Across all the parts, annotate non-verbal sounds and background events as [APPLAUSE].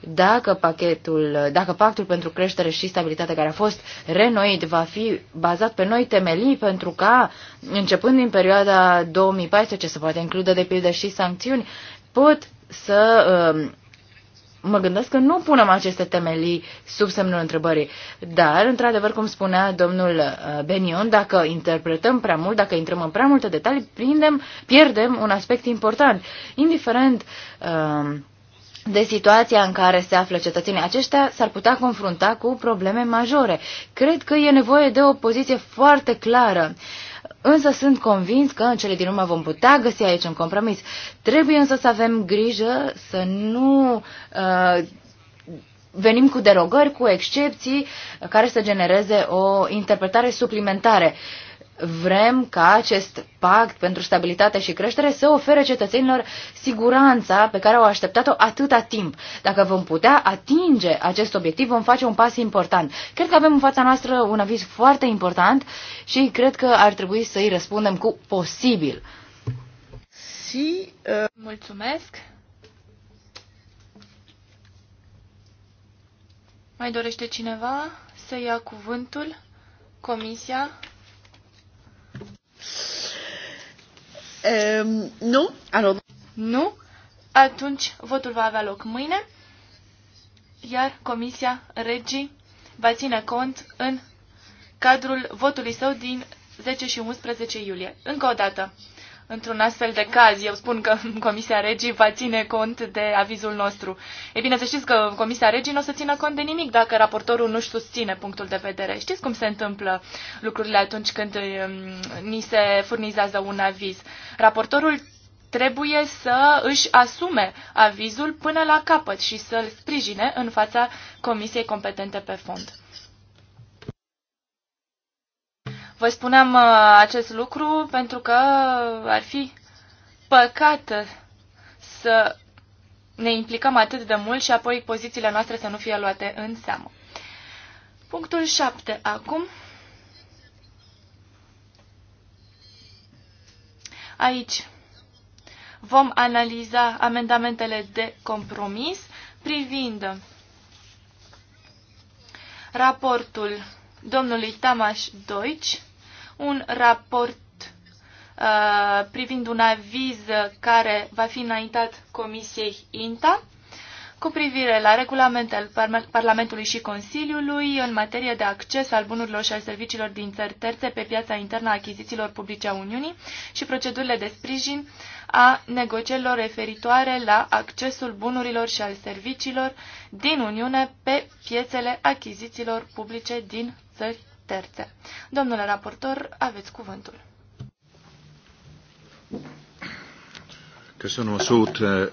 dacă pachetul, dacă pactul pentru creștere și stabilitate care a fost renoit va fi bazat pe noi temelii pentru ca, începând din perioada 2014, se poate include de pildă și sancțiuni, pot să um, mă gândesc că nu punem aceste temelii sub semnul întrebării. Dar, într-adevăr, cum spunea domnul uh, Benion, dacă interpretăm prea mult, dacă intrăm în prea multe detalii, prindem, pierdem un aspect important. Indiferent uh, de situația în care se află cetățenii aceștia, s-ar putea confrunta cu probleme majore. Cred că e nevoie de o poziție foarte clară. Însă sunt convins că în cele din urmă vom putea găsi aici un compromis. Trebuie însă să avem grijă să nu uh, venim cu derogări, cu excepții care să genereze o interpretare suplimentare. Uh, Vrem ca acest pact pentru stabilitate și creștere să ofere cetățenilor siguranța pe care au așteptat-o atâta timp. Dacă vom putea atinge acest obiectiv, vom face un pas important. Cred că avem în fața noastră un aviz foarte important și cred că ar trebui să îi răspundem cu posibil. Și uh... mulțumesc. Mai dorește cineva să ia cuvântul? Comisia? Ehm, nu? Alo. Nu? Atunci votul va avea loc mâine, iar Comisia Regii va ține cont în cadrul votului său din 10 și 11 iulie. Încă o dată, într-un astfel de caz. Eu spun că [LAUGHS] Comisia Regii va ține cont de avizul nostru. E bine să știți că Comisia Regii nu o să țină cont de nimic dacă raportorul nu-și susține punctul de vedere. Știți cum se întâmplă lucrurile atunci când um, ni se furnizează un aviz. Raportorul trebuie să își asume avizul până la capăt și să-l sprijine în fața Comisiei competente pe fond. Vă spuneam uh, acest lucru pentru că ar fi păcat să ne implicăm atât de mult și apoi pozițiile noastre să nu fie luate în seamă. Punctul 7 acum. Aici vom analiza amendamentele de compromis privind raportul domnului Tamaș Deutsch un raport uh, privind un aviz care va fi înaintat Comisiei INTA cu privire la regulamentele Parlamentului și Consiliului în materie de acces al bunurilor și al serviciilor din țări terțe pe piața internă a achizițiilor publice a Uniunii și procedurile de sprijin a negocierilor referitoare la accesul bunurilor și al serviciilor din Uniune pe piețele achizițiilor publice din țări terțe. Domnule raportor, aveți cuvântul. Köszönöm a szót, eh,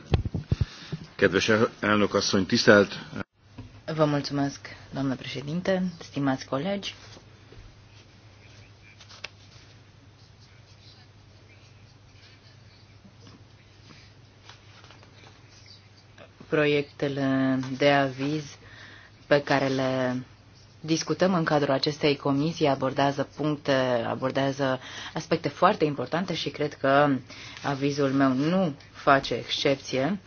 kedves elnök tisztelt! Vă mulțumesc, doamnă președinte, stimați colegi. Proiectele de aviz pe care le discutăm în cadrul acestei comisii abordează puncte, abordează aspecte foarte importante și cred că avizul meu nu face excepție.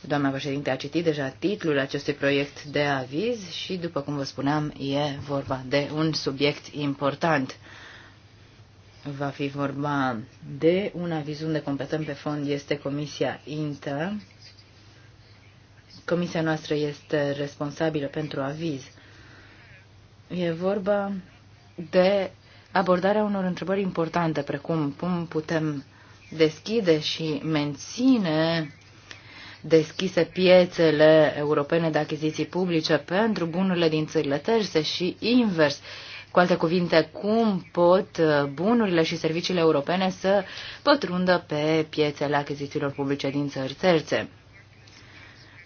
Doamna președinte a citit deja titlul acestui proiect de aviz și, după cum vă spuneam, e vorba de un subiect important. Va fi vorba de un aviz unde completăm pe fond este Comisia Inter. Comisia noastră este responsabilă pentru aviz. E vorba de abordarea unor întrebări importante, precum cum putem deschide și menține deschise piețele europene de achiziții publice pentru bunurile din țările terțe și invers. Cu alte cuvinte, cum pot bunurile și serviciile europene să pătrundă pe piețele achizițiilor publice din țări terțe?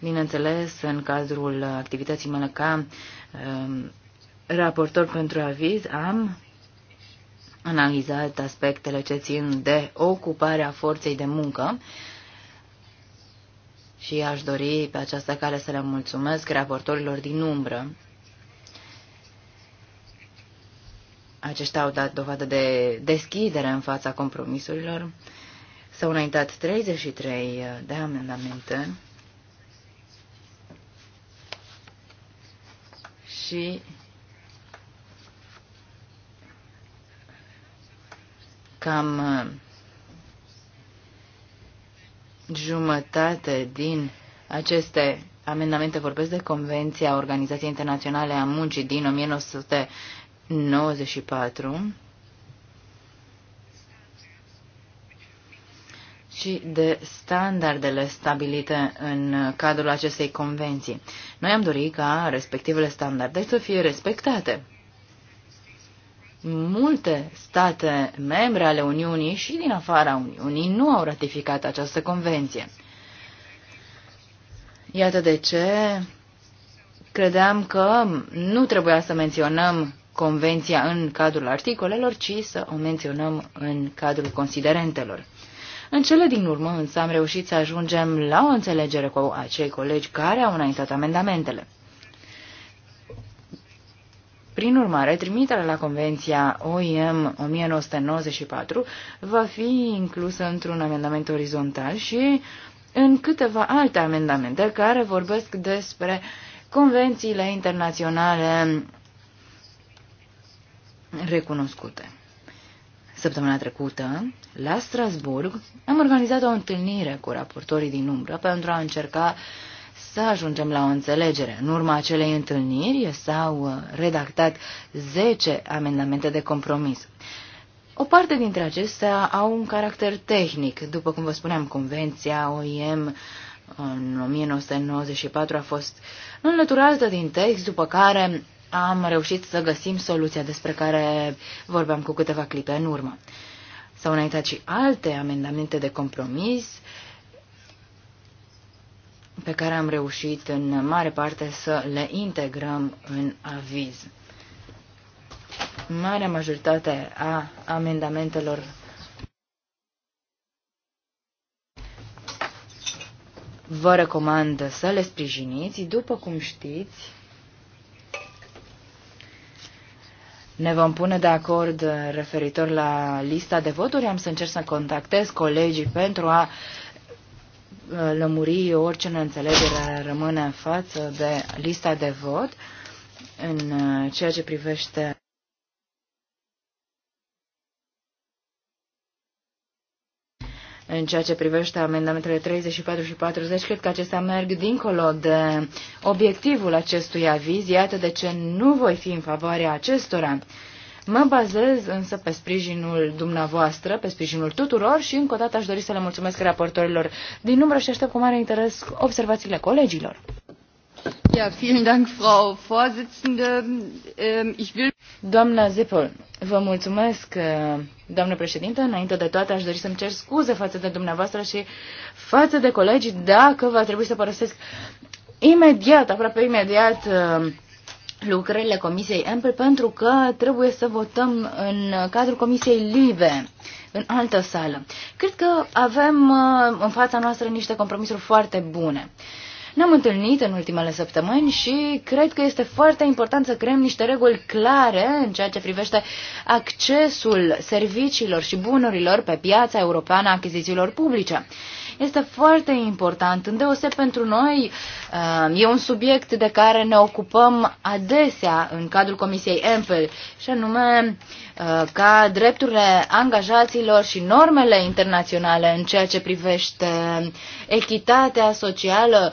Bineînțeles, în cadrul activității mele ca um, raportor pentru aviz, am analizat aspectele ce țin de ocuparea forței de muncă și aș dori pe această cale să le mulțumesc raportorilor din umbră. Aceștia au dat dovadă de deschidere în fața compromisurilor. S-au înaintat 33 de amendamente și cam uh, jumătate din aceste amendamente vorbesc de Convenția Organizației Internaționale a Muncii din 1994 și de standardele stabilite în cadrul acestei convenții. Noi am dorit ca respectivele standarde să fie respectate. Multe state membre ale Uniunii și din afara Uniunii nu au ratificat această convenție. Iată de ce credeam că nu trebuia să menționăm convenția în cadrul articolelor, ci să o menționăm în cadrul considerentelor. În cele din urmă însă am reușit să ajungem la o înțelegere cu acei colegi care au înaintat amendamentele. Prin urmare, trimiterea la Convenția OIM 1994 va fi inclusă într-un amendament orizontal și în câteva alte amendamente care vorbesc despre convențiile internaționale recunoscute. Săptămâna trecută, la Strasburg, am organizat o întâlnire cu raportorii din umbră pentru a încerca uh, să ajungem la o înțelegere. În urma acelei întâlniri s-au uh, redactat 10 amendamente de compromis. O parte dintre acestea au un caracter tehnic. După cum vă spuneam, Convenția OIM în 1994 a fost înlăturată din text, după care am reușit să găsim soluția despre care vorbeam cu câteva clipe în urmă. S-au înaintat și alte amendamente de compromis pe care am reușit în mare parte să le integrăm în aviz. Marea majoritate a amendamentelor vă recomand să le sprijiniți. După cum știți, ne vom pune de acord referitor la lista de voturi. Am să încerc să contactez colegii pentru a uh, Uh, lămuri orice neînțelegere rămâne în față de lista de vot în uh, ceea ce privește în ceea ce privește amendamentele 34 și 40, cred că acestea merg dincolo de obiectivul acestui aviz. Iată de ce nu voi fi în favoarea acestora. Mă bazez însă pe sprijinul dumneavoastră, pe sprijinul tuturor și încă o dată aș dori să le mulțumesc raportorilor din număr și aștept cu mare interes observațiile colegilor. Ja, vielen Dank, Frau Vorsitzende. Ähm, ich will... Doamna Zippel, vă mulțumesc, äh, doamnă președintă. Înainte de toate, aș dori să-mi cer scuze față de dumneavoastră și față de colegi dacă va trebui să părăsesc imediat, aproape imediat, äh, lucrările Comisiei Ample pentru că trebuie să votăm în cadrul Comisiei Libe, în altă sală. Cred că avem uh, în fața noastră niște compromisuri foarte bune. Ne-am întâlnit în ultimele săptămâni și cred că este foarte important să creăm niște reguli clare în ceea ce privește accesul serviciilor și bunurilor pe piața europeană a achizițiilor publice este foarte important, îndeoseb pentru noi. Um, e un subiect de care ne ocupăm adesea în cadrul Comisiei Empel, și anume uh, ca drepturile angajaților și normele internaționale în ceea ce privește echitatea socială,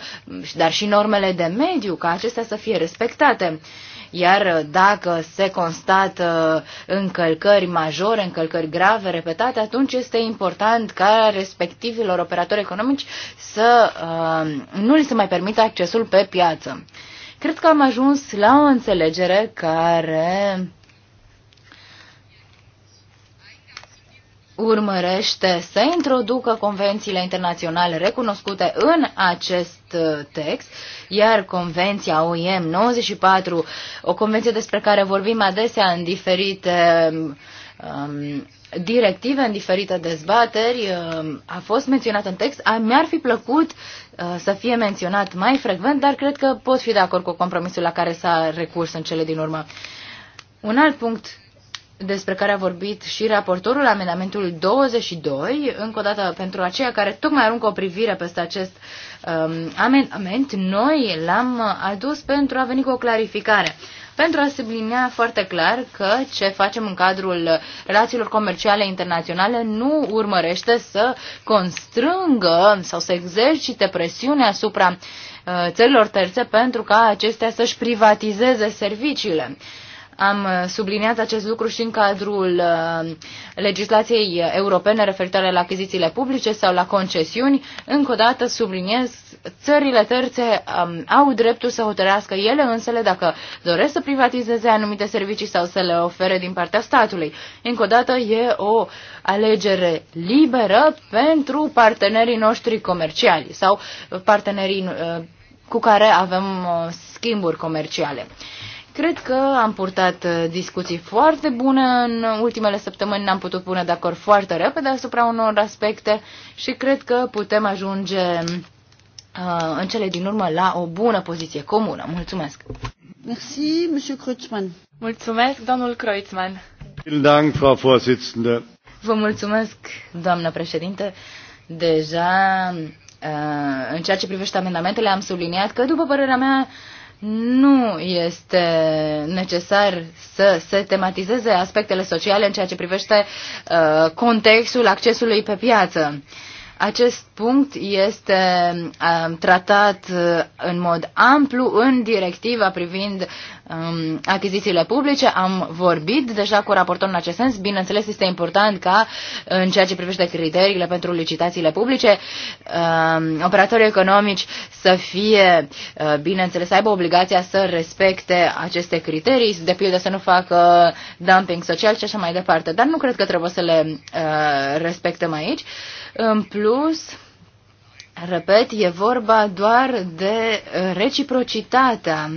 dar și normele de mediu, ca acestea să fie respectate. Iar uh, dacă se constată uh, încălcări majore, încălcări grave, repetate, atunci este important ca respectivilor operatori economici să uh, nu li se mai permită accesul pe piață. Cred că am ajuns la o înțelegere care urmărește să introducă convențiile internaționale recunoscute în acest Uh, text, iar Convenția OIM 94, o convenție despre care vorbim adesea în diferite um, um, directive, în diferite dezbateri, um, a fost menționată în text. Mi-ar fi plăcut uh, să fie menționat mai frecvent, dar cred că pot fi de acord cu compromisul la care s-a recurs în cele din urmă. Un alt punct despre care a vorbit și raportorul, amendamentul 22, încă o dată pentru aceia care tocmai aruncă o privire peste acest Um, amendament, noi l-am adus pentru a veni cu o clarificare pentru a sublinea foarte clar că ce facem în cadrul relațiilor comerciale internaționale nu urmărește să constrângă sau să exercite presiune asupra uh, țărilor terțe pentru ca acestea să-și privatizeze serviciile. Am uh, subliniat acest lucru și în cadrul uh, legislației europene referitoare la achizițiile publice sau la concesiuni. Încă o dată subliniez, țările terțe um, au dreptul să hotărească ele însele dacă doresc să privatizeze anumite servicii sau să le ofere din partea statului. Încă o dată e o alegere liberă pentru partenerii noștri comerciali sau partenerii uh, cu care avem uh, schimburi comerciale. Uh, Cred că am purtat uh, discuții foarte bune în ultimele săptămâni, n-am putut pune de acord foarte repede asupra unor aspecte și cred că putem ajunge uh, în cele din urmă la o bună poziție comună. Mulțumesc! Merci, Monsieur Kreutzmann. Mulțumesc, domnul Kreutzmann. Dank, Frau Vorsitzende. Vă mulțumesc, doamnă președinte. Deja, uh, în ceea ce privește amendamentele, am subliniat că, după părerea mea, uh, nu este necesar să se tematizeze aspectele sociale în ceea ce privește uh, contextul accesului pe piață. Acest punct este uh, tratat uh, în mod amplu în directiva privind um, achizițiile publice. Am vorbit deja cu raportorul în acest sens. Bineînțeles, este important ca, în ceea ce privește criteriile pentru licitațiile publice, um, operatorii economici să fie, uh, bineînțeles, să aibă obligația să respecte aceste criterii, de pildă să nu facă dumping social și așa mai departe. Dar nu cred că trebuie să le uh, respectăm aici. În plus, Repet, e vorba doar de reciprocitatea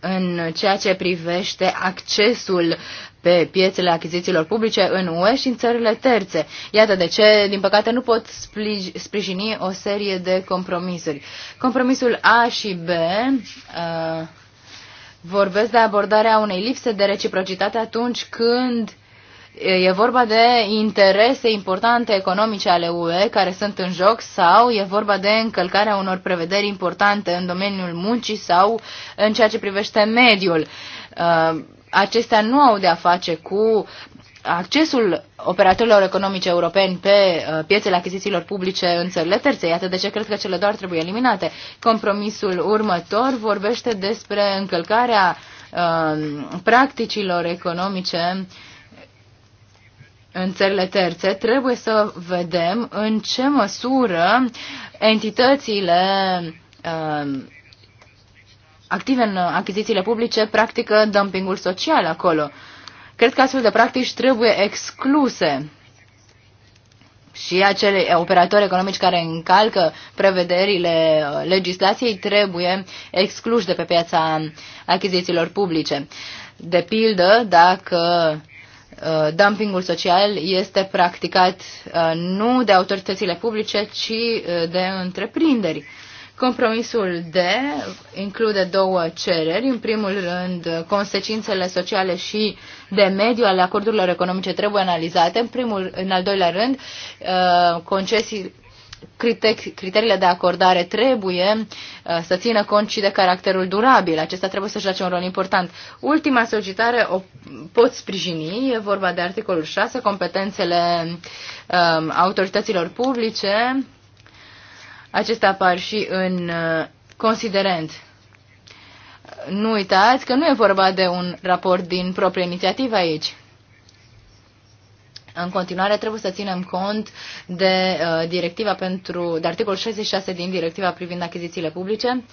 în ceea ce privește accesul pe piețele achizițiilor publice în UE și în țările terțe. Iată de ce, din păcate, nu pot sprijini o serie de compromisuri. Compromisul A și B uh, vorbesc de abordarea unei lipse de reciprocitate atunci când E vorba de interese importante economice ale UE care sunt în joc sau e vorba de încălcarea unor prevederi importante în domeniul muncii sau în ceea ce privește mediul. Acestea nu au de-a face cu accesul operatorilor economice europeni pe piețele achizițiilor publice în țările terțe. Iată de ce cred că cele doar trebuie eliminate. Compromisul următor vorbește despre încălcarea practicilor economice uh, în țările terțe, trebuie să vedem în ce măsură entitățile uh, active în achizițiile publice practică dumpingul social acolo. Cred că astfel de practici trebuie excluse și acele operatori economici care încalcă prevederile uh, legislației trebuie excluși de pe piața achizițiilor publice. De pildă, dacă Uh, dumpingul social este practicat uh, nu de autoritățile publice, ci uh, de întreprinderi. Compromisul D include două cereri. În primul rând, consecințele sociale și de mediu ale acordurilor economice trebuie analizate. În, primul, în al doilea rând, concesii, criteriile de acordare trebuie uh, să țină cont și de caracterul durabil. Acesta trebuie să joace un rol important. Ultima solicitare o pot sprijini, e vorba de articolul 6, competențele um, autorităților publice. Acestea apar și în uh, considerent. Nu uitați că nu e vorba de un raport din proprie inițiativă aici. În continuare trebuie să ținem cont de uh, directiva pentru de articolul 66 din directiva privind achizițiile publice.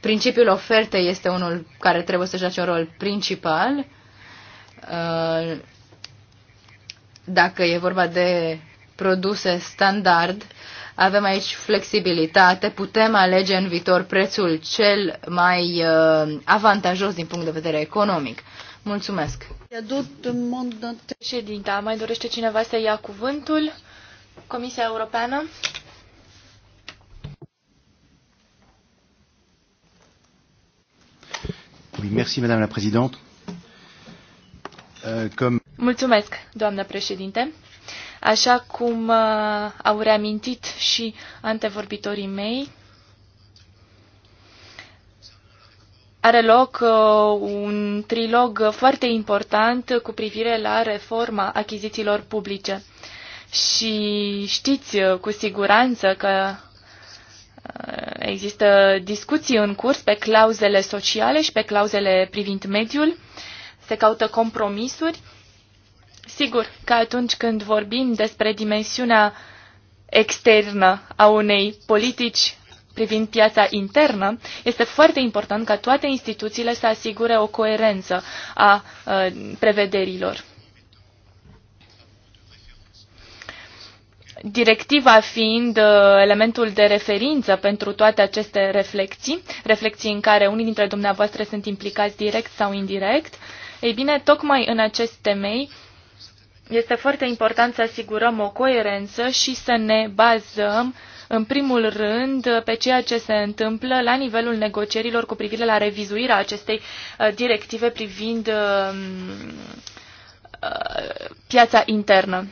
Principiul ofertei este unul care trebuie să joace un rol principal. Uh, dacă e vorba de produse standard, uh, avem aici flexibilitate, putem alege în viitor prețul cel mai uh, avantajos din punct de vedere economic. Mulțumesc. Ședinta, mai dorește cineva să ia cuvântul? Comisia Europeană? merci, Madame la Présidente. Euh, Mulțumesc, doamnă președinte. Așa cum uh, au reamintit și antevorbitorii mei, are loc uh, un trilog foarte important cu privire la reforma achizițiilor publice. Și știți uh, cu siguranță că există discuții în curs pe clauzele sociale și pe clauzele privind mediul. Se caută compromisuri Sigur că atunci când vorbim despre dimensiunea externă a unei politici privind piața internă, este foarte important ca toate instituțiile să asigure o coerență a prevederilor. Directiva fiind elementul de referință pentru toate aceste reflexii, reflexii în care unii dintre dumneavoastră sunt implicați direct sau indirect, ei bine, tocmai în acest temei este foarte important să asigurăm o coerență și să ne bazăm în primul rând pe ceea ce se întâmplă la nivelul negocierilor cu privire la revizuirea acestei uh, directive privind uh, uh, piața internă.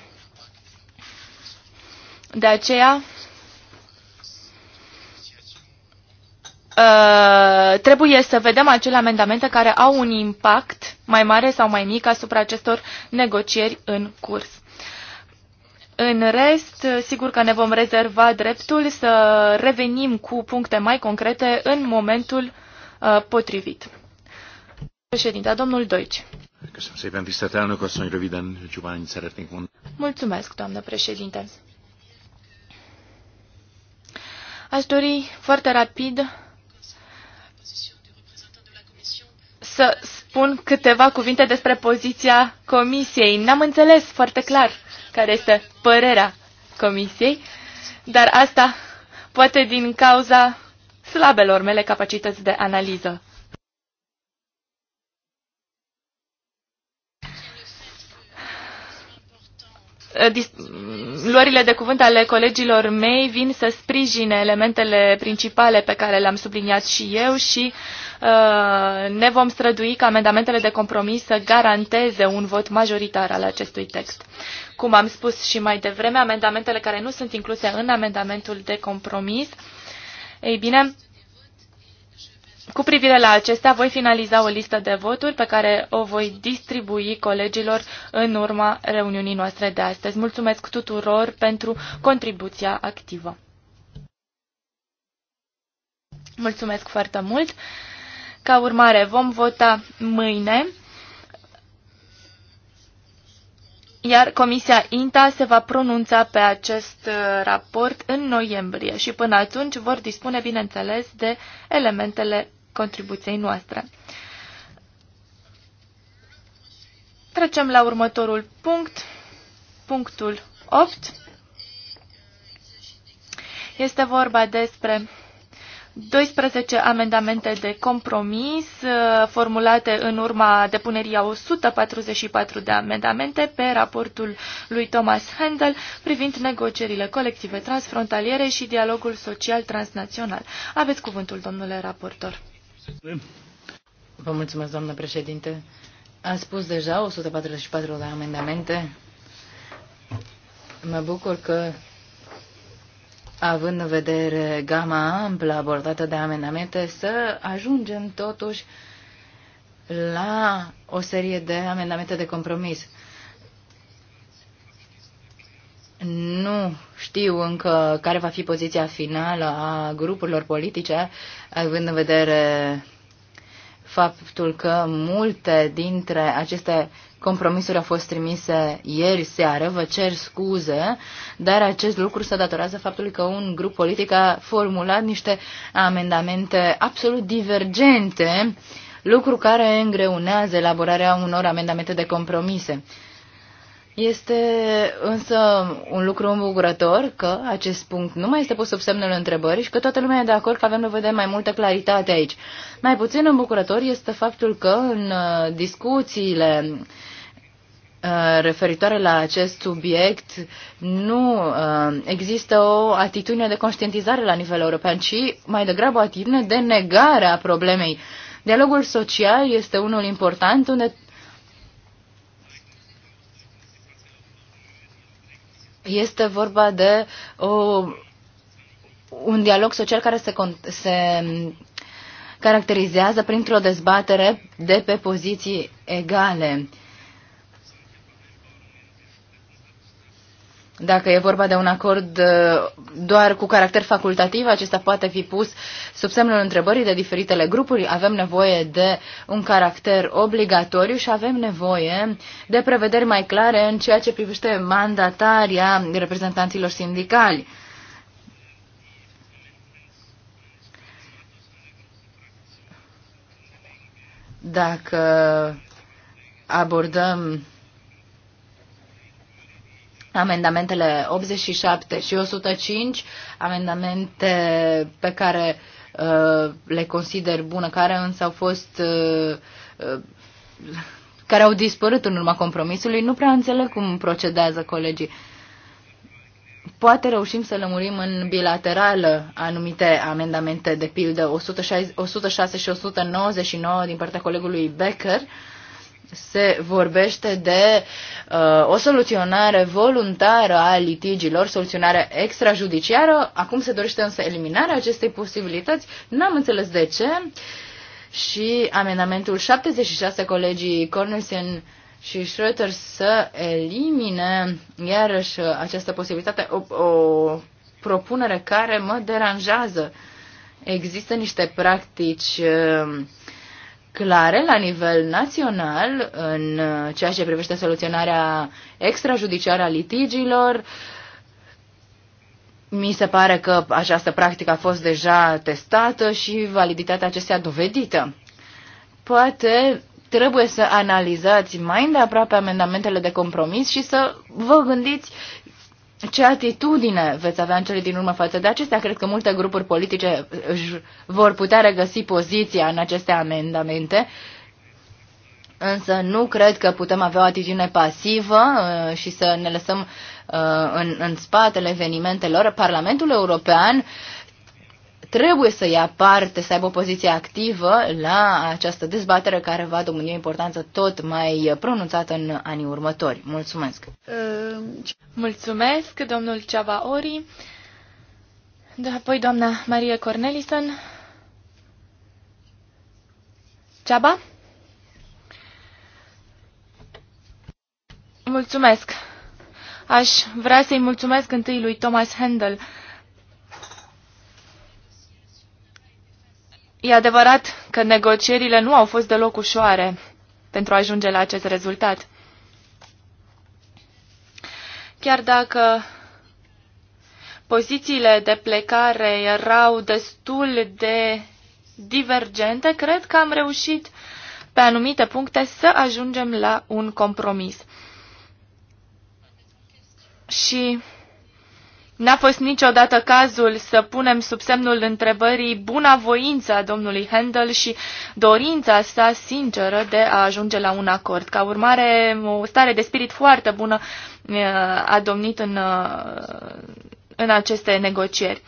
De aceea Uh, trebuie să vedem acele amendamente care au un impact mai mare sau mai mic asupra acestor negocieri în curs. În rest, sigur că ne vom rezerva dreptul să revenim cu puncte mai concrete în momentul uh, potrivit. Președinte, domnul Deutsch. Mulțumesc, doamnă președinte. Aș dori foarte rapid să spun câteva cuvinte despre poziția Comisiei. N-am înțeles foarte clar care este părerea Comisiei, dar asta poate din cauza slabelor mele capacități de analiză. Eh, luările de cuvânt ale colegilor mei vin să sprijine elementele principale pe care le-am subliniat și eu și uh, ne vom strădui ca amendamentele de compromis să garanteze un vot majoritar al acestui text. Cum am spus și mai devreme, amendamentele care nu sunt incluse în amendamentul de compromis, ei bine, cu privire la acestea, voi finaliza o listă de voturi pe care o voi distribui colegilor în urma reuniunii noastre de astăzi. Mulțumesc tuturor pentru contribuția activă. Mulțumesc foarte mult. Ca urmare, vom vota mâine, iar Comisia INTA se va pronunța pe acest uh, raport în noiembrie și până atunci vor dispune, bineînțeles, de elementele contribuției noastre. Trecem la următorul punct, punctul 8. Este vorba despre 12 amendamente de compromis uh, formulate în urma depunerii a 144 de amendamente pe raportul lui Thomas Handel privind negocierile colective transfrontaliere și dialogul social transnațional. Aveți cuvântul, domnule raportor. Vă mulțumesc, doamnă președinte. A spus deja 144 de amendamente. Mă bucur că, având în vedere gama amplă abordată de amendamente, să ajungem totuși la o serie de amendamente de compromis. Nu știu încă care va fi poziția finală a grupurilor politice, având în vedere faptul că multe dintre aceste compromisuri au fost trimise ieri seară, vă cer scuze, dar acest lucru se datorează faptului că un grup politic a formulat niște amendamente absolut divergente, lucru care îngreunează elaborarea unor amendamente de compromise. Este însă un lucru îmbucurător că acest punct nu mai este pus sub semnul întrebării și că toată lumea e de acord că avem nevoie de mai multă claritate aici. Mai puțin îmbucurător este faptul că în uh, discuțiile uh, referitoare la acest subiect nu uh, există o atitudine de conștientizare la nivel european, ci mai degrabă o atitudine de negare a problemei. Dialogul social este unul important unde Este vorba de o, un dialog social care se, se caracterizează printr-o dezbatere de pe poziții egale. Dacă e vorba de un acord uh, doar cu caracter facultativ, acesta poate fi pus sub semnul întrebării de diferitele grupuri. Avem nevoie de un caracter obligatoriu și avem nevoie de prevederi mai clare în ceea ce privește mandataria reprezentanților sindicali. Dacă abordăm Amendamentele 87 și 105, amendamente pe care uh, le consider bună, care însă au fost uh, uh, care au dispărut în urma compromisului, nu prea înțeleg cum procedează colegii. Poate reușim să lămurim în bilaterală anumite amendamente, de pildă 106 și 199 din partea colegului Becker, uh, se vorbește de uh, o soluționare voluntară a litigilor, soluționare extrajudiciară. Acum se dorește însă eliminarea acestei posibilități. N-am înțeles de ce. Și amendamentul 76 colegii Cornelsen și Schroeter să elimine iarăși această posibilitate, o, o propunere care mă deranjează. Există niște practici uh, clare la nivel național în uh, ceea ce privește soluționarea extrajudiciară a litigiilor. Mi se pare că această practică a fost deja testată și validitatea acestea dovedită. Poate trebuie să analizați mai îndeaproape amendamentele de compromis și să vă gândiți ce atitudine veți avea în cele din urmă față de acestea? Cred că multe grupuri politice își vor putea regăsi poziția în aceste amendamente, însă nu cred că putem avea o atitudine pasivă uh, și să ne lăsăm uh, în, în spatele evenimentelor. Parlamentul European uh, trebuie să ia parte, să aibă o poziție activă la această dezbatere care va domni o importanță tot mai pronunțată în anii următori. Mulțumesc! Mulțumesc, domnul Ceava Ori, apoi doamna Maria Cornelison. Ceaba? Mulțumesc! Aș vrea să-i mulțumesc întâi lui Thomas Handel E adevărat că negocierile nu au fost deloc ușoare pentru a ajunge la acest rezultat. Chiar dacă pozițiile de plecare erau destul de divergente, cred că am reușit pe anumite puncte să ajungem la un compromis. Și N-a fost niciodată cazul să punem sub semnul întrebării a domnului Handel și dorința sa sinceră de a ajunge la un acord. Ca urmare, o stare de spirit foarte bună uh, a domnit în, uh, în aceste negocieri.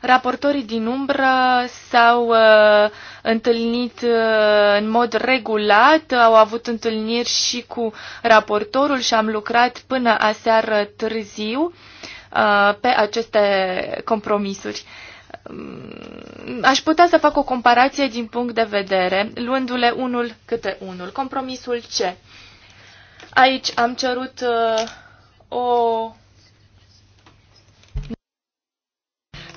Raportorii din umbră s-au uh, întâlnit uh, în mod regulat, au avut întâlniri și cu raportorul și am lucrat până aseară târziu uh, pe aceste compromisuri. Mm, aș putea să fac o comparație din punct de vedere, luându-le unul câte unul. Compromisul ce? Aici am cerut uh, o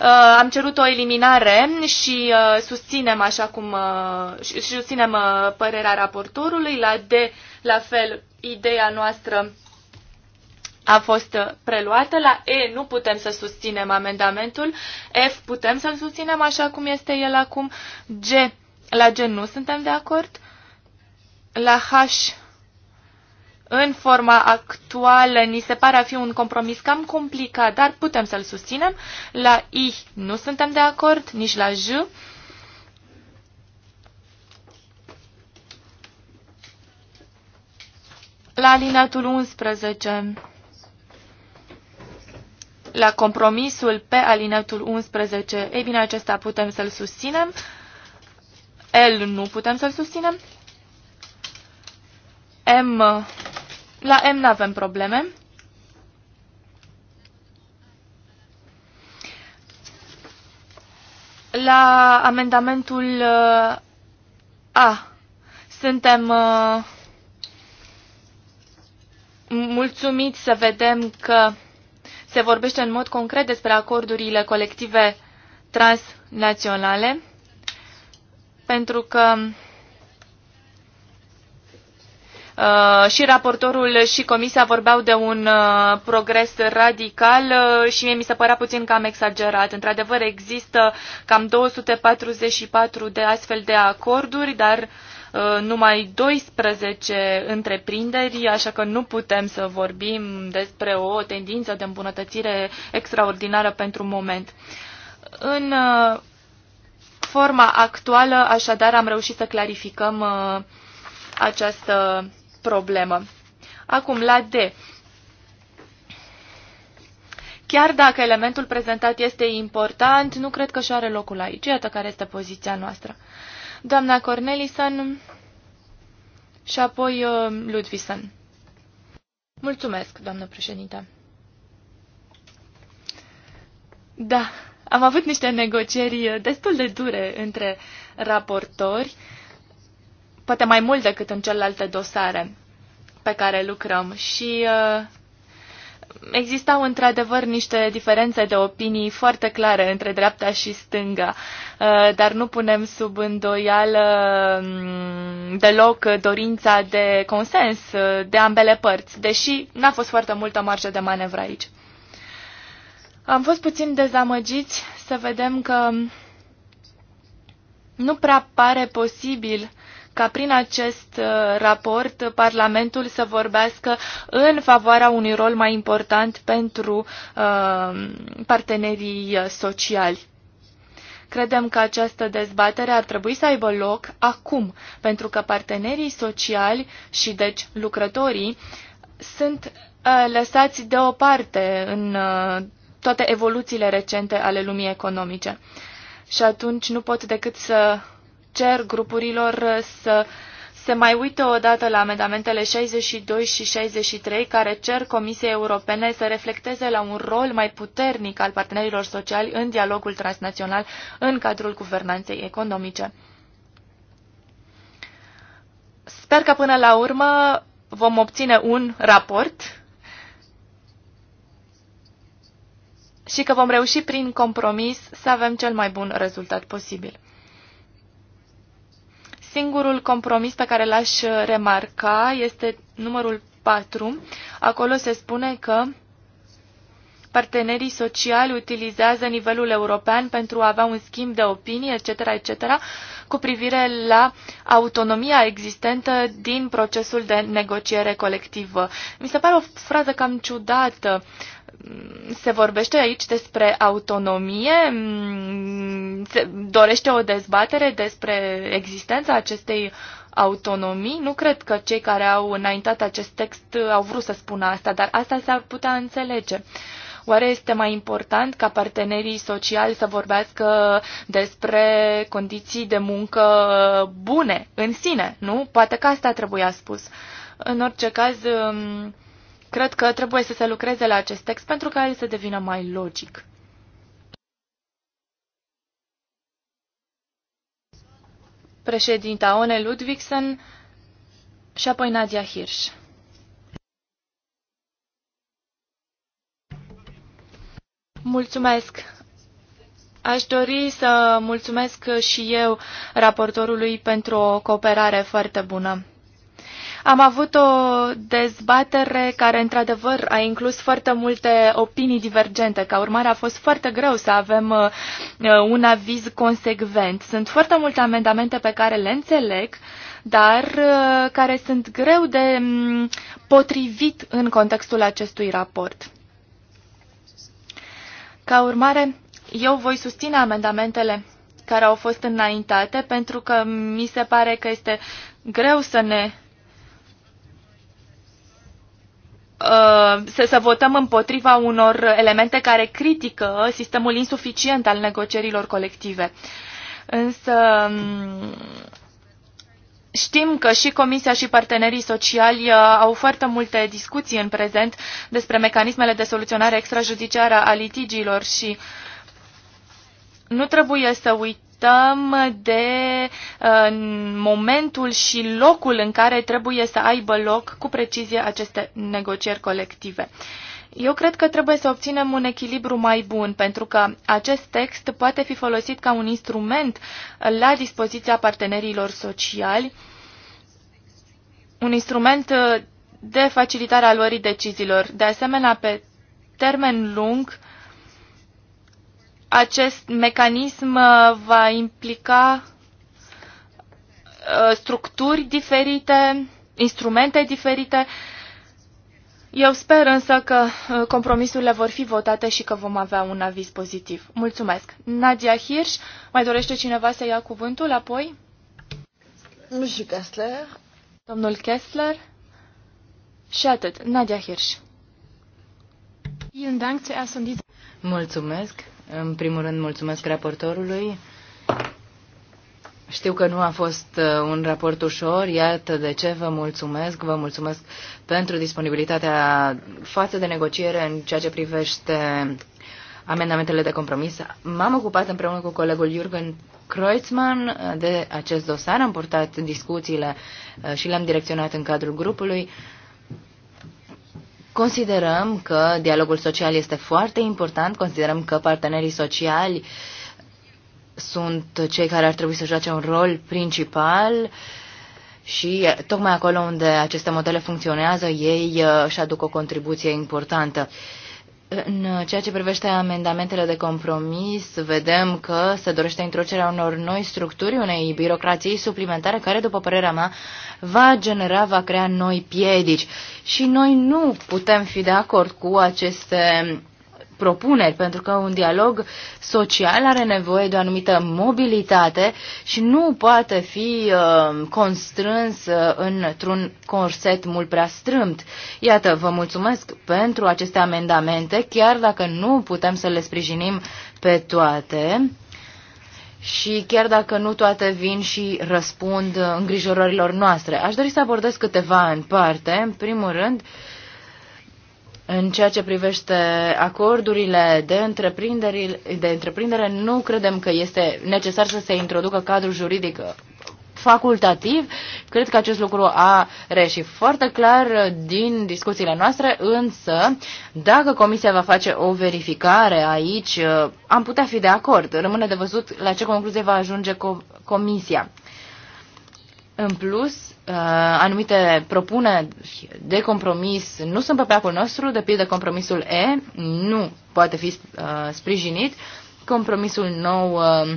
Uh, am cerut o eliminare și uh, susținem așa cum uh, și susținem părerea raportorului la de la fel ideea noastră a fost preluată. La E nu putem să susținem amendamentul, F putem să-l susținem așa cum este el acum, G, la G nu suntem de acord, la H în forma actuală ni se pare a fi un compromis cam complicat, dar putem să-l susținem. La I nu suntem de acord, nici la J. La alineatul 11, la compromisul pe alineatul 11, ei bine, acesta putem să-l susținem. L nu putem să-l susținem. M la M nu avem probleme. La amendamentul uh, A suntem uh, mulțumiți să vedem că se vorbește în mod concret despre acordurile colective transnaționale, pentru că Uh, și raportorul și comisia vorbeau de un uh, progres radical uh, și mie mi se părea puțin cam exagerat. Într-adevăr, există cam 244 de astfel de acorduri, dar numai 12 întreprinderi, așa că nu putem să vorbim despre o tendință de îmbunătățire extraordinară pentru moment. În forma actuală, așadar, am reușit să clarificăm această problemă. Acum, la D. Chiar dacă elementul prezentat este important, nu cred că și are locul aici. Iată care este poziția noastră. Doamna Cornelison și apoi uh, Ludvison. Mulțumesc, doamnă președinte. Da, am avut niște negocieri uh, destul de dure între raportori. Uh, poate mai mult decât în celelalte dosare pe care lucrăm și uh, existau într-adevăr niște diferențe de opinii foarte clare între dreapta și stânga, uh, dar nu punem sub îndoială mm, deloc dorința de consens uh, de ambele părți, deși n-a fost foarte multă marjă de manevră aici. Am fost puțin dezamăgiți să vedem că nu prea pare posibil ca prin acest uh, raport Parlamentul să vorbească în favoarea unui rol mai important pentru uh, partenerii sociali. Credem că această dezbatere ar trebui să aibă loc acum, pentru că partenerii sociali și deci lucrătorii sunt uh, lăsați deoparte în toate evoluțiile recente ale lumii economice. Și atunci nu pot decât să cer grupurilor să se mai uită odată la amendamentele 62 și 63 care cer Comisiei Europene să reflecteze la un rol mai puternic al partenerilor sociali în dialogul transnațional în cadrul guvernanței economice. Sper că până la urmă vom obține un raport și că vom reuși prin compromis să avem cel mai bun rezultat posibil. Singurul compromis pe care l-aș remarca este numărul 4. Acolo se spune că partenerii sociali utilizează nivelul european pentru a avea un schimb de opinie, etc., etc., cu privire la autonomia existentă din procesul de negociere colectivă. Mi se pare o frază cam ciudată se vorbește aici despre autonomie, se dorește o dezbatere despre existența acestei autonomii. Nu cred că cei care au înaintat acest text au vrut să spună asta, dar asta s-ar putea înțelege. Oare este mai important ca partenerii sociali să vorbească despre condiții de muncă bune în sine, nu? Poate că asta trebuia spus. În orice caz, Cred că trebuie să se lucreze la acest text pentru ca el să devină mai logic. Președinta One Ludvigsen și apoi Nadia Hirsch. Mulțumesc! Aș dori să mulțumesc și eu raportorului pentru o cooperare foarte bună. Am avut o dezbatere care, într-adevăr, a inclus foarte multe opinii divergente. Ca urmare, a fost foarte greu să avem uh, un aviz consecvent. Sunt foarte multe amendamente pe care le înțeleg, dar uh, care sunt greu de mm, potrivit în contextul acestui raport. Ca urmare, eu voi susține amendamentele care au fost înaintate, pentru că mi se pare că este greu să ne Uh, să, să votăm împotriva unor elemente care critică sistemul insuficient al negocierilor colective. Însă um, Știm că și Comisia și partenerii sociali uh, au foarte multe discuții în prezent despre mecanismele de soluționare extrajudiciară a litigiilor și nu trebuie să uităm uităm de uh, momentul și locul în care trebuie să aibă loc cu precizie aceste negocieri colective. Eu cred că trebuie să obținem un echilibru mai bun, pentru că acest text poate fi folosit ca un instrument la dispoziția partenerilor sociali, un instrument uh, de facilitare a luării deciziilor. De asemenea, pe termen lung, uh, acest mecanism uh, va implica uh, structuri diferite, instrumente diferite. Eu sper însă că uh, compromisurile vor fi votate și că vom avea un aviz pozitiv. Mulțumesc. Nadia Hirsch, mai dorește cineva să ia cuvântul apoi? Domnul Kessler. Domnul Kessler. Și atât. Nadia Hirsch. Mulțumesc. În primul rând, mulțumesc raportorului. Știu că nu a fost uh, un raport ușor, iată de ce vă mulțumesc. Vă mulțumesc pentru disponibilitatea față de negociere în ceea ce privește amendamentele de compromis. M-am ocupat împreună cu colegul Jürgen Kreutzmann uh, de acest dosar, am purtat discuțiile uh, și le-am direcționat în cadrul grupului. Considerăm că dialogul social este foarte important, considerăm că partenerii sociali sunt cei care ar trebui să joace un rol principal și tocmai acolo unde aceste modele funcționează, ei uh, își aduc o contribuție importantă. În ceea ce privește amendamentele de compromis, vedem că se dorește introducerea unor noi structuri, unei birocrații suplimentare, care, după părerea mea, va genera, va crea noi piedici. Și noi nu putem fi de acord cu aceste propuneri, pentru că un dialog social are nevoie de o anumită mobilitate și nu poate fi uh, constrâns uh, într-un corset mult prea strâmt. Iată, vă mulțumesc pentru aceste amendamente, chiar dacă nu putem să le sprijinim pe toate și chiar dacă nu toate vin și răspund uh, îngrijorărilor noastre. Aș dori să abordez câteva în parte. În primul rând, uh, în ceea ce privește acordurile de întreprindere, de întreprindere, nu credem că este necesar să se introducă cadrul juridic facultativ. Cred că acest lucru a reșit foarte clar din discuțiile noastre, însă dacă Comisia va face o verificare aici, am putea fi de acord. Rămâne de văzut la ce concluzie va ajunge Comisia. În plus, uh, anumite propuneri de compromis nu sunt pe placul nostru, de pildă compromisul E nu poate fi uh, sprijinit, compromisul nou uh,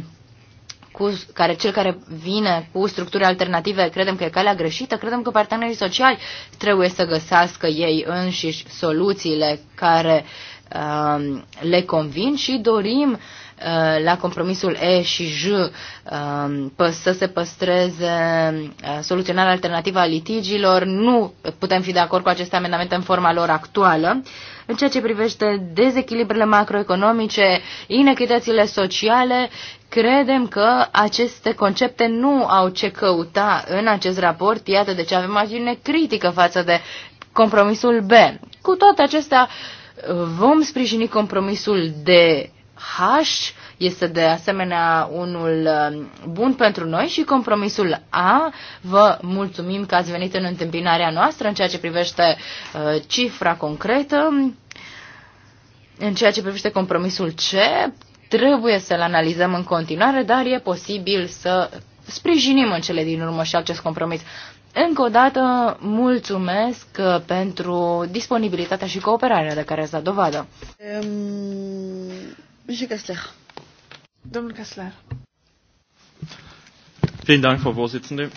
cu care cel care vine cu structuri alternative, credem că e calea greșită, credem că partenerii sociali trebuie să găsească ei înșiși soluțiile care le convin și dorim uh, Uh, la compromisul E și J uh, să se păstreze uh, soluționarea alternativă a litigiilor. Nu putem fi de acord cu aceste amendamente în forma lor actuală. În ceea ce privește dezechilibrele macroeconomice, inechitățile sociale, credem că aceste concepte nu au ce căuta în acest raport. Iată de ce avem imagine critică față de compromisul B. Cu toate acestea, vom sprijini compromisul de H este de asemenea unul um, bun pentru noi și compromisul A. Vă mulțumim că ați venit în întâmpinarea noastră în ceea ce privește uh, cifra concretă. În ceea ce privește compromisul C, trebuie să-l analizăm în continuare, dar e posibil să sprijinim în cele din urmă și acest compromis. Încă o dată, mulțumesc uh, pentru disponibilitatea și cooperarea de care ați dat dovadă. Um... Monsieur Kessler. Domnul Kessler. Vielen Dank, Frau Vorsitzende.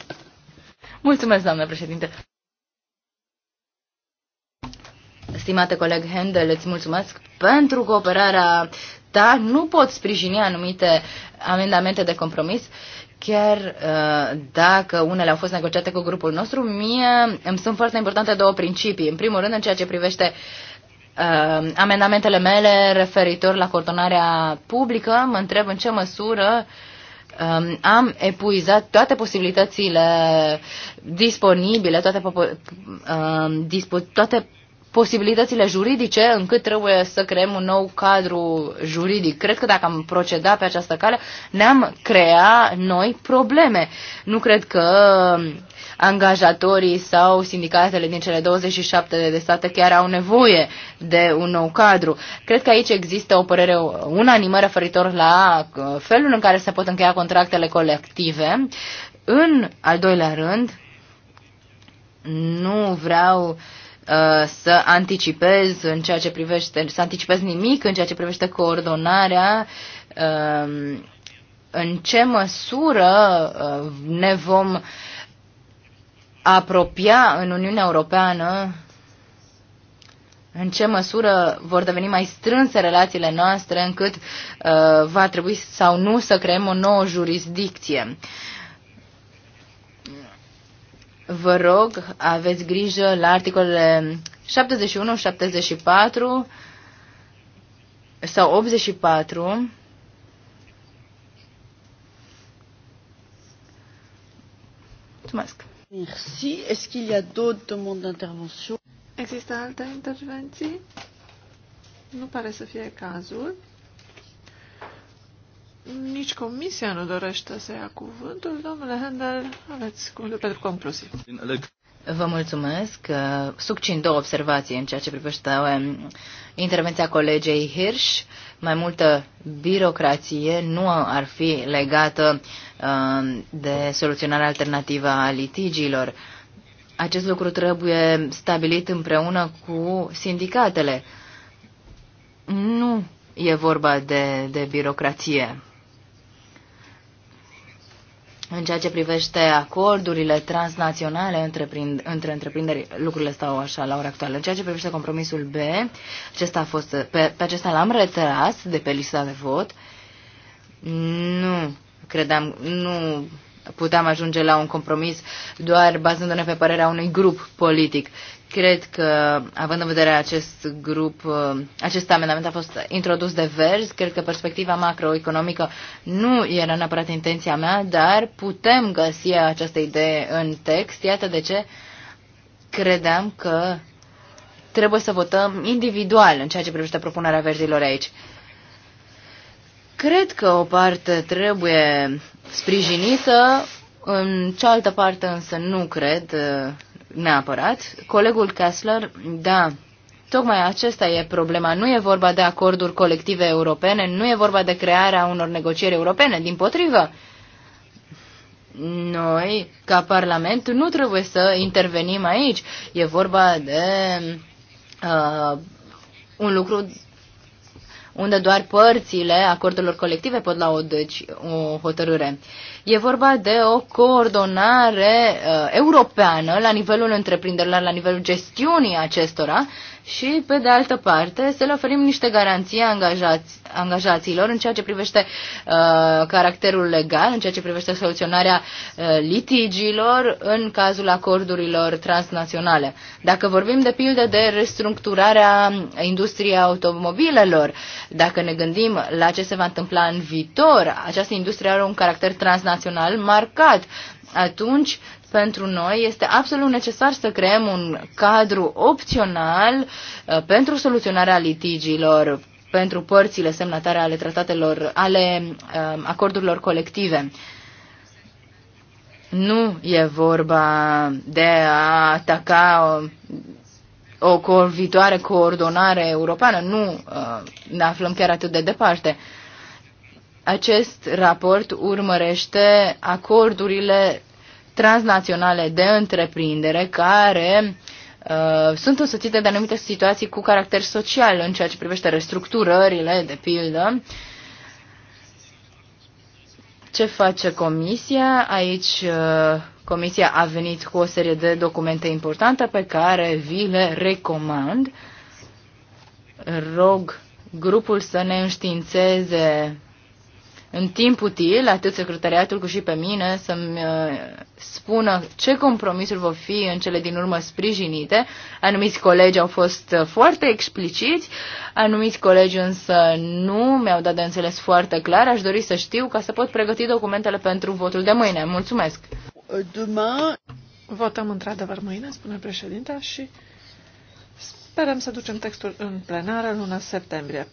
Mulțumesc, doamnă președinte. Stimate coleg Handel, îți mulțumesc pentru cooperarea ta. Nu pot sprijini anumite amendamente de compromis, chiar uh, dacă unele au fost negociate cu grupul nostru. Mie îmi sunt foarte importante două principii. În primul rând, în ceea ce privește uh, uh, amendamentele mele referitor la coordonarea publică, mă întreb în ce măsură am epuizat toate posibilitățile disponibile, toate, dispo- toate posibilitățile juridice încât trebuie să creăm un nou cadru juridic. Cred că dacă am proceda pe această cale, ne-am crea noi probleme. Nu cred că angajatorii sau sindicatele din cele 27 de state chiar au nevoie de un nou cadru. Cred că aici există o părere unanimă referitor la uh, felul în care se pot încheia contractele colective. În al doilea rând, nu vreau uh, să anticipez în ceea ce privește, să anticipez nimic în ceea ce privește coordonarea um, în ce măsură uh, ne vom apropia în Uniunea Europeană, în ce măsură vor deveni mai strânse relațiile noastre încât uh, va trebui sau nu să creăm o nouă jurisdicție. Vă rog, aveți grijă la articolele 71, 74 sau 84 Mulțumesc. Merci. Est-ce qu'il y a d'autres demandes d'intervention? Există alte intervenții? Nu pare să fie cazul. Nici comisia nu dorește să ia cuvântul. Domnule Handel, aveți cuvântul pentru concluzie. Vă mulțumesc. Uh, Succin două observații în ceea ce privește um, intervenția colegei Hirsch. Mai multă birocrație nu ar fi legată um, de soluționarea alternativă a litigiilor. Acest lucru trebuie stabilit împreună cu sindicatele. Nu e vorba de, de birocrație. În ceea ce privește acordurile transnaționale între, între întreprinderi, lucrurile stau așa la ora actuală. În ceea ce privește compromisul B, acesta a fost, pe, pe acesta l-am retras de pe lista de vot. Nu credeam, nu puteam ajunge la un compromis doar bazându-ne pe părerea unui grup politic. Cred că, având în vedere acest grup, uh, acest amendament a fost introdus de verzi, cred că perspectiva macroeconomică nu era neapărat intenția mea, dar putem găsi această idee în text. Iată de ce credeam că trebuie să votăm individual în ceea ce privește propunerea verzilor aici. Cred că o parte trebuie sprijinită, în cealaltă parte însă nu cred uh, neapărat. Colegul Kessler, da, tocmai acesta e problema. Nu e vorba de acorduri colective europene, nu e vorba de crearea unor negocieri europene, din potrivă. Noi, ca Parlament, nu trebuie să intervenim aici. E vorba de uh, un lucru unde doar părțile acordurilor colective pot lua o, deci, o hotărâre. Uh, E vorba de o coordonare uh, europeană la nivelul întreprinderilor, la nivelul gestiunii acestora și, pe de altă parte, să le oferim niște garanții angajați, angajaților în ceea ce privește uh, caracterul legal, în ceea ce privește soluționarea uh, litigiilor în cazul acordurilor transnaționale. Dacă vorbim de pildă de restructurarea industriei automobilelor, dacă ne gândim la ce se va întâmpla în viitor, această industrie are un caracter transnațional internațional marcat. Atunci, pentru noi este absolut necesar să creăm un cadru opțional uh, pentru soluționarea litigiilor pentru părțile semnatare ale tratatelor, ale uh, acordurilor colective. Nu e vorba de a ataca o, o viitoare coordonare europeană, nu uh, ne aflăm chiar atât de departe. Uh, acest raport urmărește acordurile transnaționale de întreprindere care uh, sunt însoțite de anumite situații cu caracter social în ceea ce privește restructurările, de pildă. Ce face Comisia? Aici uh, Comisia a venit cu o serie de documente importante pe care vi le recomand. Rog grupul să ne înștiințeze în timp util, atât secretariatul cât și pe mine, să-mi uh, spună ce compromisuri vor fi în cele din urmă sprijinite. Anumiți colegi au fost uh, foarte expliciți, anumiți colegi însă nu mi-au dat de înțeles foarte clar. Aș dori să știu ca să pot pregăti documentele pentru votul de mâine. Mulțumesc! Demain... Votăm într-adevăr mâine, spune președinta, și sperăm să ducem textul în plenară luna septembrie.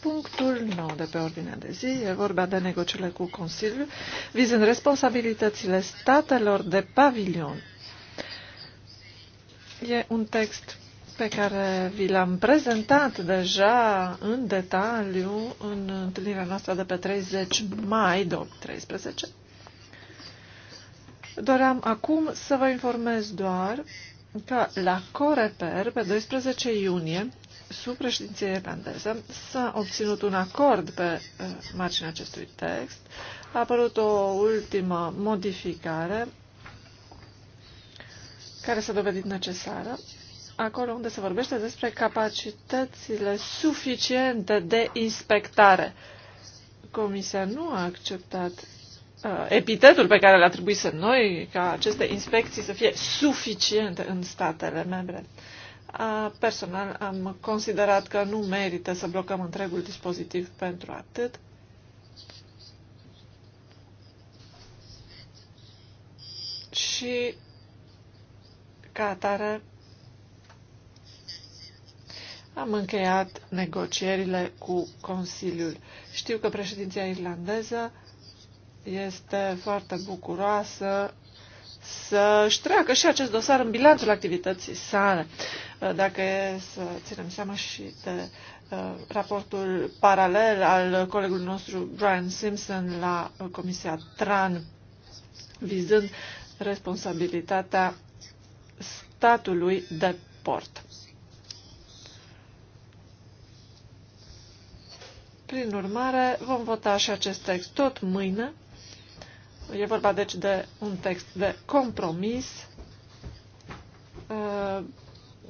Punctul 9 de pe ordinea de zi e vorba de negocierile cu Consiliul vizând responsabilitățile statelor de pavilion. E un text pe care vi l-am prezentat deja în detaliu în întâlnirea noastră de pe 30 mai 2013. Doream acum să vă informez doar că la Coreper, pe 12 iunie, sub președinție irlandeză s-a obținut un acord pe eh, marginea acestui text. A apărut o ultimă modificare care s-a dovedit necesară, acolo unde se vorbește despre capacitățile suficiente de inspectare. Comisia nu a acceptat uh, epitetul pe care l-a trebuit să noi ca aceste inspecții să fie suficiente în statele membre. Personal am considerat că nu merită să blocăm întregul dispozitiv pentru atât. Și ca atare am încheiat negocierile cu Consiliul. Știu că președinția irlandeză este foarte bucuroasă să-și treacă și acest dosar în bilanțul activității sale dacă e să ținem seama și de uh, raportul paralel al colegului nostru Brian Simpson la uh, Comisia TRAN, vizând responsabilitatea statului de port. Prin urmare, vom vota și acest text tot mâine. E vorba deci de un text de compromis uh,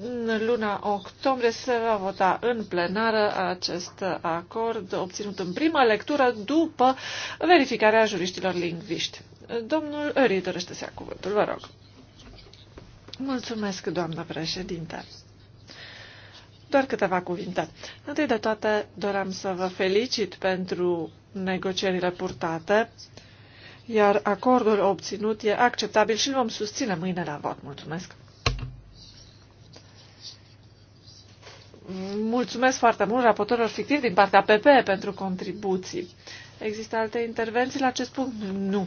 în luna octombrie se va vota în plenară acest acord obținut în prima lectură după verificarea juriștilor lingviști. Domnul Ării dorește să ia cuvântul, vă rog. Mulțumesc, doamnă președinte. Doar câteva cuvinte. Întâi de toate, doream să vă felicit pentru negocierile purtate, iar acordul obținut e acceptabil și îl vom susține mâine la vot. Mulțumesc! Mulțumesc foarte mult raportorilor fictivi din partea PP pentru contribuții. Există alte intervenții la acest punct? Nu.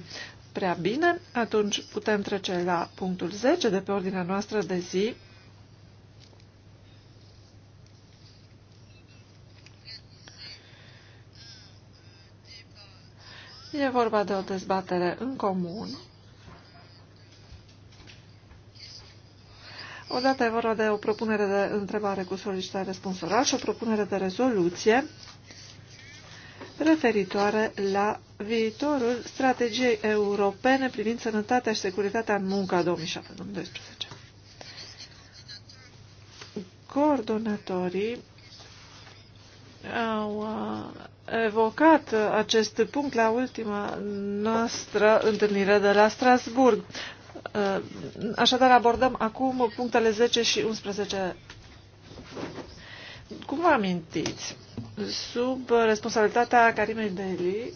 Prea bine, atunci putem trece la punctul 10 de pe ordinea noastră de zi. E vorba de o dezbatere în comun Odată e vorba de o propunere de întrebare cu solicitare răspuns oral și o propunere de rezoluție referitoare la viitorul strategiei europene privind sănătatea și securitatea în munca 2017 2012 Coordonatorii au uh, evocat acest punct la ultima noastră întâlnire de la Strasburg. Uh, așadar, abordăm acum punctele 10 și 11. Cum vă amintiți, sub responsabilitatea Carimei Deli,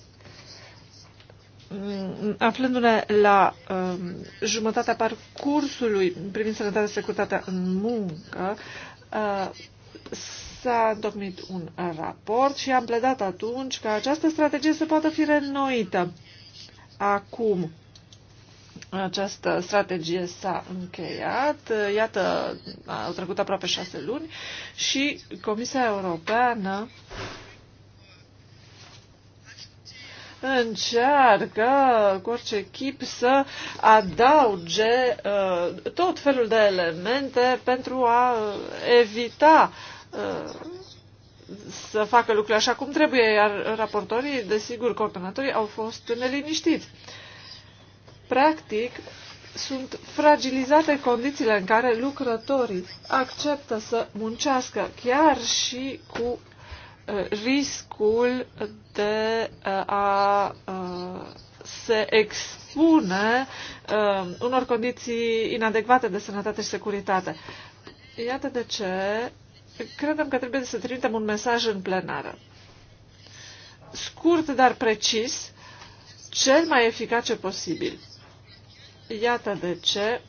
mm, aflându-ne la um, jumătatea parcursului privind sănătatea și securitatea în muncă, uh, s-a întocmit un raport și am pledat atunci că această strategie se poate fi renoită. acum această strategie s-a încheiat, iată, au trecut aproape șase luni și Comisia Europeană încearcă cu orice chip să adauge uh, tot felul de elemente pentru a uh, evita uh, să facă lucrurile așa cum trebuie, iar raportorii, desigur, coordonatorii, au fost neliniștiți. Uh, Practic, sunt fragilizate condițiile în care lucrătorii acceptă să muncească chiar și cu uh, riscul de uh, a uh, se expune unor condiții inadecvate de sănătate și securitate. Iată de ce credem că trebuie să trimitem un mesaj în plenară. Scurt, dar precis, cel mai eficace posibil Iată de ce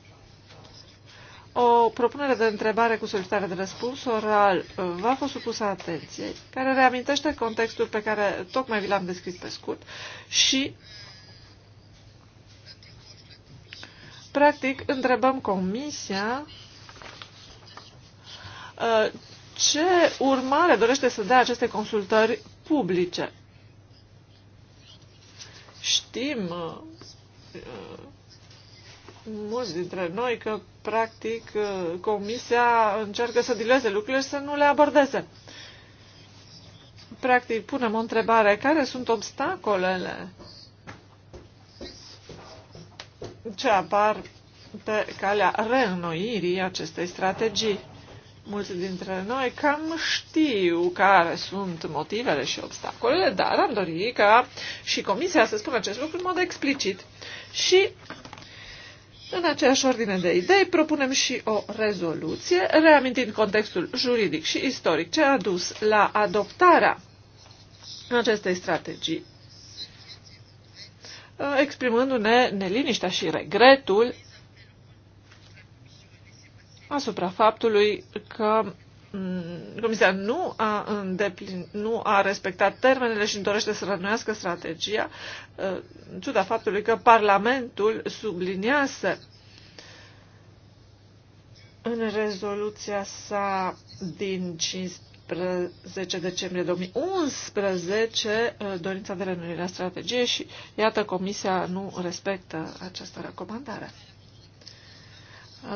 o propunere de întrebare cu solicitare de răspuns oral va fi supusă atenției, care reamintește contextul pe care tocmai vi l-am descris pe scurt și, practic, întrebăm Comisia uh, ce urmare dorește să dea aceste consultări publice. Știm uh, mulți dintre noi că, practic, Comisia încearcă să dileze lucrurile și să nu le abordeze. Practic, punem o întrebare. Care sunt obstacolele ce apar pe calea reînnoirii acestei strategii? Mulți dintre noi cam știu care sunt motivele și obstacolele, dar am dori ca și Comisia să spună acest lucru în mod explicit. Și în aceeași ordine de idei, propunem și o rezoluție, reamintind contextul juridic și istoric ce a dus la adoptarea acestei strategii, exprimându-ne neliniștea și regretul asupra faptului că Mm, Comisia nu a, îndeplin, nu a respectat termenele și îmi dorește să rănuiască strategia, uh, în ciuda faptului că Parlamentul subliniase în rezoluția sa din 15 decembrie 2011 uh, dorința de renuire a strategiei și, iată, Comisia nu respectă această recomandare.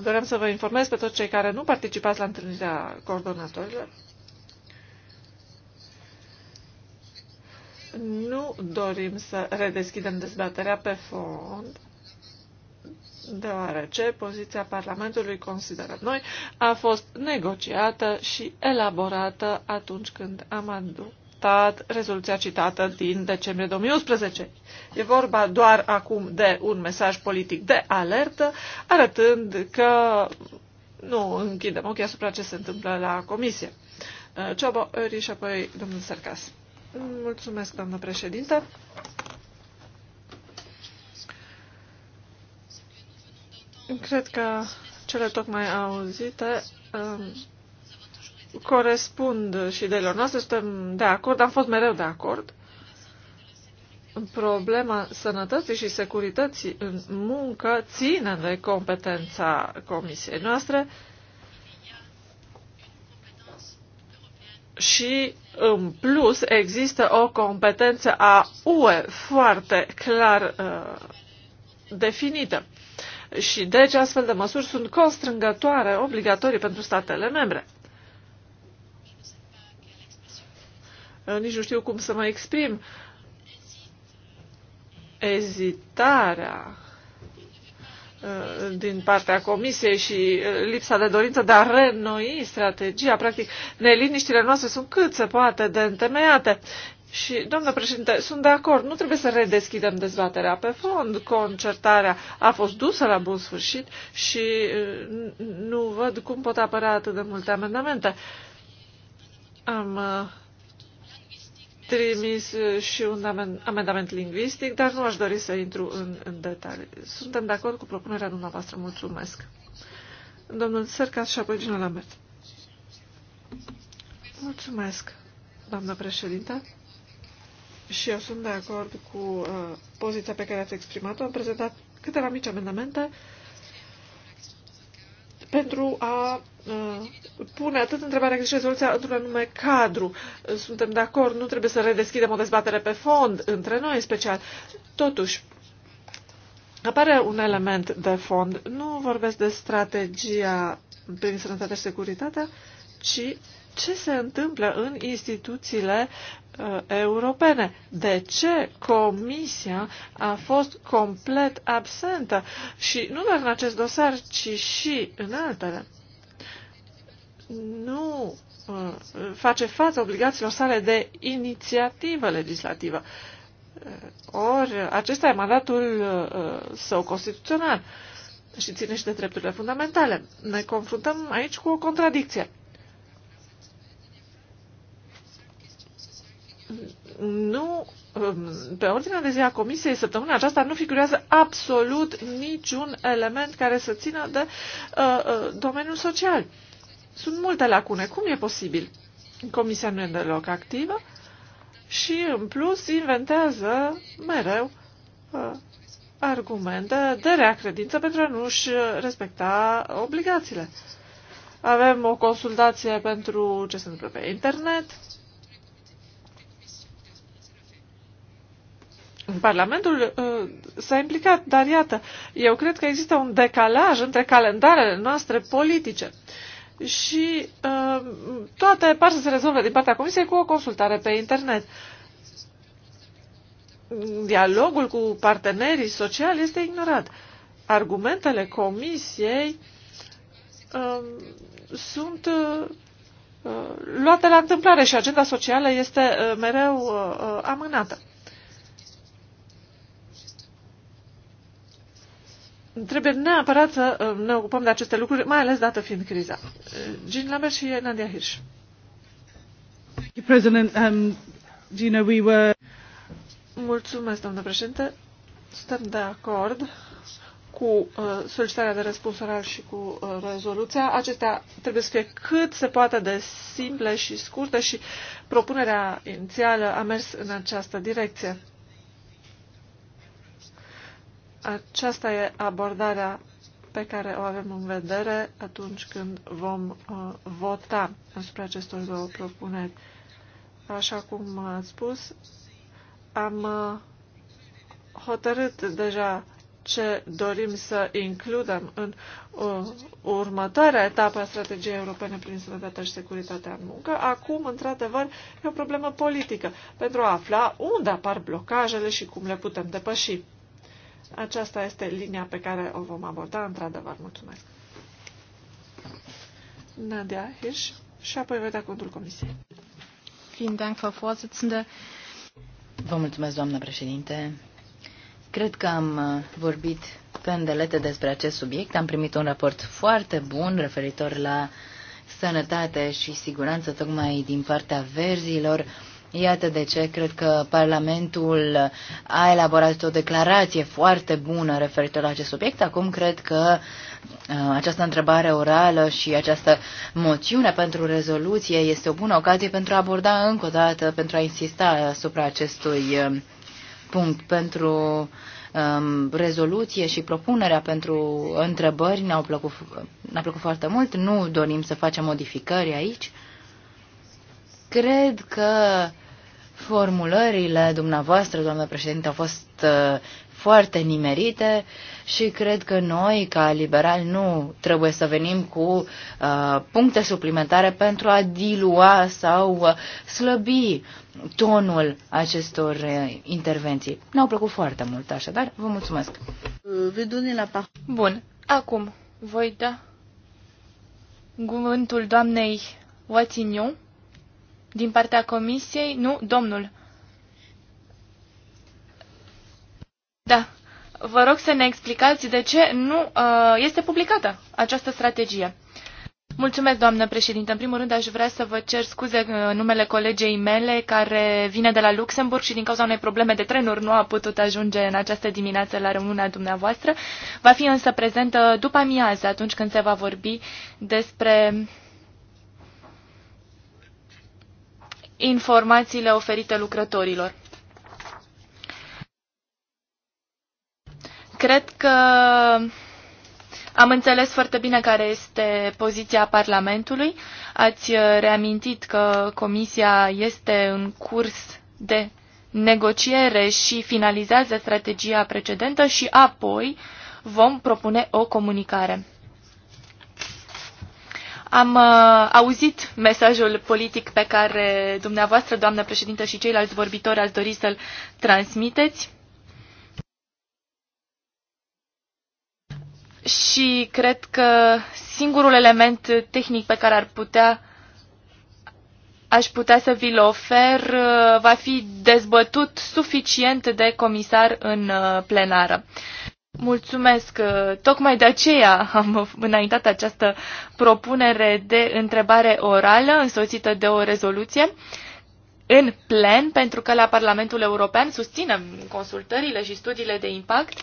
Doream să vă informez pe toți cei care nu participați la întâlnirea coordonatorilor. Nu dorim să redeschidem dezbaterea pe fond, deoarece poziția Parlamentului, considerăm noi, a fost negociată și elaborată atunci când am, adus adoptat rezoluția citată din decembrie 2011. E vorba doar acum de un mesaj politic de alertă, arătând că nu închidem ochii asupra ce se întâmplă la comisie. Uh, Ceobo, Öri și apoi domnul Sarcas. Mulțumesc, doamnă președinte. Cred că cele tocmai auzite um, corespund și de ideilor noastre, suntem de acord, am fost mereu de acord. Problema sănătății și securității în muncă ține de competența comisiei noastre și, în plus, există o competență a UE foarte clar uh, definită. Și deci astfel de măsuri sunt constrângătoare, obligatorii pentru statele membre. Uh, nici nu știu cum să mă exprim, ezitarea uh, din partea comisiei și uh, lipsa de dorință de a reînnoi strategia, practic, neliniștile noastre sunt cât se poate de întemeiate. Și, domnule președinte, sunt de acord, nu trebuie să redeschidem dezbaterea pe fond. Concertarea a fost dusă la bun sfârșit și nu văd cum pot apărea atât de multe amendamente. Am trimis uh, și un amendament lingvistic, dar nu aș dori să intru în, în detalii. Suntem de acord cu propunerea dumneavoastră. Mulțumesc. Domnul Sărcat și apoi Gino Lambert. Mulțumesc, doamnă președinte. Și eu sunt de acord cu uh, poziția pe care ați exprimat-o. Am prezentat câteva mici amendamente uh, pentru a pune atât întrebarea cât și rezoluția într-un anume cadru. Suntem de acord, nu trebuie să redeschidem o dezbatere pe fond între noi în special. Totuși, apare un element de fond. Nu vorbesc de strategia prin sănătate și securitate, ci ce se întâmplă în instituțiile uh, europene. De ce Comisia a fost complet absentă și nu doar în acest dosar, ci și în altele? Nu uh, face față obligațiilor sale de inițiativă legislativă. Uh, ori acesta e mandatul uh, uh, său constituțional și ține și de drepturile fundamentale. Ne confruntăm aici cu o contradicție nu, um, pe ordinea de zi a Comisiei săptămâna aceasta nu figurează absolut niciun element care să țină de uh, uh, domeniul social. Sunt multe lacune. Cum e posibil? Comisia nu e deloc activă și, în plus, inventează mereu uh, argumente de reacredință pentru a nu-și respecta obligațiile. Avem o consultație pentru ce se întâmplă pe internet, Parlamentul uh, s-a implicat, dar iată, eu cred că există un decalaj între calendarele noastre politice și uh, toate par să se rezolve din partea Comisiei cu o consultare pe internet. Dialogul cu partenerii sociali este ignorat. Argumentele Comisiei um, uh, sunt uh, luate la întâmplare și agenda socială este uh, mereu uh, amânată. trebuie neapărat să uh, ne ocupăm de aceste lucruri, mai ales dată fiind criza. Uh, Jean Lambert și Nadia Hirsch. President, um, you know, we were... Mulțumesc, doamnă președinte. Suntem de acord cu uh, solicitarea de răspuns oral și cu uh, rezoluția. Acestea trebuie să fie cât se poate de simple și scurte și propunerea inițială a mers în această direcție. Aceasta e abordarea pe care o avem în vedere atunci când vom uh, vota asupra acestor două propuneri. Așa cum ați spus, am uh, hotărât deja ce dorim să includem în uh, următoarea etapă a strategiei europene prin sănătatea și securitatea în muncă. Acum, într-adevăr, e o problemă politică pentru a afla unde apar blocajele și cum le putem depăși. Aceasta este linia pe care o vom aborda, într-adevăr. Mulțumesc. Nadia Hirsch și apoi vedea contul Comisiei. Vielen Dank, Frau Vorsitzende. Vă mulțumesc, doamnă președinte. Cred că am uh, vorbit pe îndelete despre acest subiect. Am primit un raport foarte bun referitor la sănătate și siguranță, tocmai din partea verzilor. Iată de ce cred că Parlamentul a elaborat o declarație foarte bună referitor la acest subiect. Acum cred că uh, această întrebare orală și această moțiune pentru rezoluție este o bună ocazie pentru a aborda încă o dată, pentru a insista asupra acestui uh, punct, pentru um, rezoluție și propunerea pentru întrebări ne-a plăcut, ne plăcut foarte mult. Nu dorim să facem modificări aici cred că Formulările dumneavoastră, doamnă președinte, au fost uh, foarte nimerite și cred că noi, ca liberali, nu trebuie să venim cu uh, puncte suplimentare pentru a dilua sau uh, slăbi tonul acestor uh, intervenții. Ne-au plăcut foarte mult, așadar, vă mulțumesc. Bun, acum voi da cuvântul doamnei Watignon din partea comisiei? Nu, domnul. Da. Vă rog să ne explicați de ce nu uh, este publicată această strategie. Mulțumesc, doamnă președinte. În primul rând, aș vrea să vă cer scuze în uh, numele colegei mele, care vine de la Luxemburg și din cauza unei probleme de trenuri nu a putut ajunge în această dimineață la reuniunea dumneavoastră. Va fi însă prezentă după amiază, atunci când se va vorbi despre informațiile oferite lucrătorilor. Cred că am înțeles foarte bine care este poziția Parlamentului. Ați uh, reamintit că Comisia este în curs de negociere și finalizează strategia precedentă și apoi vom propune o comunicare. Am uh, auzit mesajul politic pe care dumneavoastră, doamnă președintă, și ceilalți vorbitori ați dori să-l transmiteți. Și cred că singurul element tehnic pe care ar putea aș putea să vi-l ofer uh, va fi dezbătut suficient de comisar în uh, plenară. Mulțumesc! Tocmai de aceea am înaintat această propunere de întrebare orală însoțită de o rezoluție în plen, pentru că la Parlamentul European susținem consultările și studiile de impact,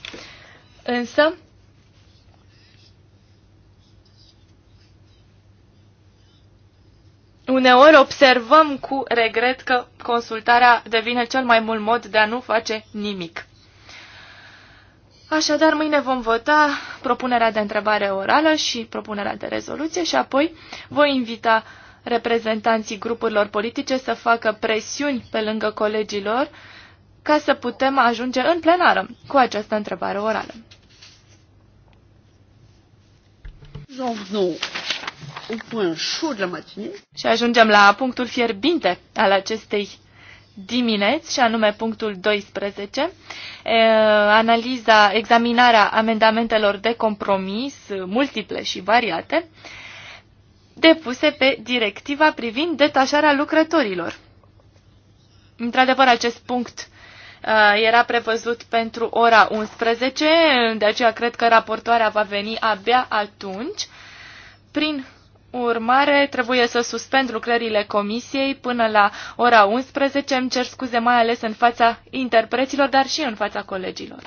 însă uneori observăm cu regret că consultarea devine cel mai mult mod de a nu face nimic. Așadar, mâine vom vota propunerea de întrebare orală și propunerea de rezoluție și apoi voi invita reprezentanții grupurilor politice să facă presiuni pe lângă colegilor ca să putem ajunge în plenară cu această întrebare orală. Și ajungem la punctul fierbinte al acestei dimineți, și anume punctul 12, analiza, examinarea amendamentelor de compromis multiple și variate depuse pe directiva privind detașarea lucrătorilor. Într-adevăr, acest punct era prevăzut pentru ora 11, de aceea cred că raportoarea va veni abia atunci. Prin urmare, trebuie să suspend lucrările comisiei până la ora 11. Îmi cer scuze mai ales în fața interpreților, dar și în fața colegilor.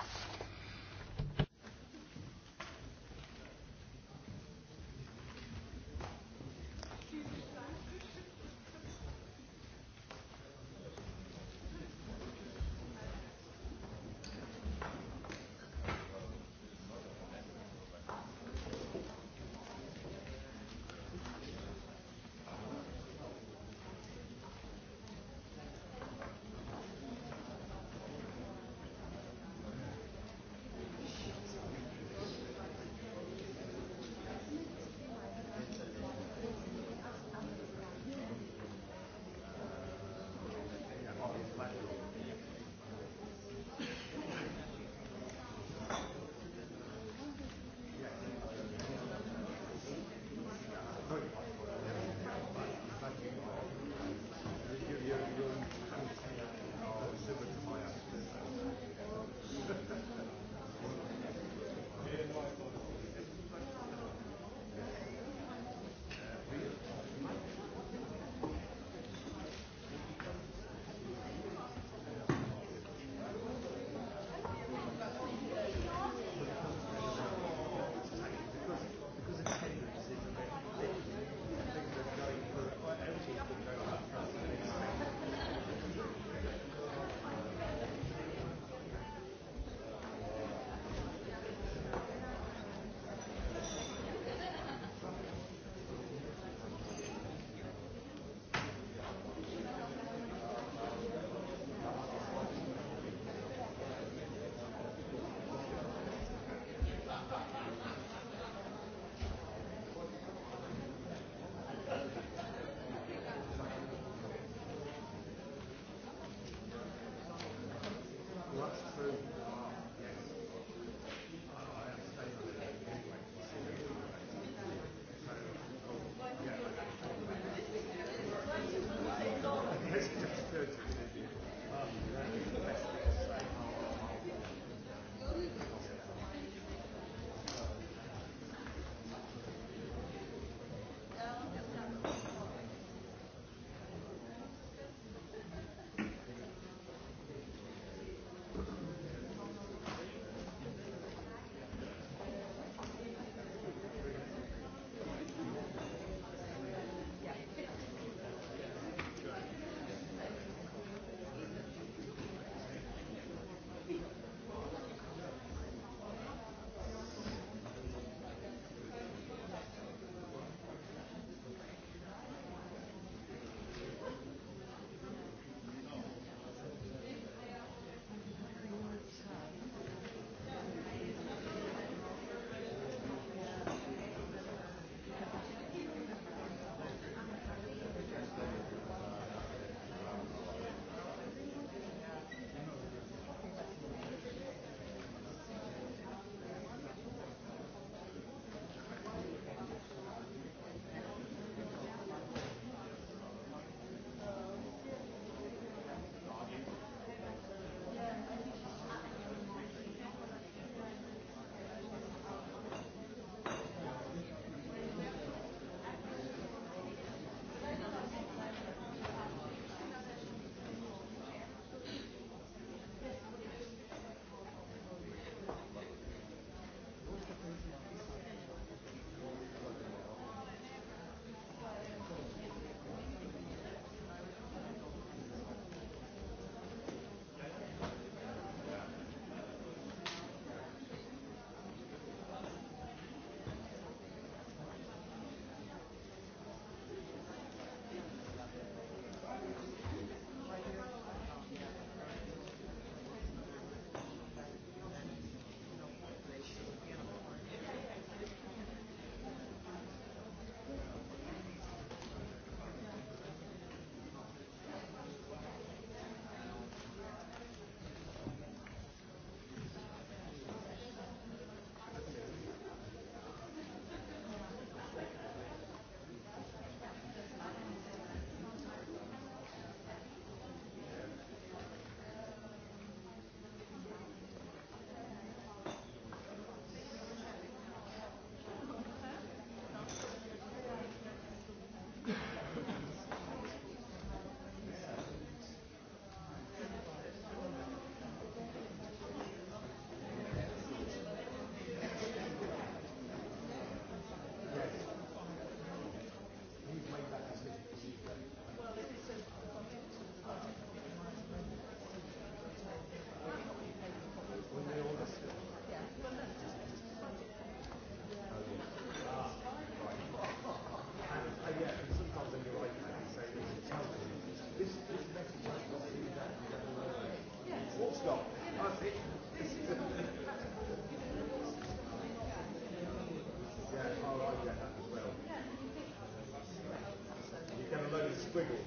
squiggles.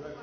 Right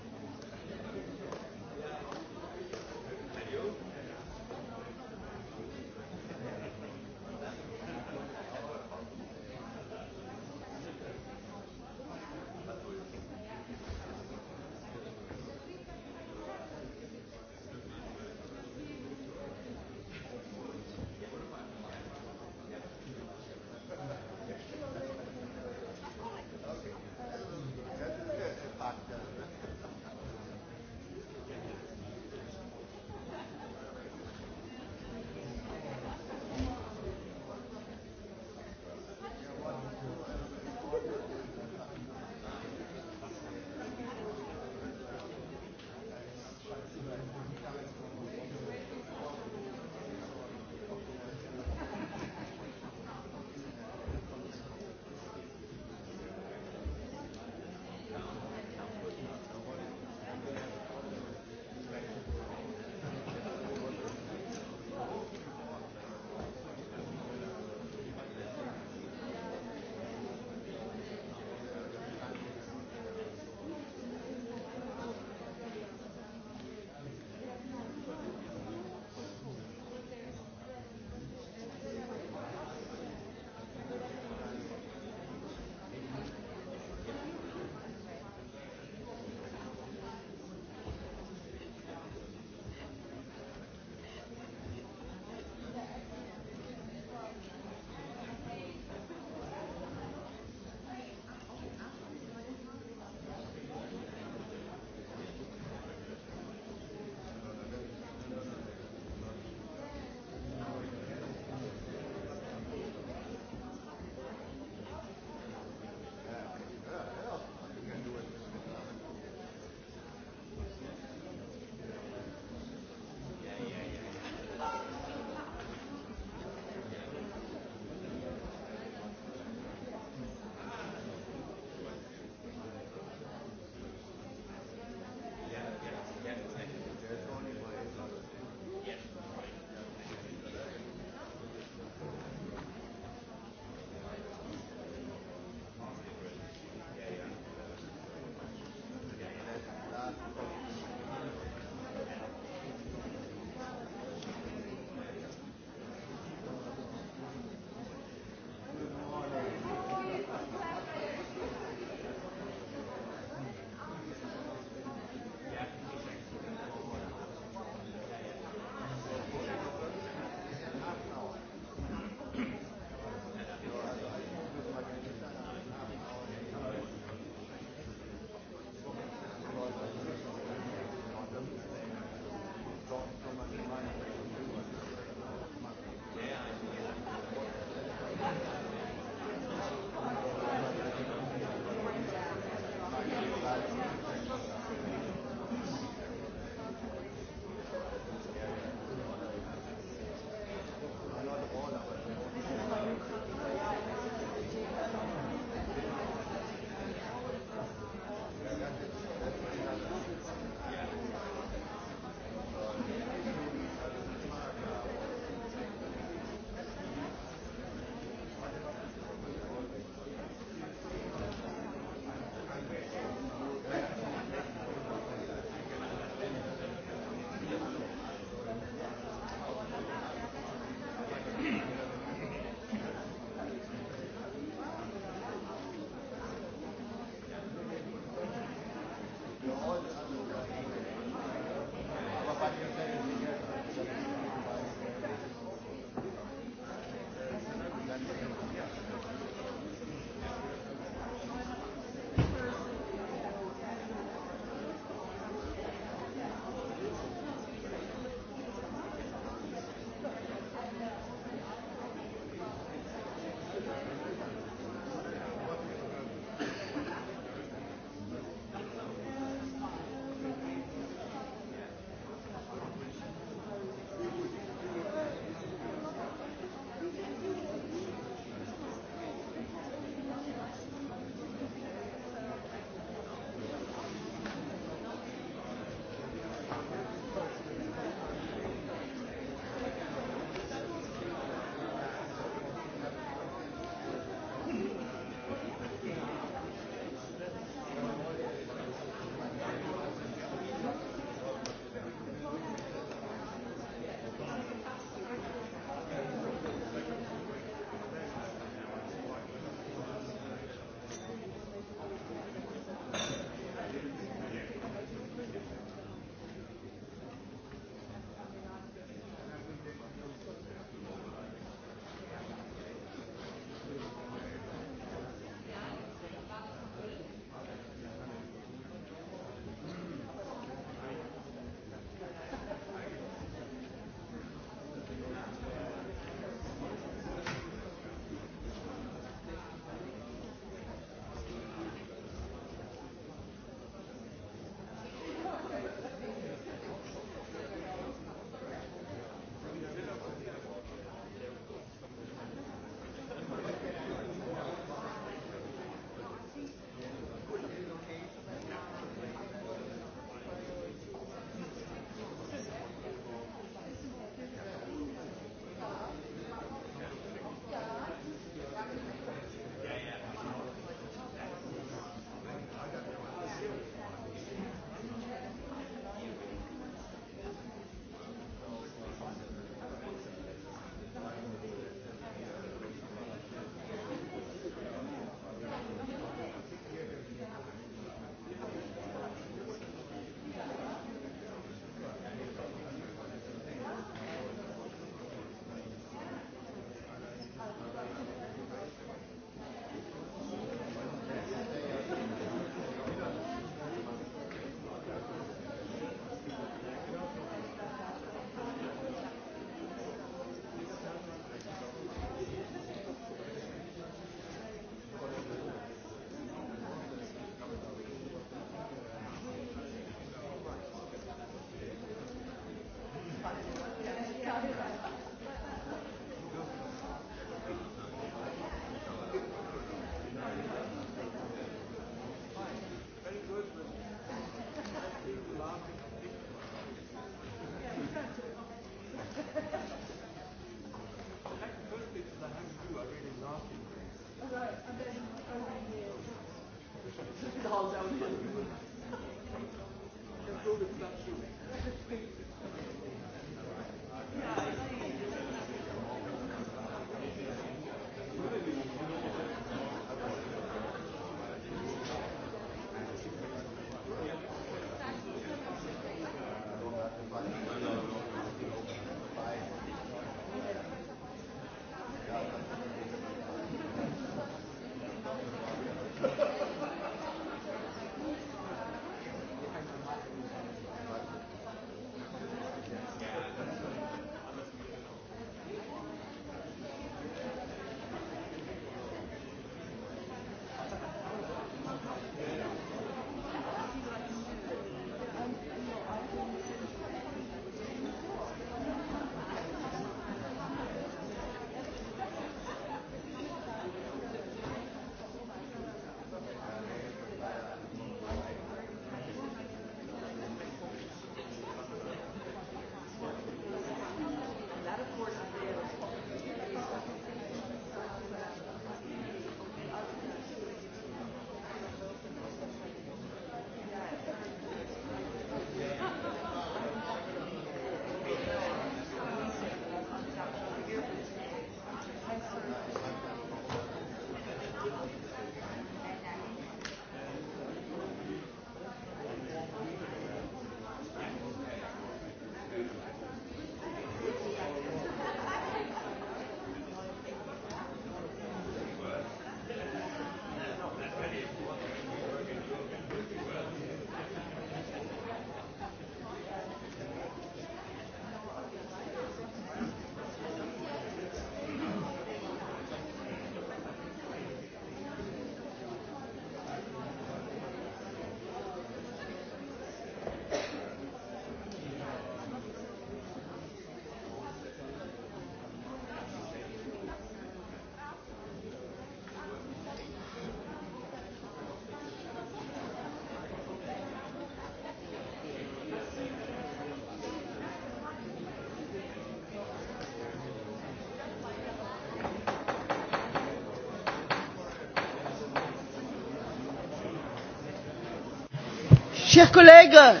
Chers collègues,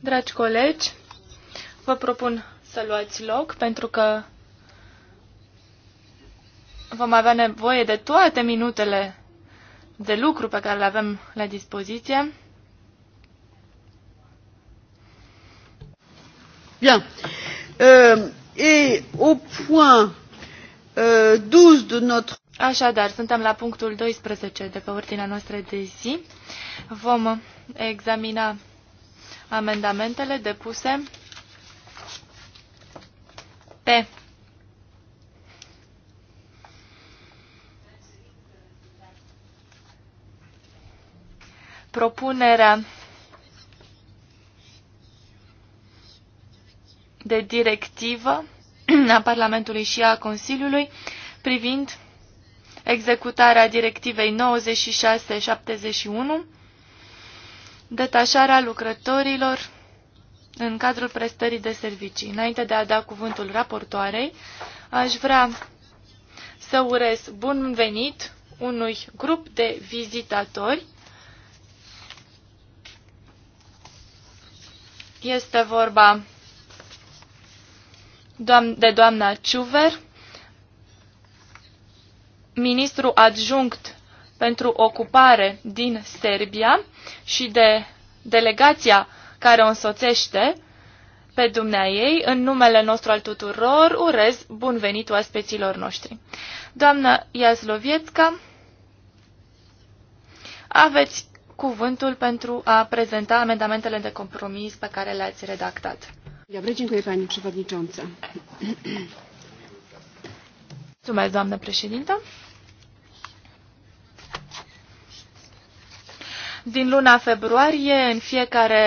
Dragi colegi, vă propun să luați loc pentru că vom avea nevoie de toate minutele de lucru pe care le avem la dispoziție. Bien. Euh, et au point euh, 12 de notre Așadar, suntem la punctul 12 de pe ordinea noastră de zi. Vom examina amendamentele depuse pe propunerea de directivă a Parlamentului și a Consiliului privind executarea directivei 9671 detașarea lucrătorilor în cadrul prestării de servicii. Înainte de a da cuvântul raportoarei, aș vrea să urez bun venit unui grup de vizitatori. Este vorba de doamna Ciuver, ministru adjunct pentru ocupare din Serbia și de delegația care o însoțește pe ei, în numele nostru al tuturor, urez bun venit oaspeților noștri. Doamnă Iaslovietska, aveți cuvântul pentru a prezenta amendamentele de compromis pe care le-ați redactat. Dobre, dziękuję Pani Przewodnicząca. Mulțumesc, doamnă președintă. Din luna februarie, în fiecare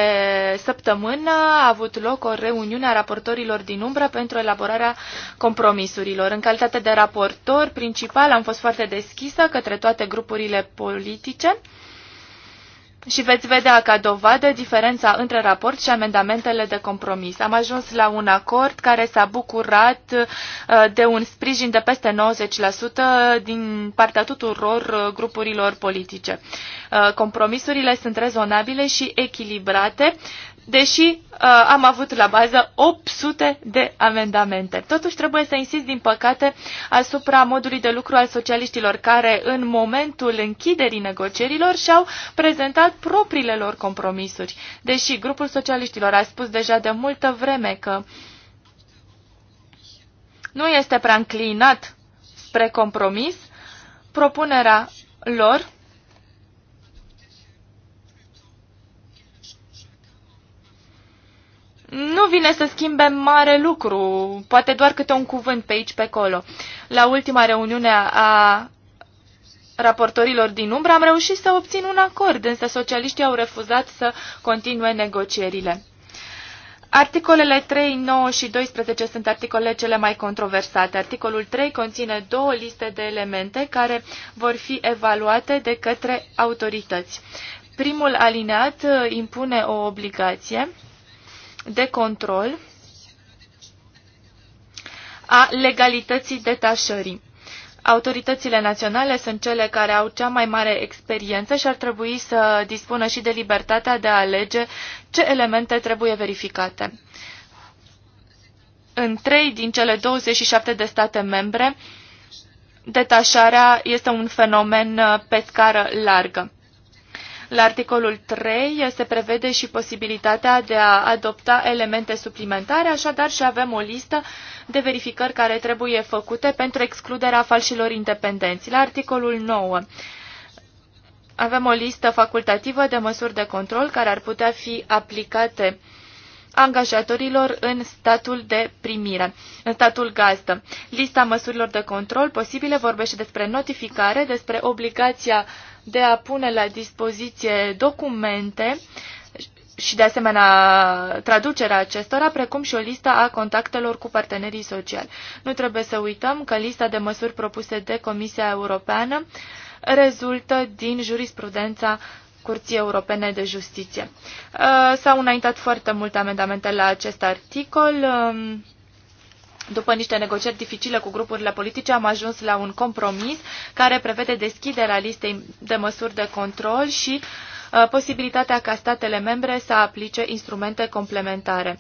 săptămână, a avut loc o reuniune a raportorilor din umbră pentru elaborarea compromisurilor. În calitate de raportor principal am fost foarte deschisă către toate grupurile politice și veți vedea ca dovadă diferența între raport și amendamentele de compromis. Am ajuns la un acord care s-a bucurat uh, de un sprijin de peste 90% din partea tuturor uh, grupurilor politice. Uh, compromisurile sunt rezonabile și echilibrate, deși uh, am avut la bază 800 de amendamente. Totuși trebuie să insist, din păcate, asupra modului de lucru al socialiștilor care, în momentul închiderii negocierilor, și-au prezentat propriile lor compromisuri. Deși grupul socialiștilor a spus deja de multă vreme că nu este prea înclinat spre compromis, propunerea lor nu vine să schimbe mare lucru, poate doar câte un cuvânt pe aici, pe acolo. La ultima reuniune a raportorilor din umbră am reușit să obțin un acord, însă socialiștii au refuzat să continue negocierile. Articolele 3, 9 și 12 sunt articolele cele mai controversate. Articolul 3 conține două liste de elemente care vor fi evaluate de către autorități. Primul alineat uh, impune o obligație de control a legalității detașării. Autoritățile naționale sunt cele care au cea mai mare experiență și ar trebui să dispună și de libertatea de a alege ce elemente trebuie verificate. În trei din cele 27 de state membre, detașarea este un fenomen uh, pe scară largă. La articolul 3 se prevede și posibilitatea de a adopta elemente suplimentare, așadar și avem o listă de verificări care trebuie făcute pentru excluderea falșilor independenți. La articolul 9 avem o listă facultativă de măsuri de control care ar putea fi aplicate uh, angajatorilor în statul de primire, în statul gazdă. Lista măsurilor de control posibile vorbește despre notificare, despre obligația de a pune la dispoziție documente și de asemenea traducerea acestora, precum și o listă a contactelor cu partenerii sociali. Nu trebuie să uităm că lista de măsuri propuse de Comisia Europeană rezultă din jurisprudența Curții Europene de Justiție. Uh, s-au înaintat foarte multe amendamente la acest articol. Um, după niște negocieri dificile cu grupurile politice, am ajuns la un compromis care prevede deschiderea listei de măsuri de control și uh, posibilitatea ca statele membre să aplice instrumente complementare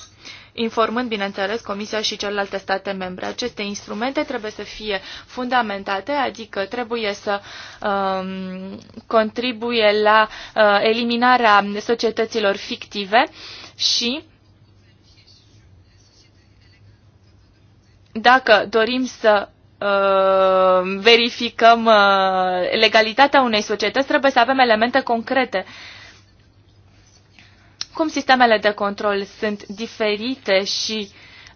informând, bineînțeles, Comisia și celelalte state membre. Aceste instrumente trebuie să fie fundamentate, adică trebuie să um, contribuie la uh, eliminarea societăților fictive și dacă dorim să uh, verificăm uh, legalitatea unei societăți, trebuie să avem elemente concrete uh, cum sistemele de control sunt diferite și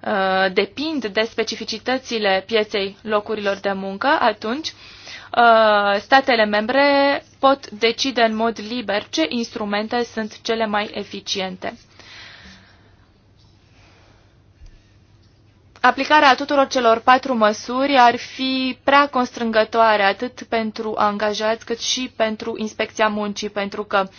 uh, depind de specificitățile pieței locurilor de muncă, atunci uh, statele membre pot decide în mod liber ce instrumente sunt cele mai eficiente. Aplicarea tuturor celor patru măsuri ar fi prea constrângătoare atât pentru angajați cât și pentru inspecția muncii, pentru că uh,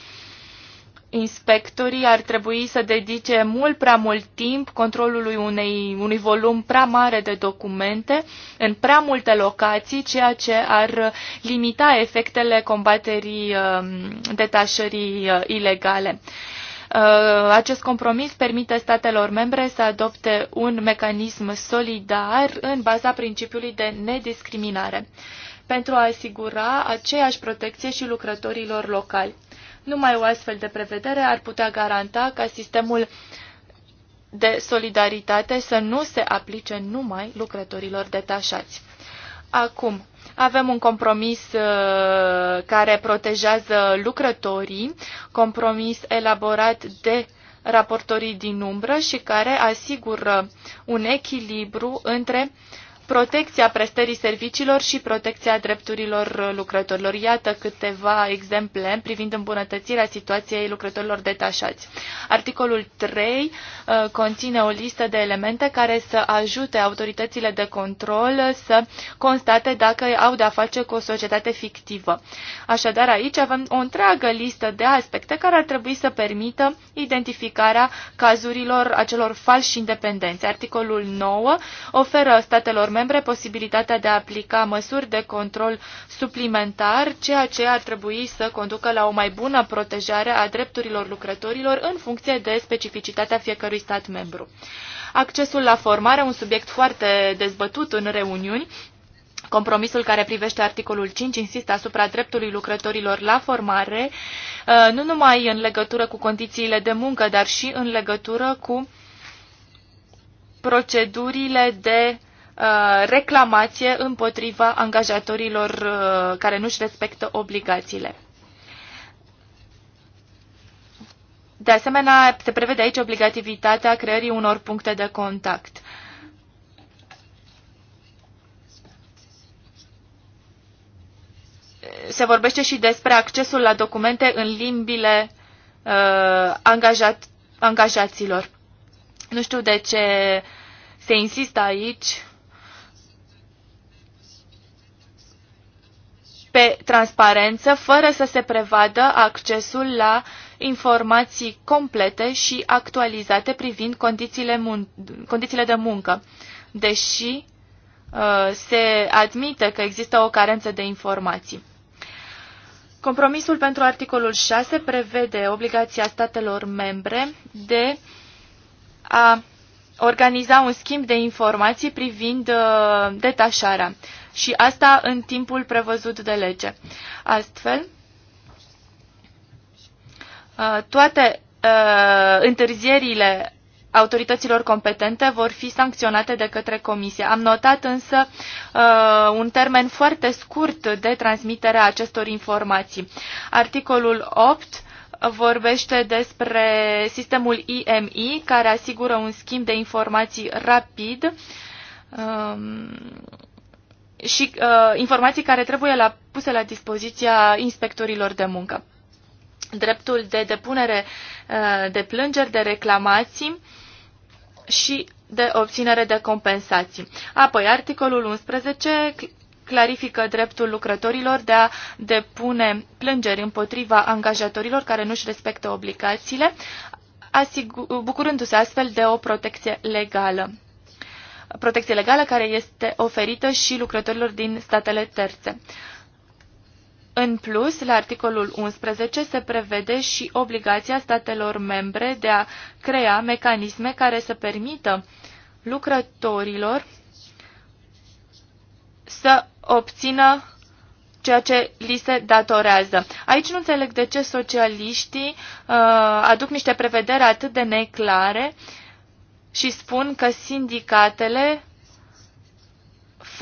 inspectorii ar trebui să dedice mult prea mult timp controlului unei, unui volum prea mare de documente în prea multe locații, ceea ce ar limita efectele combaterii um, detașării uh, ilegale. Uh, acest compromis permite statelor membre să adopte un mecanism solidar în baza principiului de nediscriminare pentru a asigura aceeași protecție și lucrătorilor locali. Numai o astfel de prevedere ar putea garanta ca sistemul de solidaritate să nu se aplice numai lucrătorilor detașați. Acum, avem un compromis uh, care protejează lucrătorii, compromis elaborat de raportorii din umbră și care asigură un echilibru între uh, protecția prestării serviciilor și protecția drepturilor lucrătorilor. Iată câteva exemple privind îmbunătățirea situației lucrătorilor detașați. Articolul 3 uh, conține o listă de elemente care să ajute autoritățile de control să constate dacă au de-a face cu o societate fictivă. Așadar, aici avem o întreagă listă de aspecte care ar trebui să permită identificarea cazurilor acelor falși independenți. Articolul 9 oferă statelor membre membre posibilitatea de a aplica măsuri de control suplimentar, ceea ce ar trebui să conducă la o mai bună protejare a drepturilor lucrătorilor în funcție de specificitatea fiecărui stat membru. Accesul la formare, un subiect foarte dezbătut în reuniuni, Compromisul care privește articolul 5 insistă asupra dreptului lucrătorilor la formare, uh, nu numai în legătură cu condițiile de muncă, dar și în legătură cu procedurile de Uh, reclamație împotriva angajatorilor uh, care nu-și respectă obligațiile. De asemenea, se prevede aici obligativitatea creării unor puncte de contact. Se vorbește și despre accesul la documente în limbile uh, angajat, angajaților. Nu știu de ce se insistă aici pe transparență, fără să se prevadă accesul la informații complete și actualizate privind condițiile, mun- condițiile de muncă, deși uh, se admite că există o carență de informații. Compromisul pentru articolul 6 prevede obligația statelor membre de a organiza un schimb de informații privind uh, detașarea și asta în timpul prevăzut de lege. Astfel, uh, toate uh, întârzierile autorităților competente vor fi sancționate de către comisie. Am notat însă uh, un termen foarte scurt de transmitere a acestor informații. Articolul 8 vorbește despre sistemul IMI, care asigură un schimb de informații rapid um, și uh, informații care trebuie la, puse la dispoziția inspectorilor de muncă. Dreptul de depunere uh, de plângeri, de reclamații și de obținere de compensații. Apoi, articolul 11 clarifică dreptul lucrătorilor de a depune plângeri împotriva angajatorilor care nu își respectă obligațiile, bucurându-se astfel de o protecție legală. Protecție legală care este oferită și lucrătorilor din statele terțe. În plus, la articolul 11 se prevede și obligația statelor membre de a crea mecanisme care să permită lucrătorilor să obțină ceea ce li se datorează. Aici nu înțeleg de ce socialiștii uh, aduc niște prevederi atât de neclare și spun că sindicatele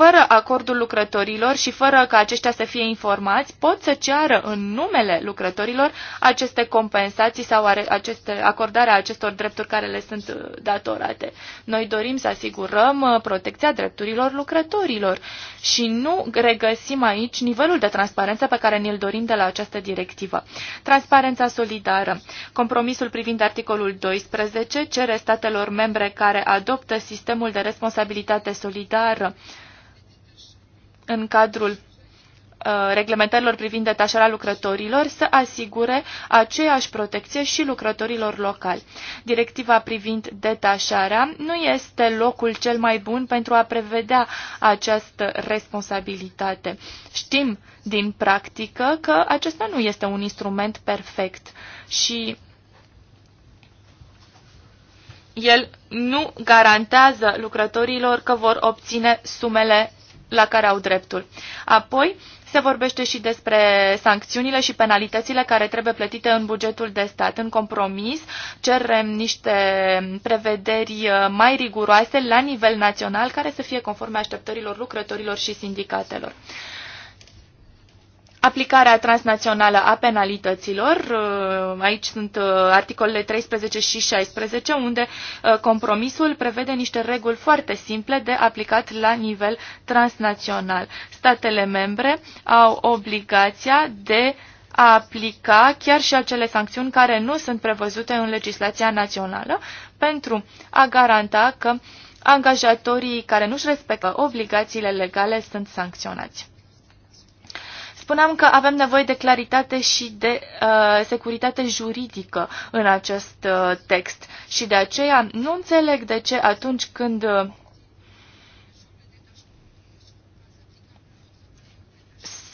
fără acordul lucrătorilor și fără ca aceștia să fie informați, pot să ceară în numele lucrătorilor aceste compensații sau aceste, acordarea acestor drepturi care le sunt uh, datorate. Noi dorim să asigurăm uh, protecția drepturilor lucrătorilor și nu regăsim aici nivelul de transparență pe care ne-l dorim de la această directivă. Transparența solidară. Compromisul privind articolul 12 cere statelor membre care adoptă sistemul de responsabilitate solidară în cadrul uh, reglementărilor privind detașarea lucrătorilor să asigure aceeași protecție și lucrătorilor locali. Directiva privind detașarea nu este locul cel mai bun pentru a prevedea această responsabilitate. Știm din practică că acesta nu este un instrument perfect și el nu garantează lucrătorilor că vor obține sumele la care au dreptul. Apoi se vorbește și despre sancțiunile și penalitățile care trebuie plătite în bugetul de stat. În compromis cerem niște prevederi uh, mai riguroase la nivel național care să fie conforme așteptărilor lucrătorilor și sindicatelor aplicarea transnațională a penalităților. Uh, aici sunt uh, articolele 13 și 16, unde uh, compromisul prevede niște reguli foarte simple de aplicat la nivel transnațional. Statele membre au obligația de a aplica chiar și acele sancțiuni care nu sunt prevăzute în legislația națională pentru a garanta că angajatorii care nu-și respectă obligațiile legale sunt sancționați. Spuneam că avem nevoie de claritate și de uh, securitate juridică în acest uh, text și de aceea nu înțeleg de ce atunci când uh,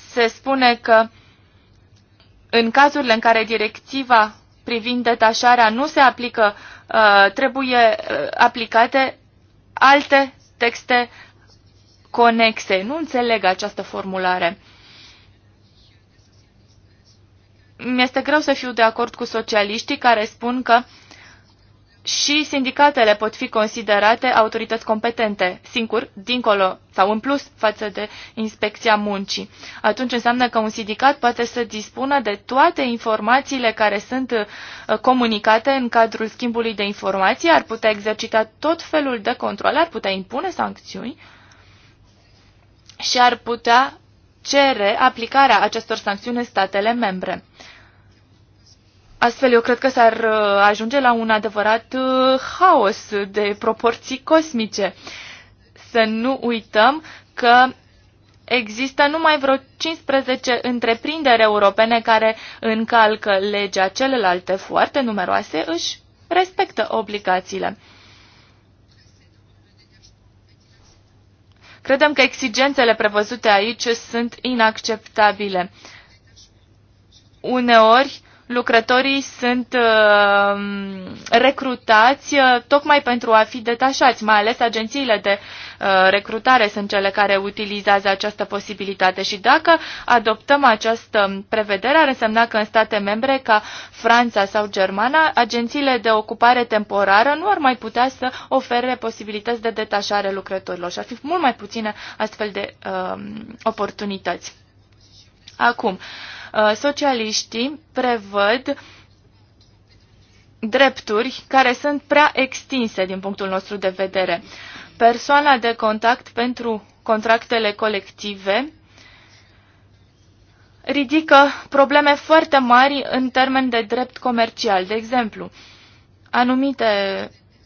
se spune că în cazurile în care directiva privind detașarea nu se aplică, uh, trebuie uh, aplicate alte texte conexe. Nu înțeleg această formulare mi-este greu să fiu de acord cu socialiștii care spun că și sindicatele pot fi considerate autorități competente, singur, dincolo sau în plus față de inspecția muncii. Atunci înseamnă că un sindicat poate să dispună de toate informațiile care sunt uh, comunicate în cadrul schimbului de informații, ar putea exercita tot felul de control, ar putea impune sancțiuni și ar putea cere aplicarea acestor sancțiuni în statele membre. Astfel, eu cred că s-ar uh, ajunge la un adevărat uh, haos de proporții cosmice. Să nu uităm că există numai vreo 15 întreprinderi europene care încalcă legea, celelalte foarte numeroase își respectă obligațiile. Credem că exigențele prevăzute aici sunt inacceptabile. Uneori, lucrătorii sunt uh, recrutați uh, tocmai pentru a fi detașați, mai ales agențiile de uh, recrutare sunt cele care utilizează această posibilitate și dacă adoptăm această prevedere ar însemna că în state membre ca Franța sau Germana, agențiile de ocupare temporară nu ar mai putea să ofere posibilități de detașare lucrătorilor și ar fi mult mai puține astfel de uh, oportunități. Acum, uh, Uh, socialiștii prevăd drepturi care sunt prea extinse din punctul nostru de vedere. Persoana de contact pentru contractele colective ridică probleme foarte mari în termen de drept comercial. De exemplu, anumite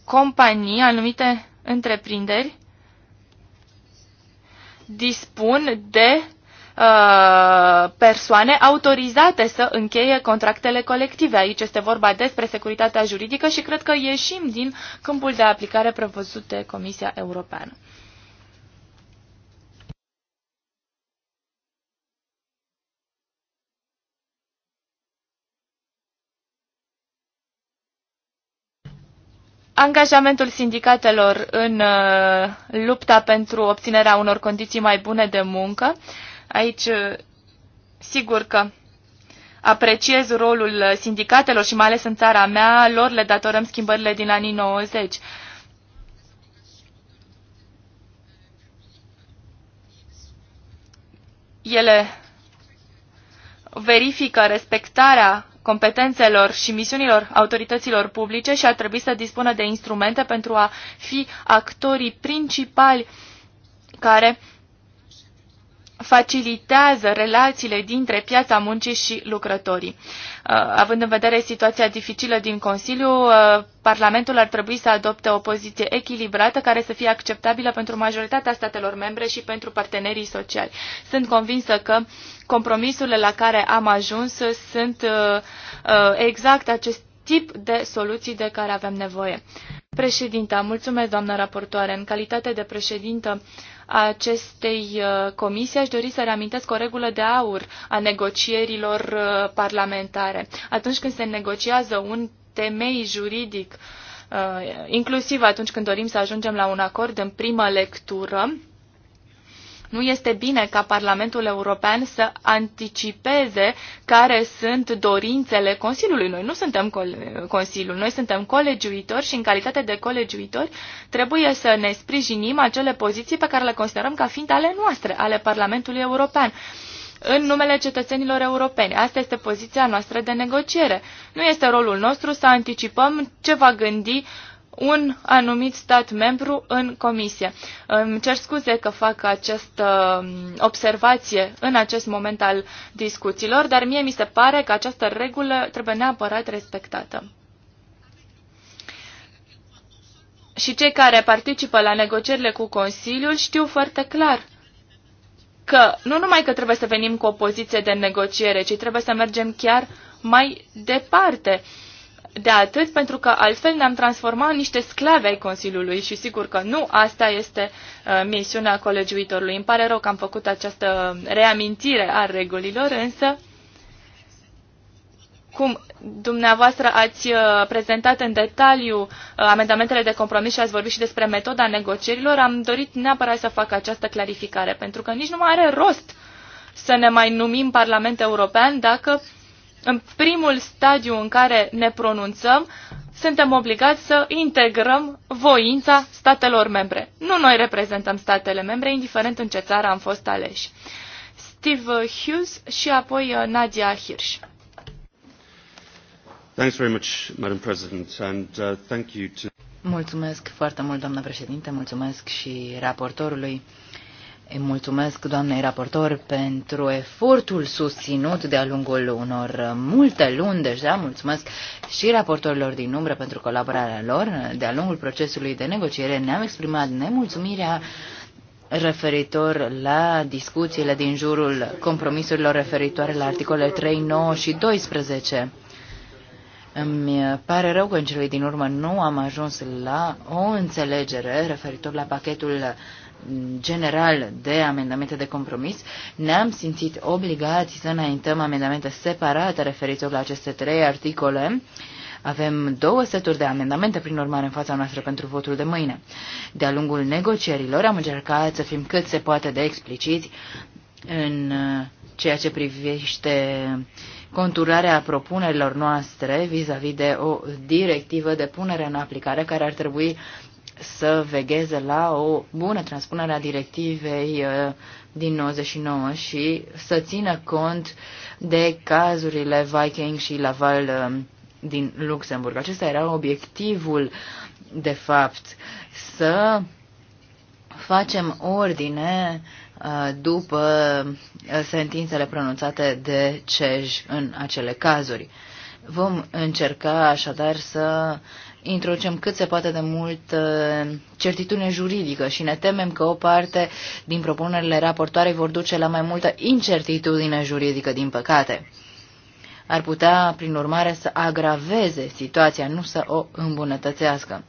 companii, anumite întreprinderi dispun de Uh, persoane autorizate să încheie contractele colective. Aici este vorba despre securitatea juridică și cred că ieșim din câmpul de aplicare prevăzut de Comisia Europeană. angajamentul sindicatelor în uh, lupta pentru obținerea unor condiții mai bune de muncă Aici, uh, sigur că apreciez rolul sindicatelor și mai ales în țara mea, lor le datorăm schimbările din anii 90. Ele verifică respectarea competențelor și misiunilor autorităților publice și ar trebui să dispună de instrumente pentru a fi actorii principali care facilitează relațiile dintre piața muncii și lucrătorii. Uh, având în vedere situația dificilă din Consiliu, uh, Parlamentul ar trebui să adopte o poziție echilibrată care să fie acceptabilă pentru majoritatea statelor membre și pentru partenerii sociali. Sunt convinsă că compromisurile la care am ajuns sunt uh, exact acest tip de soluții de care avem nevoie. Președinta, mulțumesc, doamnă raportoare. În calitate de președintă acestei uh, comisii, aș dori să reamintesc o regulă de aur a negocierilor uh, parlamentare. Atunci când se negociază un temei juridic, uh, inclusiv atunci când dorim să ajungem la un acord în primă lectură, nu este bine ca Parlamentul European să anticipeze care sunt dorințele Consiliului. Noi nu suntem Consiliul, noi suntem colegiuitori și în calitate de colegiuitori trebuie să ne sprijinim acele poziții pe care le considerăm ca fiind ale noastre, ale Parlamentului European în numele cetățenilor europeni. Asta este poziția noastră de negociere. Nu este rolul nostru să anticipăm ce va gândi uh, un anumit stat membru în comisie. Îmi cer scuze că fac această um, observație în acest moment al discuțiilor, dar mie mi se pare că această regulă trebuie neapărat respectată. Și cei care participă la negocierile cu Consiliul știu foarte clar că nu numai că trebuie să venim cu o poziție de negociere, ci trebuie să mergem chiar mai departe. Uh, de atât, pentru că altfel ne-am transformat în niște sclave ai Consiliului și sigur că nu asta este uh, misiunea colegiuitorului. Îmi pare rău că am făcut această reamintire a regulilor, însă cum dumneavoastră ați uh, prezentat în detaliu uh, amendamentele de compromis și ați vorbit și despre metoda negocierilor, am dorit neapărat să fac această clarificare, pentru că nici nu mai are rost să ne mai numim Parlament European dacă în primul stadiu în care ne pronunțăm, suntem obligați să integrăm voința statelor membre. Nu noi reprezentăm statele membre, indiferent în ce țară am fost aleși. Steve Hughes și apoi uh, Nadia Hirsch. Thanks very much, Madam President, and uh, thank you to... Mulțumesc foarte mult, doamnă președinte, mulțumesc și raportorului. Îi mulțumesc doamnei raportor pentru efortul susținut de-a lungul unor multe luni deja. Mulțumesc și raportorilor din umbră pentru colaborarea lor. De-a lungul procesului de negociere ne-am exprimat nemulțumirea referitor la discuțiile din jurul compromisurilor referitoare la articole 3, 9 și 12. Îmi pare rău că în celui din urmă nu am ajuns la o înțelegere referitor la pachetul general de amendamente de compromis, ne-am simțit obligați să înaintăm amendamente separate referitor la aceste trei articole. Avem două seturi de amendamente, prin urmare, în fața noastră pentru votul de mâine. De-a lungul negocierilor am încercat să fim cât se poate de expliciți în uh, ceea ce privește conturarea propunerilor noastre vis-a-vis -vis de o directivă de punere în aplicare care ar trebui să vegheze la o bună transpunere a directivei uh, din 99 și să țină cont de cazurile Viking și Laval uh, din Luxemburg. Acesta era obiectivul, de fapt, să facem ordine uh, după sentințele pronunțate de CEJ în acele cazuri. Vom încerca așadar să introducem cât se poate de mult uh, certitudine juridică și ne temem că o parte din propunerile raportoarei vor duce la mai multă incertitudine juridică, din păcate. Ar putea, prin urmare, să agraveze situația, nu să o îmbunătățească.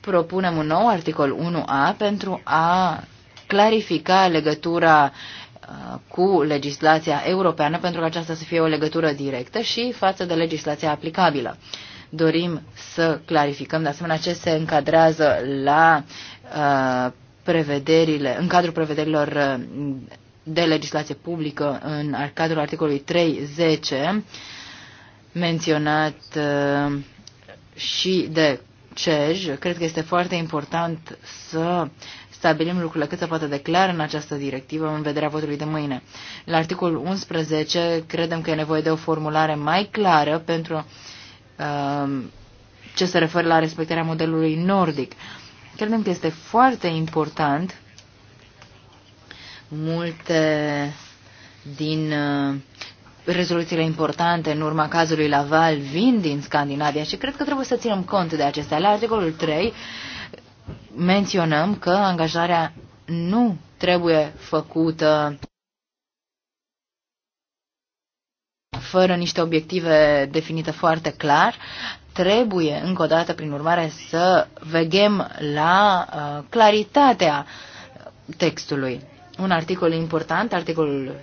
Propunem un nou articol 1A pentru a clarifica legătura uh, cu legislația europeană pentru că aceasta să fie o legătură directă și față de legislația aplicabilă. Dorim să clarificăm de asemenea ce se încadrează la uh, prevederile, în cadrul prevederilor uh, de legislație publică în cadrul articolului 3.10 menționat uh, și de CEJ. Cred că este foarte important să stabilim lucrurile cât se poate de clar în această directivă în vederea votului de mâine. La articolul 11 credem că e nevoie de o formulare mai clară pentru Um, ce se referă la respectarea modelului nordic. Credem că este foarte important multe din uh, rezoluțiile importante în urma cazului Laval vin din Scandinavia și cred că trebuie să ținem cont de acestea. La articolul 3 menționăm că angajarea nu trebuie făcută fără niște obiective definite foarte clar, trebuie, încă o dată, prin urmare, să veghem la uh, claritatea textului. Un articol important, articolul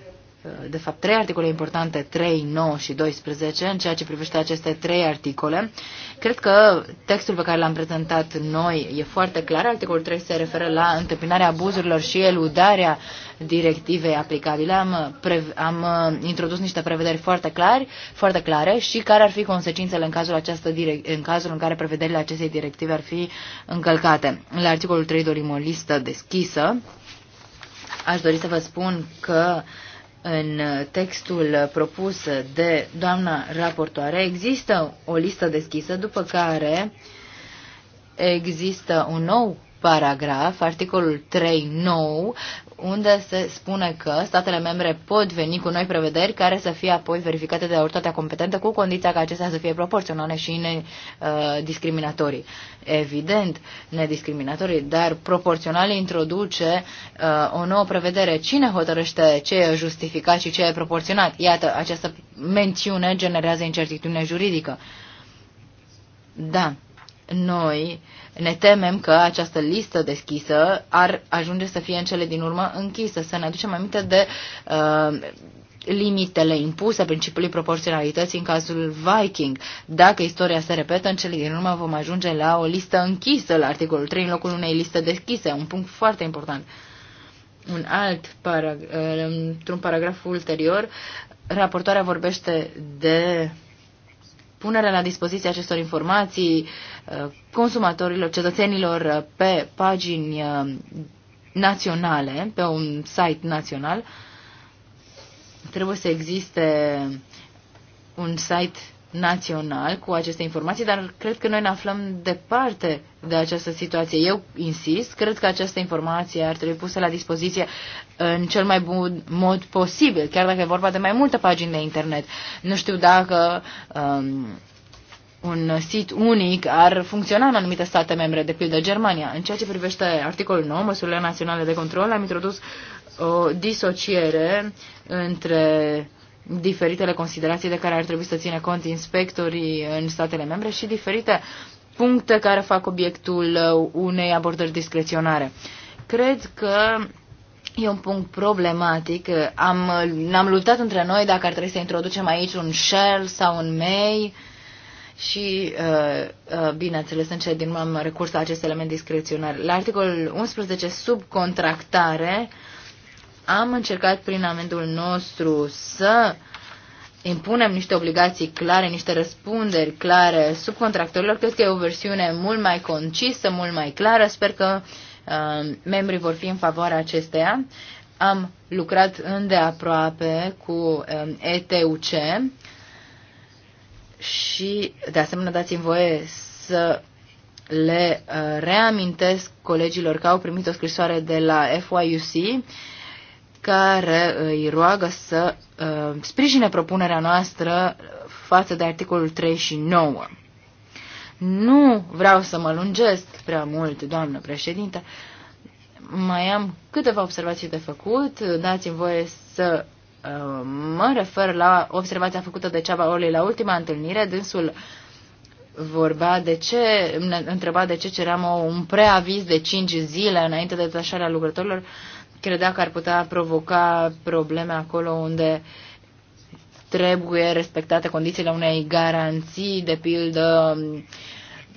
Uh, de fapt, trei articole importante, 3, 9 și 12, în ceea ce privește aceste trei articole. Cred că textul pe care l-am prezentat noi e foarte clar. Articolul 3 se referă la întâmpinarea abuzurilor și eludarea directivei aplicabile. Am, uh, am uh, introdus niște prevederi foarte, clari, foarte clare și care ar fi consecințele în cazul, această direct, în cazul în care prevederile acestei directive ar fi încălcate. La articolul 3 dorim o listă deschisă. Aș dori să vă spun că uh, în textul propus de doamna raportoare există o listă deschisă, după care există un nou paragraf, articolul 3 nou, unde se spune că statele membre pot veni cu noi prevederi care să fie apoi verificate de autoritatea competentă cu condiția ca acestea să fie proporționale și nediscriminatorii. Uh, Evident, nediscriminatorii, dar proporțional introduce uh, o nouă prevedere. Cine hotărăște ce e justificat și ce e proporționat? Iată, această mențiune generează incertitudine juridică. Da, noi ne temem că această listă deschisă ar ajunge să fie în cele din urmă închisă, să ne aducem aminte de uh, limitele impuse principiului proporționalității în cazul Viking. Dacă istoria se repetă, în cele din urmă vom ajunge la o listă închisă la articolul 3 în locul unei liste deschise, un punct foarte important. Un alt parag- uh, într-un paragraf ulterior, raportoarea vorbește de punerea la dispoziție acestor informații uh, consumatorilor, cetățenilor uh, pe pagini uh, naționale, pe un site național, trebuie să existe un site național cu aceste informații, dar cred că noi ne aflăm departe de această situație. Eu insist, cred că această informație ar trebui pusă la dispoziție în cel mai bun mod posibil, chiar dacă e vorba de mai multe pagini de internet. Nu știu dacă um, un sit unic ar funcționa în anumite state membre, de pildă Germania. În ceea ce privește articolul 9, măsurile naționale de control, am introdus o disociere între diferitele considerații de care ar trebui să ține cont inspectorii în statele membre și diferite puncte care fac obiectul uh, unei abordări discreționare. Cred că E un punct problematic. Am, ne-am luptat între noi dacă ar trebui să introducem aici un shell sau un may și, uh, uh, bineînțeles, în cele din urmă am recurs la acest element discreționar. La articolul 11, subcontractare, am încercat prin amendul nostru să impunem niște obligații clare, niște răspunderi clare subcontractorilor. Cred că e o versiune mult mai concisă, mult mai clară. Sper că uh, membrii vor fi în favoarea acesteia. Am lucrat îndeaproape cu uh, um, ETUC și, de asemenea, dați-mi voie să le uh, reamintesc colegilor că au primit o scrisoare de la FYUC care îi roagă să uh, sprijine propunerea noastră față de articolul 3 și 9. Nu vreau să mă lungesc prea mult, doamnă președinte. Mai am câteva observații de făcut. Dați-mi voie să uh, mă refer la observația făcută de Ceaba Oli la ultima întâlnire. Dânsul vorbea de ce, întreba de ce ceream un preaviz de 5 zile înainte de detașarea lucrătorilor. Uh, credea că ar putea provoca probleme acolo unde trebuie respectate condițiile unei garanții, de pildă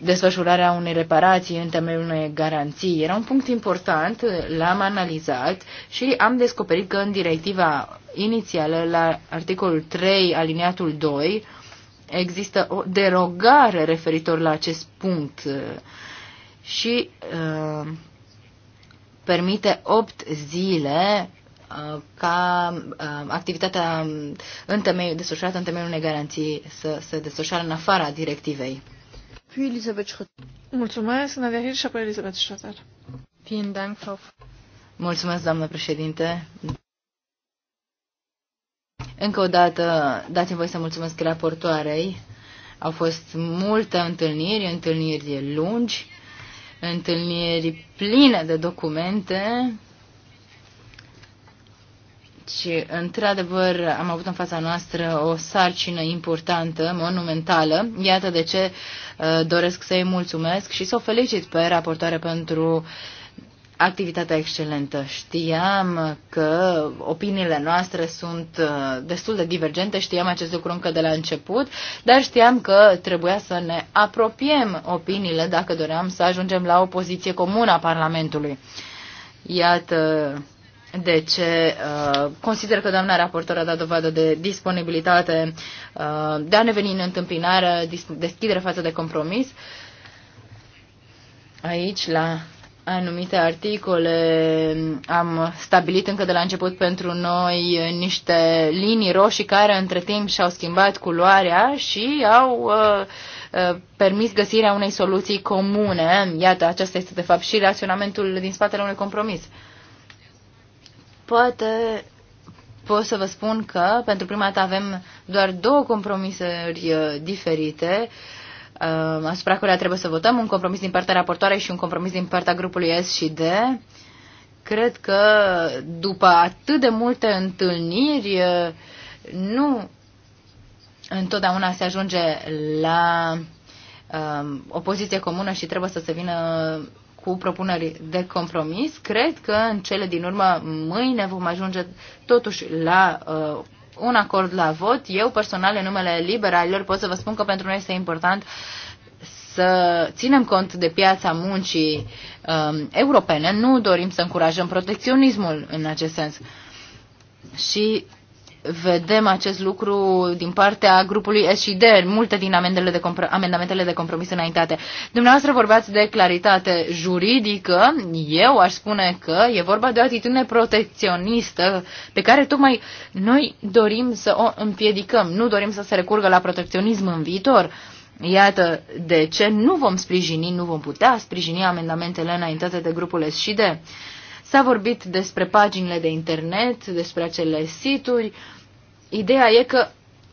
desfășurarea unei reparații în temeiul unei garanții. Era un punct important, l-am analizat și am descoperit că în directiva inițială, la articolul 3, aliniatul 2, există o derogare referitor la acest punct și uh, permite opt zile uh, ca uh, activitatea în temei, desfășurată în temeiul unei garanții să se desfășoare în afara directivei. Mulțumesc, Nadia Hirsch și apoi Elizabeth Schotter. Mulțumesc, doamnă președinte. Încă o dată, dați-mi voi să mulțumesc raportoarei. Au fost multe întâlniri, întâlniri lungi întâlniri pline de documente și, într-adevăr, am avut în fața noastră o sarcină importantă, monumentală. Iată de ce uh, doresc să-i mulțumesc și să o felicit pe raportoare pentru uh, activitatea excelentă. Știam că opiniile noastre sunt uh, destul de divergente, știam acest lucru încă de la început, dar știam că trebuia să ne apropiem opiniile dacă doream să ajungem la o poziție comună a Parlamentului. Iată de ce uh, consider că doamna raportor a dat dovadă de disponibilitate uh, de a ne veni în întâmpinare, deschidere față de compromis. Aici, la anumite articole. Am stabilit încă de la început pentru noi niște linii roșii care între timp și-au schimbat culoarea și au uh, uh, permis găsirea unei soluții comune. Iată, acesta este de fapt și raționamentul din spatele unui compromis. Poate pot să vă spun că pentru prima dată avem doar două compromisări uh, diferite. Uh, Um, asupra căruia trebuie să votăm, un compromis din partea raportoarei și un compromis din partea grupului S și D. Cred că după atât de multe întâlniri, uh, nu întotdeauna se ajunge la um, o poziție comună și trebuie să se vină cu propuneri de compromis. Cred că în cele din urmă, mâine vom ajunge totuși la uh, un acord la vot. Eu personal, în numele liberalilor, pot să vă spun că pentru noi este important să ținem cont de piața muncii um, europene. Nu dorim să încurajăm protecționismul în acest sens. Și vedem acest lucru din partea grupului SCD multe din amendele de amendamentele de compromis înaintate. Dumneavoastră vorbeați de claritate juridică, eu aș spune că e vorba de o atitudine protecționistă pe care tocmai noi dorim să o împiedicăm, nu dorim să se recurgă la protecționism în viitor. Iată de ce nu vom sprijini, nu vom putea sprijini amendamentele înaintate de grupul SCD. S-a vorbit despre paginile de internet, despre acele situri. Uh, Ideea e că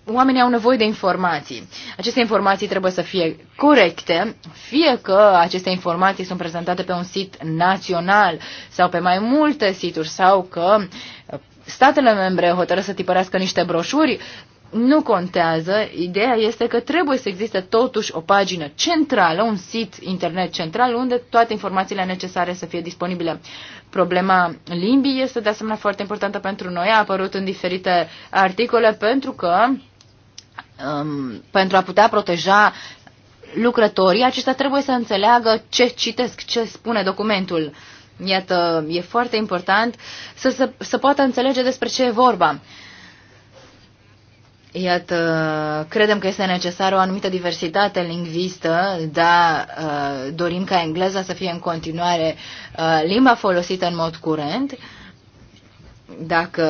oamenii au nevoie de informații. Aceste informații trebuie să fie corecte, fie că aceste informații sunt prezentate pe un sit național sau pe mai multe situri, sau că statele membre hotără să tipărească niște broșuri nu contează. Ideea este că trebuie să existe totuși o pagină centrală, un sit internet central unde toate informațiile necesare să fie disponibile. Problema limbii este de asemenea foarte importantă pentru noi, a apărut în diferite articole pentru că um, pentru a putea proteja lucrătorii, aceștia trebuie să înțeleagă ce citesc, ce spune documentul. Iată, e foarte important să, să, să poată înțelege despre ce e vorba. Iată, credem că este necesară o anumită diversitate lingvistă, dar uh, dorim ca engleza să fie în continuare uh, limba folosită în mod curent. Dacă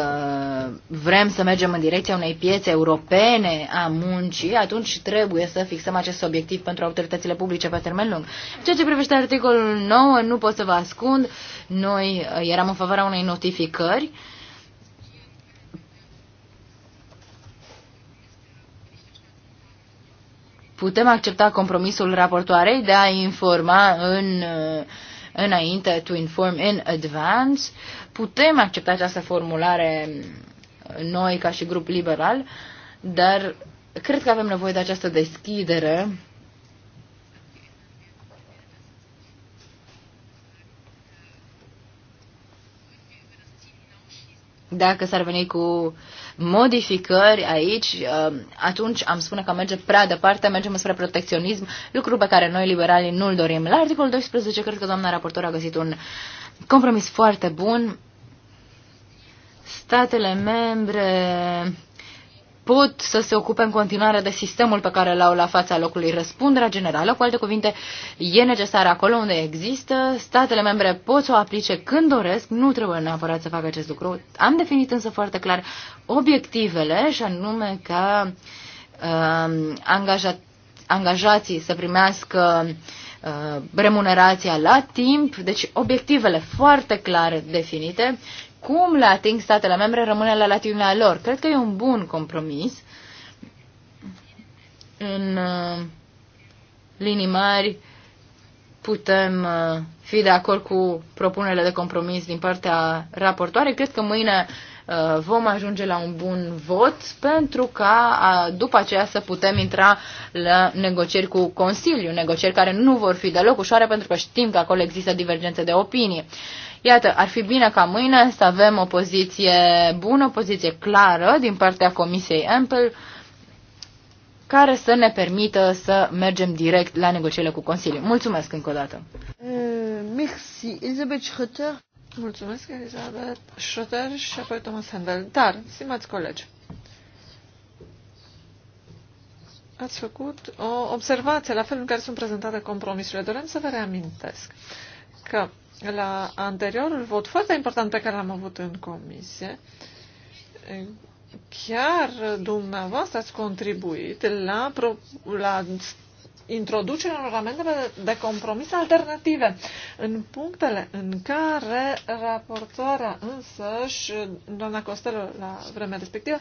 vrem să mergem în direcția unei piețe europene a muncii, atunci trebuie să fixăm acest obiectiv pentru autoritățile publice pe termen lung. Ceea ce privește articolul 9, nu pot să vă ascund, noi uh, eram în favoarea unei notificări uh, Putem accepta compromisul raportoarei de a informa în, uh, înainte, to inform in advance. Putem accepta această formulare noi ca și grup liberal, dar cred că avem nevoie de această deschidere dacă s-ar veni cu modificări aici, uh, atunci am spune că merge prea departe, mergem spre protecționism, lucru pe care noi liberalii nu-l dorim. La articolul 12 cred că doamna raportor a găsit un compromis foarte bun. Statele membre pot să se ocupe în continuare de sistemul pe care l-au la fața locului răspunderea generală. Cu alte cuvinte, e necesar acolo unde există, statele membre pot să o aplice când doresc, nu trebuie neapărat să facă acest lucru. Am definit însă foarte clar obiectivele și anume ca uh, angaja, angajații să primească uh, Uh, remunerația la timp, deci obiectivele foarte clar definite, cum le ating statele membre rămâne la latitudinea lor. Cred că e un bun compromis. În uh, linii mari putem uh, fi de acord cu propunerile de compromis din partea raportoare. Cred că mâine uh, Uh, vom ajunge la un bun vot pentru ca uh, după aceea să putem intra la negocieri cu Consiliu, negocieri care nu vor fi deloc ușoare pentru că știm că acolo există divergențe de opinie. Iată, ar fi bine ca mâine să avem o poziție bună, o poziție clară din partea Comisiei Ample care să ne permită să mergem direct la negocierile cu Consiliu. Mulțumesc încă o dată. Uh, merci. Mulțumesc, Elizabeth Schroeder și apoi Thomas Handel. Dar, stimați colegi, ați făcut o observație la felul în care sunt prezentate compromisurile. Dorem să vă reamintesc că la anteriorul vot foarte important pe care l-am avut în comisie, chiar dumneavoastră ați contribuit la, pro, la introducerea unor amendele de compromis alternative în punctele în care raportoarea însăși, doamna Costelă la vremea respectivă,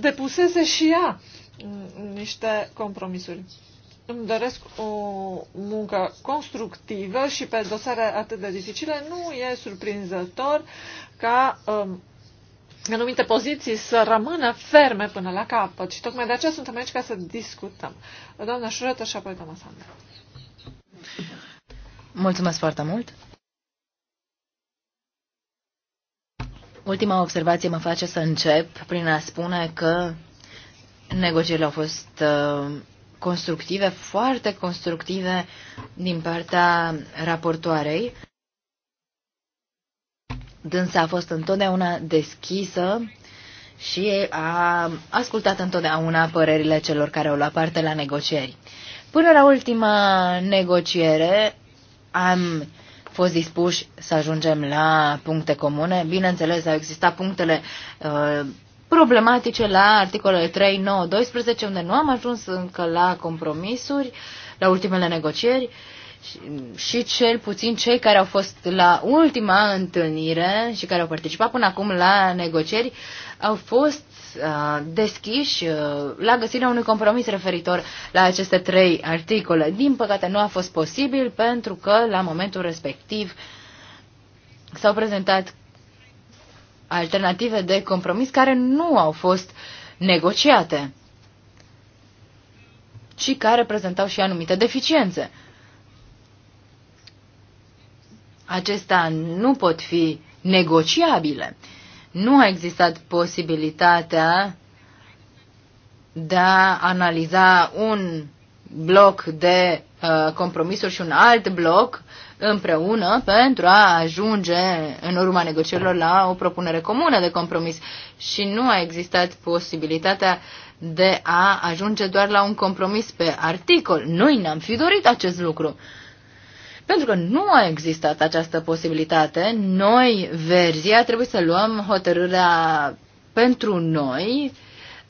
depusese și ea niște compromisuri. Îmi doresc o muncă constructivă și pe dosare atât de dificile nu e surprinzător ca um, anumite poziții să rămână ferme până la capăt. Și tocmai de aceea suntem aici ca să discutăm. Doamna Șurătă și apoi doamna Sandra. Mulțumesc foarte mult! Ultima observație mă face să încep prin a spune că negocierile au fost uh, constructive, foarte constructive din partea raportoarei. Dânsa a fost întotdeauna deschisă și a ascultat întotdeauna părerile celor care au luat parte la negocieri. Până la ultima negociere am fost dispuși să ajungem la puncte comune. Bineînțeles, au existat punctele uh, problematice la articolele 3, 9, 12, unde nu am ajuns încă la compromisuri, la ultimele negocieri. Uh, și cel puțin cei care au fost la ultima întâlnire și care au participat până acum la negocieri au fost uh, deschiși uh, la găsirea unui compromis referitor la aceste trei articole. Din păcate nu a fost posibil pentru că la momentul respectiv s-au prezentat alternative de compromis care nu au fost negociate și care prezentau și anumite deficiențe acestea nu pot fi negociabile. Nu a existat posibilitatea de a analiza un bloc de uh, compromisuri și un alt bloc împreună pentru a ajunge în urma negocierilor la o propunere comună de compromis și nu a existat posibilitatea de a ajunge doar la un compromis pe articol. Noi ne-am fi dorit acest lucru. Uh, pentru că nu a existat această posibilitate, noi, verzia, trebuie să luăm hotărârea pentru noi,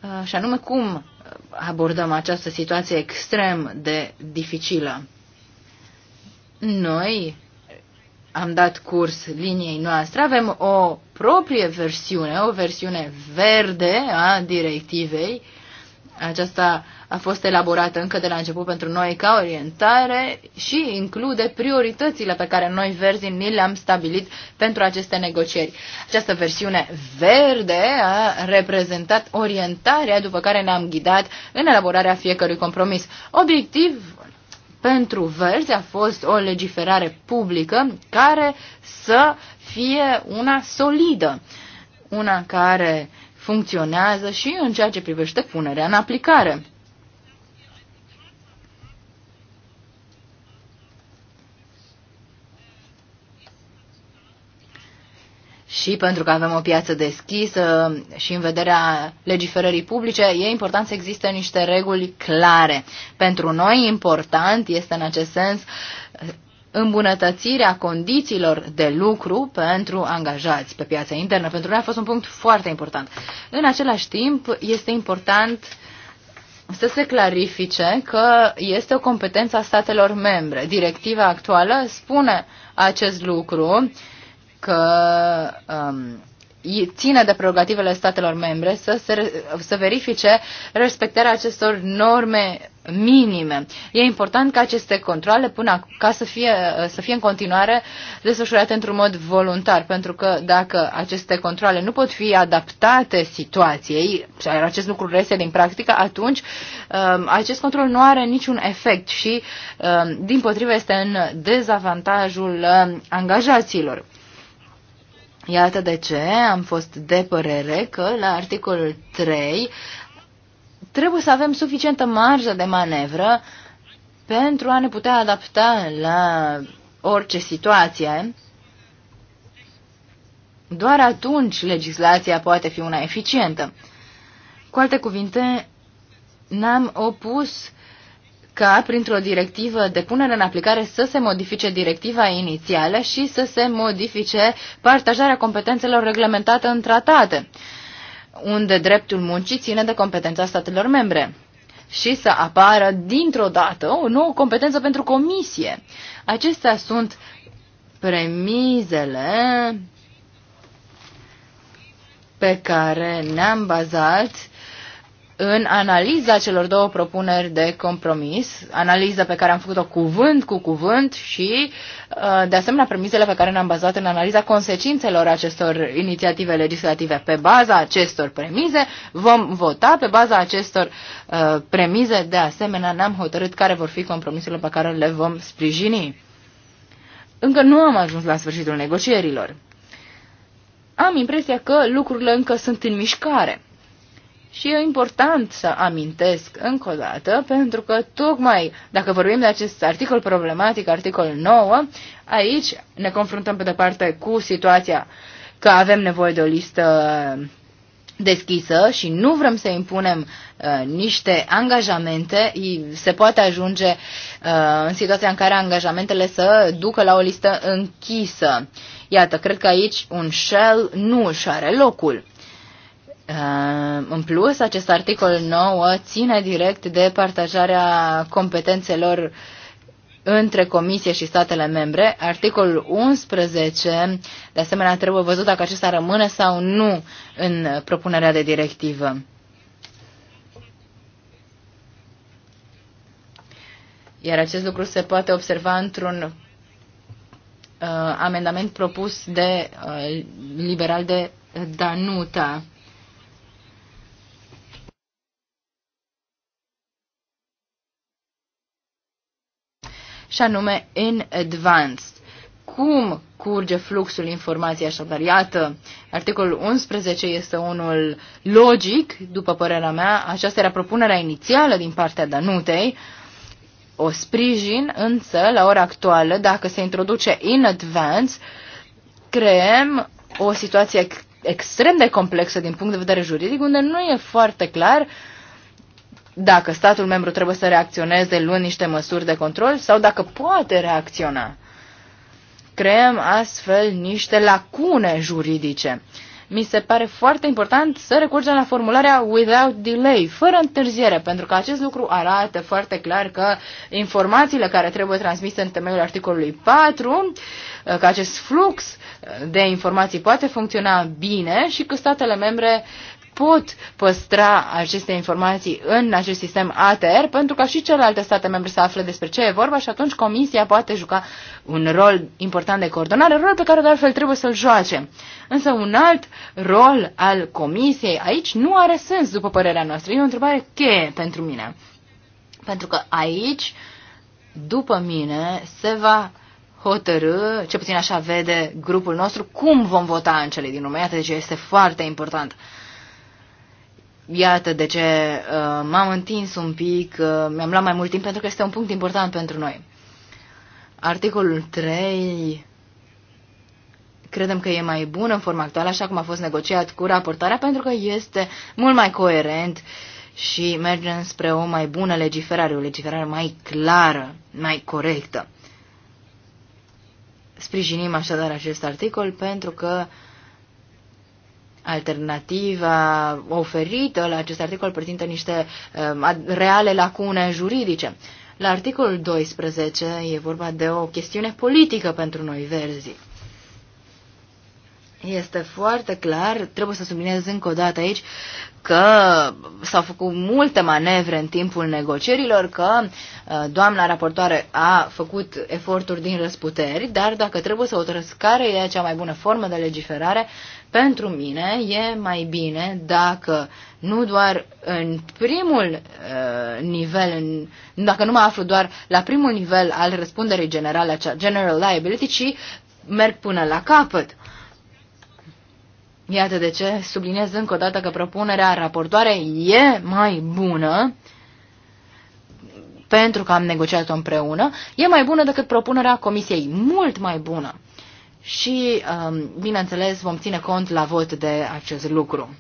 uh, și anume cum abordăm această situație extrem de dificilă. Noi am dat curs liniei noastre, avem o proprie versiune, o versiune verde a directivei. Aceasta a fost elaborată încă de la început pentru noi ca orientare și include prioritățile pe care noi verzi ni le-am stabilit pentru aceste negocieri. Această versiune verde a reprezentat orientarea după care ne-am ghidat în elaborarea fiecărui compromis. Obiectiv pentru verzi a fost o legiferare publică care să fie una solidă, una care funcționează și în ceea ce privește punerea în aplicare. și pentru că avem o piață deschisă și în vederea legiferării publice, e important să existe niște reguli clare. Pentru noi important este în acest sens îmbunătățirea condițiilor de lucru pentru angajați pe piața internă. Pentru noi a fost un punct foarte important. În același timp, este important să se clarifice că este o competență a statelor membre. Directiva actuală spune acest lucru că um, ține de prerogativele statelor membre să, se, să verifice respectarea acestor norme minime. E important ca aceste controle până ca să fie, să fie în continuare desfășurate într-un mod voluntar, pentru că dacă aceste controle nu pot fi adaptate situației, și acest lucru rese din practică, atunci um, acest control nu are niciun efect și, um, din potrivă, este în dezavantajul um, angajaților. Iată de ce am fost de părere că la articolul 3 trebuie să avem suficientă marjă de manevră pentru a ne putea adapta la orice situație. Doar atunci legislația poate fi una eficientă. Cu alte cuvinte, n-am opus ca printr-o directivă de punere în aplicare să se modifice directiva inițială și să se modifice partajarea competențelor reglementată în tratate, unde dreptul muncii ține de competența statelor membre și să apară dintr-o dată o nouă competență pentru comisie. Acestea sunt premizele pe care ne-am bazat în analiza celor două propuneri de compromis, analiza pe care am făcut-o cuvânt cu cuvânt și, uh, de asemenea, premisele pe care ne-am bazat în analiza consecințelor acestor inițiative legislative. Pe baza acestor premize vom vota, pe baza acestor uh, premize, de asemenea, ne-am hotărât care vor fi compromisurile pe care le vom sprijini. Încă nu am ajuns la sfârșitul negocierilor. Am impresia că lucrurile încă sunt în mișcare și e important să amintesc încă o dată, pentru că tocmai dacă vorbim de acest articol problematic, articol 9, aici ne confruntăm pe de parte cu situația că avem nevoie de o listă deschisă și nu vrem să impunem uh, niște angajamente, se poate ajunge uh, în situația în care angajamentele să ducă la o listă închisă. Iată, cred că aici un shell nu își are locul. Ehm, în plus, acest articol nou ține direct de partajarea competențelor între Comisie și statele membre. Articolul 11, de asemenea, trebuie văzut dacă acesta rămâne sau nu în propunerea de directivă. Iar acest lucru se poate observa într-un uh, amendament propus de uh, liberal de Danuta. și anume in advanced. Cum curge fluxul informației așadar? Iată, articolul 11 este unul logic, după părerea mea. Aceasta era propunerea inițială din partea Danutei. O sprijin, însă, la ora actuală, dacă se introduce in advance, creăm o situație extrem de complexă din punct de vedere juridic, unde nu e foarte clar uh, dacă statul membru trebuie să reacționeze luând niște măsuri de control sau dacă poate reacționa. Creăm astfel niște lacune juridice. Mi se pare foarte important să recurgem la formularea without delay, fără întârziere, pentru că acest lucru arată foarte clar că informațiile care trebuie transmise în temeiul articolului 4, că acest flux de informații poate funcționa bine și că statele membre uh, pot păstra aceste informații în acest sistem ATR pentru ca și celelalte state membre să afle despre ce e vorba și atunci Comisia poate juca un rol important de coordonare, rol pe care de altfel trebuie să-l joace. Însă un alt rol al Comisiei aici nu are sens, după părerea noastră. E o întrebare cheie pentru mine. Pentru că aici, după mine, se va hotărâ, ce puțin așa vede grupul nostru, cum vom vota în cele din urmă. Iată de deci este foarte important. Iată de ce uh, m-am întins un pic, uh, mi-am luat mai mult timp pentru că este un punct important pentru noi. Articolul 3 credem că e mai bun în forma actuală, așa cum a fost negociat cu raportarea, pentru că este mult mai coerent și merge spre o mai bună legiferare, o legiferare mai clară, mai corectă. Sprijinim așadar acest articol pentru că uh, Alternativa oferită la acest articol prezintă niște um, reale lacune juridice. La articolul 12 e vorba de o chestiune politică pentru noi verzi. Este foarte clar, trebuie să subliniez încă o dată aici, că s-au făcut multe manevre în timpul negocierilor, că uh, doamna raportoare a făcut eforturi din răsputeri, dar dacă trebuie să o care e cea mai bună formă de legiferare, pentru mine e mai bine dacă nu doar în primul uh, nivel, în, dacă nu mă aflu doar la primul nivel al răspunderii generale, acea general liability, ci merg până la capăt. Iată de ce subliniez încă o dată că propunerea raportoare e mai bună pentru că am negociat-o împreună, e mai bună decât propunerea comisiei, mult mai bună și, um, bineînțeles, vom ține cont la vot de acest lucru.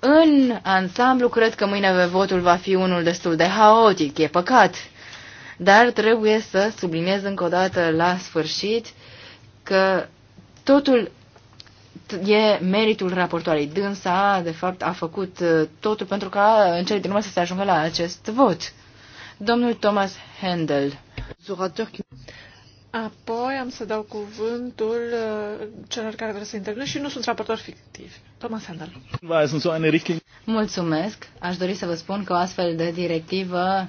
În ansamblu, cred că mâine votul va fi unul destul de haotic, e păcat, dar trebuie să subliniez încă o dată la sfârșit că totul e meritul raportoarei. Dânsa, de fapt, a făcut uh, totul pentru ca în cele din urmă să se ajungă la acest vot. Domnul Thomas Handel. Apoi am să dau cuvântul uh, celor care vor să intervină și nu sunt raportor fictiv. Thomas Sandal. Mulțumesc. Aș dori să vă spun că o astfel de directivă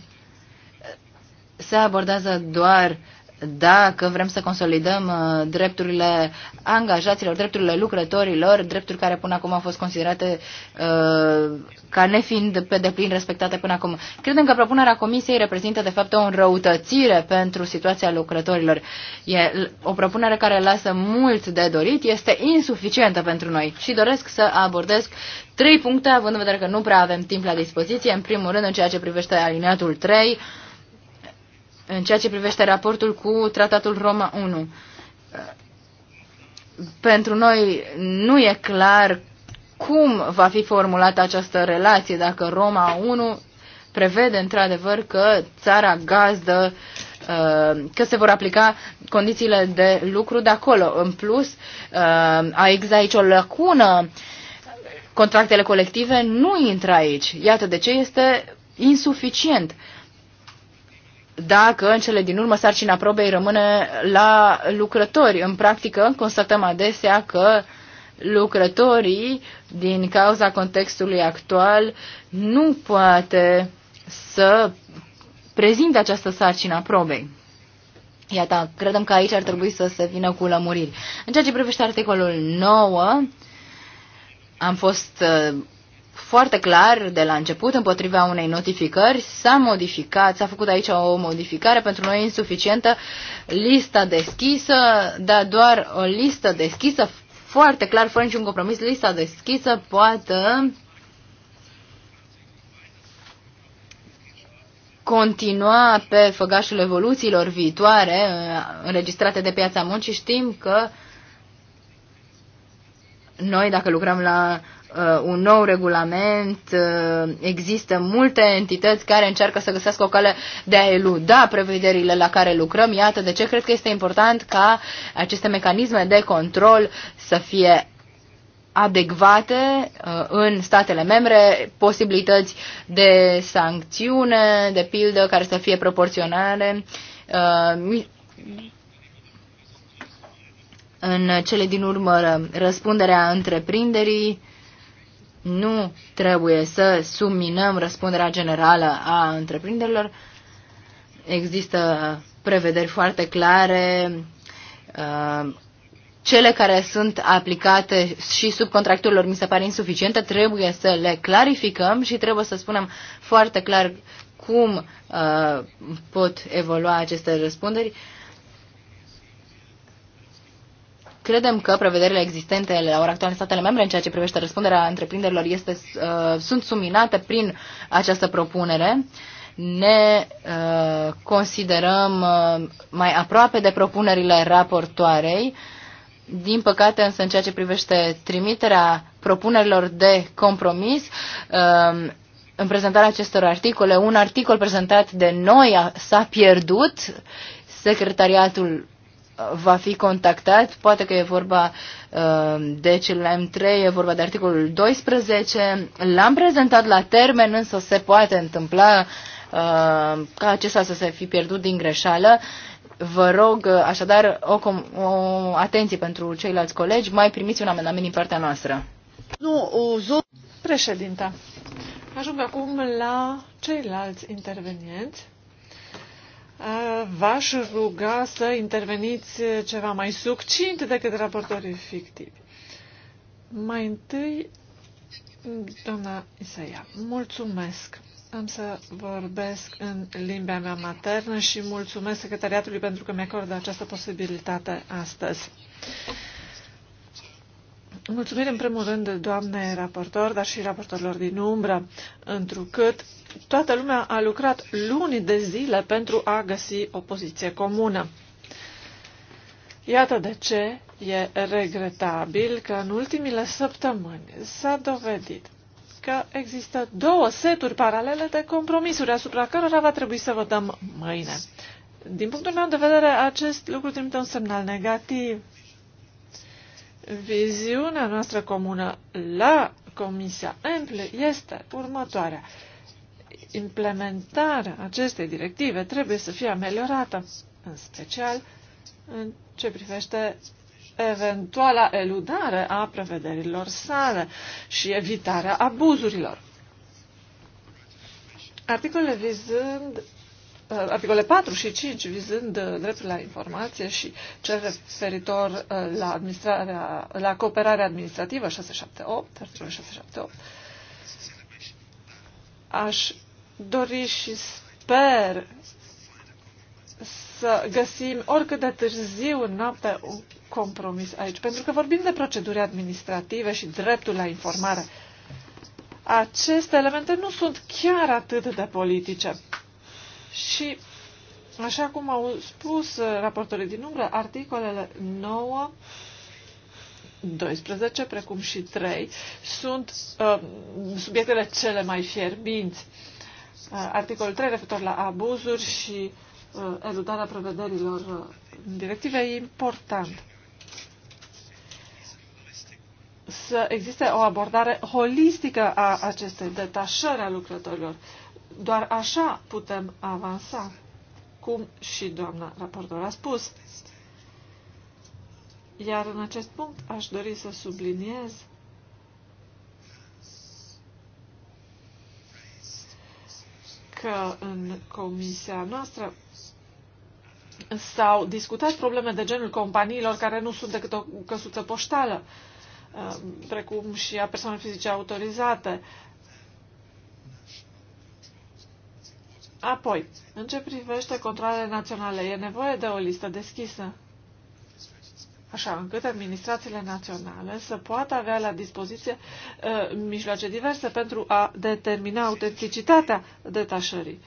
se abordează doar dacă vrem să consolidăm uh, drepturile angajaților, drepturile lucrătorilor, drepturi care până acum au fost considerate uh, ca nefiind pe deplin respectate până acum. Credem că propunerea Comisiei reprezintă de fapt o înrăutățire pentru situația lucrătorilor. E o propunere care lasă mult de dorit, este insuficientă pentru noi și doresc să abordez trei puncte, având în vedere că nu prea avem timp la dispoziție. În primul rând, în ceea ce privește aliniatul 3, în ceea ce privește raportul cu Tratatul Roma 1. Pentru noi nu e clar cum va fi formulată această relație, dacă Roma 1 prevede într-adevăr că țara gazdă uh, că se vor aplica condițiile de lucru de acolo. În plus, uh, a există aici o lacună. Contractele colective nu intră aici. Iată de ce este insuficient. Uh, dacă în cele din urmă sarcina probei rămâne la lucrători. În practică constatăm adesea că lucrătorii, din cauza contextului actual, nu poate să prezinte această sarcină a probei. Iată, credem că aici ar trebui să se vină cu lămuriri. În ceea ce privește articolul 9, am fost uh, foarte clar de la început împotriva unei notificări. S-a modificat, s-a făcut aici o modificare pentru noi insuficientă, lista deschisă, dar doar o listă deschisă, foarte clar, fără niciun compromis, lista deschisă poate continua pe făgașul evoluțiilor viitoare uh, înregistrate de piața muncii, știm că noi, dacă lucrăm la Uh, un nou regulament, uh, există multe entități care încearcă să găsească o cale de a eluda prevederile la care lucrăm. Iată de ce cred că este important ca aceste mecanisme de control să fie adecvate uh, în statele membre, posibilități de sancțiune, de pildă, care să fie proporționale. În cele din urmă, răspunderea întreprinderii nu trebuie să subminăm răspunderea generală a întreprinderilor. Există prevederi foarte clare, uh, cele care sunt aplicate și subcontractorilor mi se pare insuficiente, trebuie să le clarificăm și trebuie să spunem foarte clar cum uh, pot evolua aceste răspunderi. Credem că prevederile existente la ora actuală în statele membre în ceea ce privește răspunderea întreprinderilor este, uh, sunt suminate prin această propunere. Ne uh, considerăm uh, mai aproape de propunerile raportoarei. Din păcate, însă, în ceea ce privește trimiterea propunerilor de compromis, uh, în prezentarea acestor articole, un articol prezentat de noi s-a pierdut. Secretariatul va fi contactat, poate că e vorba uh, de cel M3, e vorba de articolul 12, l-am prezentat la termen, însă se poate întâmpla uh, ca acesta să se fi pierdut din greșeală. Vă rog uh, așadar o, o atenție pentru ceilalți colegi, mai primiți un amendament din partea noastră. Nu, o zon... Președinte, ajung acum la ceilalți intervenienți v-aș ruga să interveniți ceva mai succint decât raportorii fictivi. Mai întâi, doamna Isaia, mulțumesc. Am să vorbesc în limba mea maternă și mulțumesc secretariatului pentru că mi-acordă această posibilitate astăzi. Mulțumim în primul rând doamne raportor, dar și raportorilor din umbră, întrucât toată lumea a lucrat luni de zile pentru a găsi o poziție comună. Iată de ce e regretabil că în ultimile săptămâni s-a dovedit că există două seturi paralele de compromisuri asupra cărora va trebui să votăm mâine. Din punctul meu de vedere, acest lucru trimite un semnal negativ Viziunea noastră comună la Comisia Emple este următoarea. Implementarea acestei directive trebuie să fie ameliorată, în special în ce privește eventuala eludare a prevederilor sale și evitarea abuzurilor. Articolele vizând Uh, articole 4 și 5 vizând uh, dreptul la informație și cel referitor uh, la, administrarea, la cooperarea administrativă 678, articolul 678, aș dori și sper să găsim oricât de târziu în noapte un compromis aici, pentru că vorbim de proceduri administrative și dreptul la informare. Aceste elemente nu sunt chiar atât de politice și, așa cum au spus uh, raportorii din umbră, articolele 9 12, precum și 3, sunt uh, subiectele cele mai fierbinți. Uh, articolul 3 referitor la abuzuri și uh, eludarea prevederilor uh, directive e important. Să existe o abordare holistică a acestei detașări a lucrătorilor. Uh, doar așa putem avansa, cum și doamna raportor a spus. Iar în acest punct aș dori să subliniez că în comisia noastră s-au discutat probleme de genul companiilor care nu sunt decât o căsuță poștală, uh, precum și a persoanelor fizice autorizate, Apoi, în ce privește controlele naționale, e nevoie de o listă deschisă, așa încât administrațiile naționale să poată avea la dispoziție uh, mijloace diverse pentru a determina autenticitatea detașării.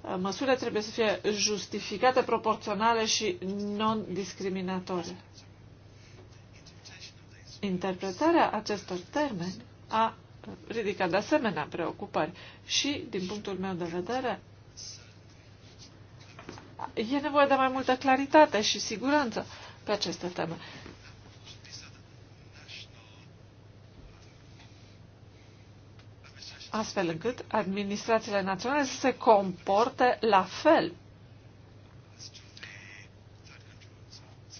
Uh, măsurile trebuie să fie justificate, proporționale și non discriminatorie Interpretarea acestor termeni a ridicat de asemenea preocupări. Și, din punctul meu de vedere, e nevoie de mai multă claritate și siguranță pe aceste teme. Astfel încât administrațiile naționale să se comporte la fel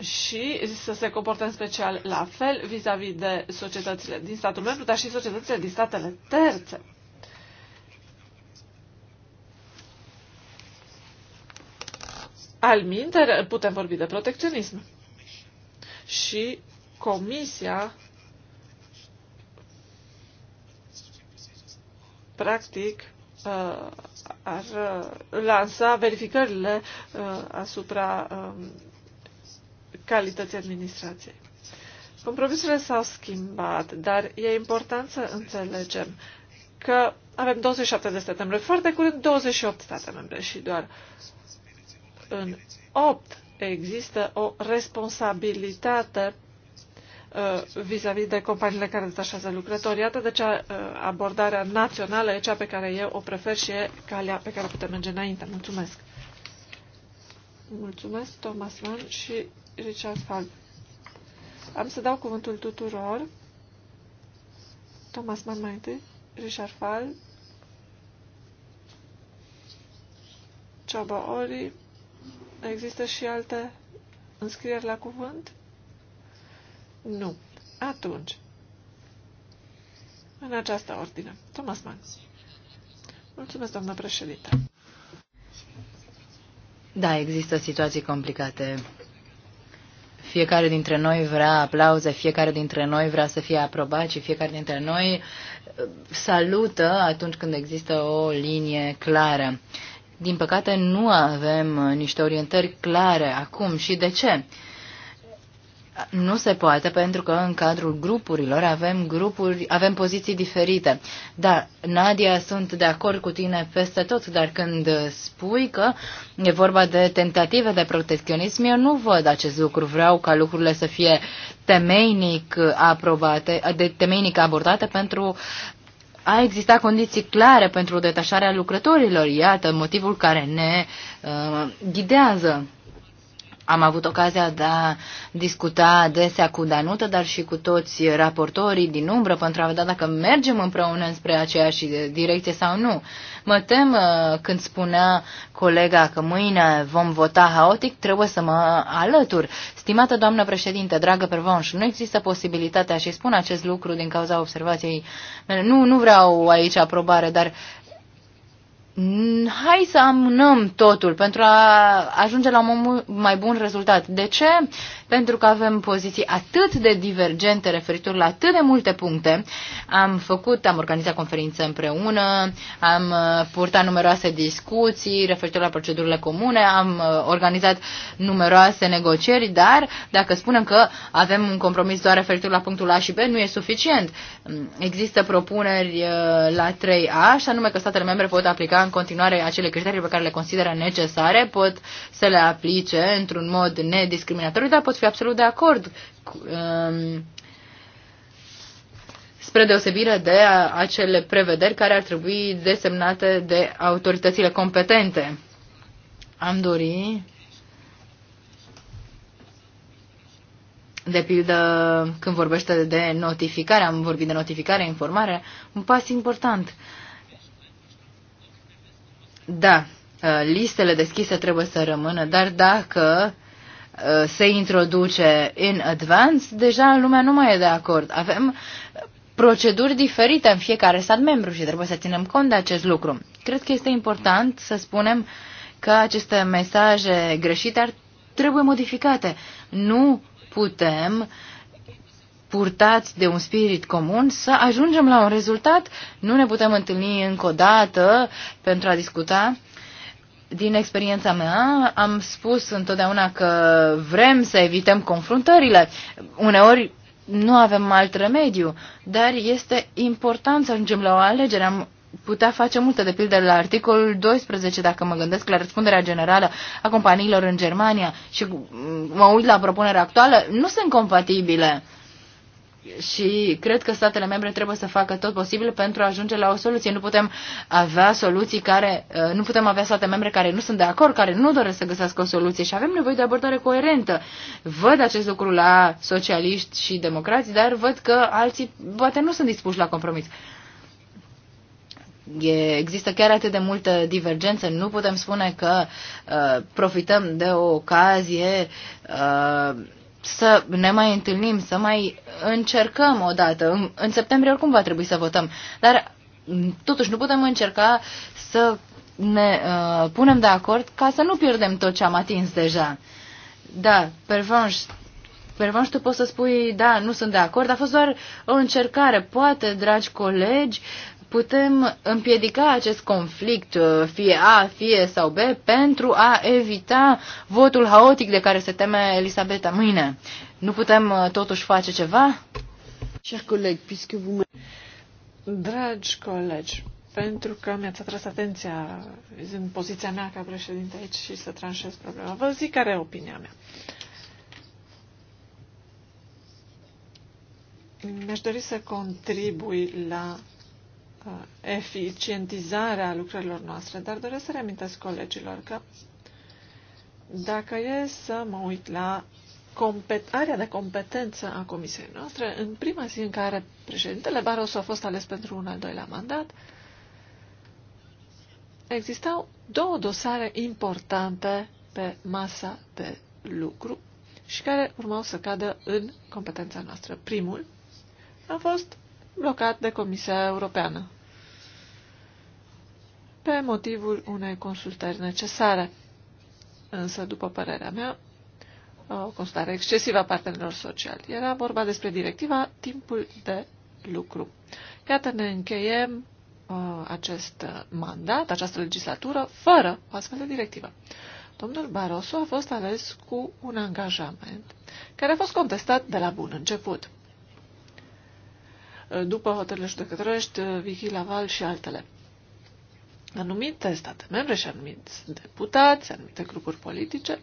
și să se comporte în special la fel vis-a-vis -vis de societățile din statul membru, dar și societățile din statele terțe. Alminter, putem vorbi de protecționism. Și Comisia, practic, uh, ar uh, lansa verificările uh, asupra um, calității administrației. Compromisurile s-au schimbat, dar e important să înțelegem că avem 27 de state membre, foarte curând 28 state membre și doar în 8 există o responsabilitate uh, vis-a-vis uh, -vis de companiile care detașează lucrători. Iată de ce uh, abordarea națională e cea pe care eu o prefer și e calea pe care putem merge înainte. Mulțumesc! Mulțumesc, Thomas Mann și Richard Falb. Am să dau cuvântul tuturor. Thomas Mann mai întâi, Richard Falb, Ciaba Ori. Există și alte înscrieri la cuvânt? Nu. Atunci. În această ordine. Thomas Mann. Mulțumesc, doamnă președinte. Da, există situații complicate fiecare dintre noi vrea aplauze, fiecare dintre noi vrea să fie aprobat și fiecare dintre noi uh, salută atunci când există o linie clară. Din păcate, nu avem uh, niște orientări clare acum și de ce? Nu se poate pentru că în cadrul grupurilor avem grupuri, avem poziții diferite. Da, Nadia, sunt de acord cu tine peste tot, dar când spui că e vorba de tentative de protecționism, eu nu văd acest lucru. Vreau ca lucrurile să fie temeinic aprobate, de temeinic abordate pentru a exista condiții clare pentru detașarea lucrătorilor. Iată motivul care ne uh, ghidează. Am avut ocazia de a discuta adesea cu Danută, dar și cu toți raportorii din umbră pentru a vedea dacă mergem împreună spre aceeași direcție sau nu. Mă tem uh, când spunea colega că mâine vom vota haotic, trebuie să mă alătur. Stimată doamnă președinte, dragă Pervonș, nu există posibilitatea și spun acest lucru din cauza observației mele. Nu, nu vreau aici aprobare, dar hai să amânăm totul pentru a ajunge la un mai bun rezultat. De ce? pentru că avem poziții atât de divergente referitor la atât de multe puncte. Am făcut, am organizat conferințe împreună, am uh, purtat numeroase discuții referitor la procedurile comune, am uh, organizat numeroase negocieri, dar dacă spunem că avem un compromis doar referitor la punctul A și B, nu e suficient. Mm, există propuneri uh, la 3A, și anume că statele membre pot aplica în continuare acele criterii pe care le consideră necesare, pot să le aplice într-un mod nediscriminatoriu, dar pot fi fi absolut de acord um, spre deosebire de acele prevederi care ar trebui desemnate de autoritățile competente. Am dori, de pildă, când vorbește de notificare, am vorbit de notificare, informare, un pas important. Da, listele deschise trebuie să rămână, dar dacă Uh, se introduce in advance, deja lumea nu mai e de acord. Avem proceduri diferite în fiecare stat membru și trebuie să ținem cont de acest lucru. Cred că este important să spunem că aceste mesaje greșite ar trebuie modificate. Nu putem purtați de un spirit comun să ajungem la un rezultat. Nu ne putem întâlni încă o dată pentru a discuta din experiența mea am spus întotdeauna că vrem să evităm confruntările. Uneori nu avem alt remediu, dar este important să ajungem la o alegere. Am putea face multe, de pildă la articolul 12, dacă mă gândesc la răspunderea generală a companiilor în Germania și mă uit la propunerea actuală, nu sunt compatibile și cred că statele membre trebuie să facă tot posibil pentru a ajunge la o soluție. Nu putem avea soluții care, uh, nu putem avea state membre care nu sunt de acord, care nu doresc să găsească o soluție și avem nevoie de abordare coerentă. Văd acest lucru la socialiști și democrați, dar văd că alții poate nu sunt dispuși la compromis. E, există chiar atât de multă divergență, nu putem spune că uh, profităm de o ocazie uh, să ne mai întâlnim, să mai încercăm o dată. În, în septembrie oricum va trebui să votăm, dar mm, totuși nu putem încerca să ne uh, punem de acord ca să nu pierdem tot ce am atins deja. Da, pervanș, pervanș tu poți să spui, da, nu sunt de acord, a fost doar o încercare. Poate, dragi colegi, uh, putem împiedica acest conflict, uh, fie A, fie sau B, pentru a evita votul haotic de care se teme Elisabeta mâine. Nu putem uh, totuși face ceva? Dragi colegi, pentru că mi-ați atras atenția în poziția mea ca președinte aici și să tranșez problema. Vă zic care e opinia mea. Mi-aș dori să contribui la eficientizarea lucrărilor noastre, dar doresc să reamintesc colegilor că dacă e să mă uit la area de competență a comisiei noastre, în prima zi în care președintele Barroso a fost ales pentru un al doilea mandat, existau două dosare importante pe masa de lucru și care urmau să cadă în competența noastră. Primul a fost blocat de Comisia Europeană pe motivul unei consultări necesare. Însă, după părerea mea, o consultare excesivă a partenerilor sociali. Era vorba despre directiva timpul de lucru. Iată, ne încheiem uh, acest mandat, această legislatură, fără o astfel de directivă. Domnul Barroso a fost ales cu un angajament care a fost contestat de la bun început. După hotările judecătorești, Vichy Laval și altele. Anumite state membre și anumiți deputați, anumite grupuri politice,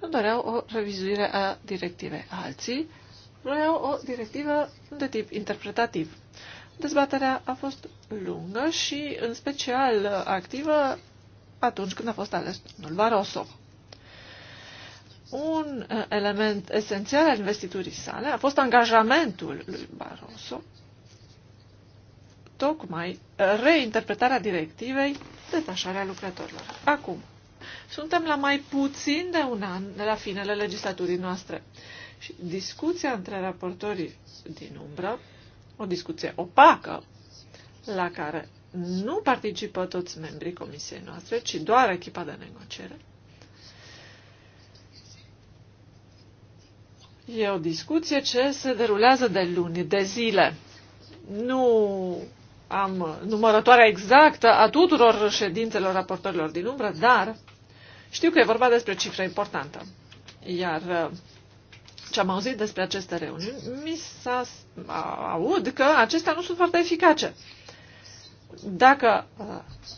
nu doreau o revizuire a directivei. Alții vreau o directivă de tip interpretativ. Dezbaterea a fost lungă și, în special, activă atunci când a fost ales domnul Barroso. Un uh, element esențial al investiturii sale a fost angajamentul lui Barroso tocmai reinterpretarea directivei detașarea lucrătorilor. Acum, suntem la mai puțin de un an de la finele legislaturii noastre și discuția între raportorii din umbră, o discuție opacă, la care nu participă toți membrii comisiei noastre, ci doar echipa de negociere, E o discuție ce se derulează de luni, de zile. Nu am numărătoarea exactă a tuturor ședințelor raportorilor din umbră, dar știu că e vorba despre cifră importantă. Iar uh, ce am auzit despre aceste reuniuni, mi s-a aud că acestea nu sunt foarte eficace. Dacă uh,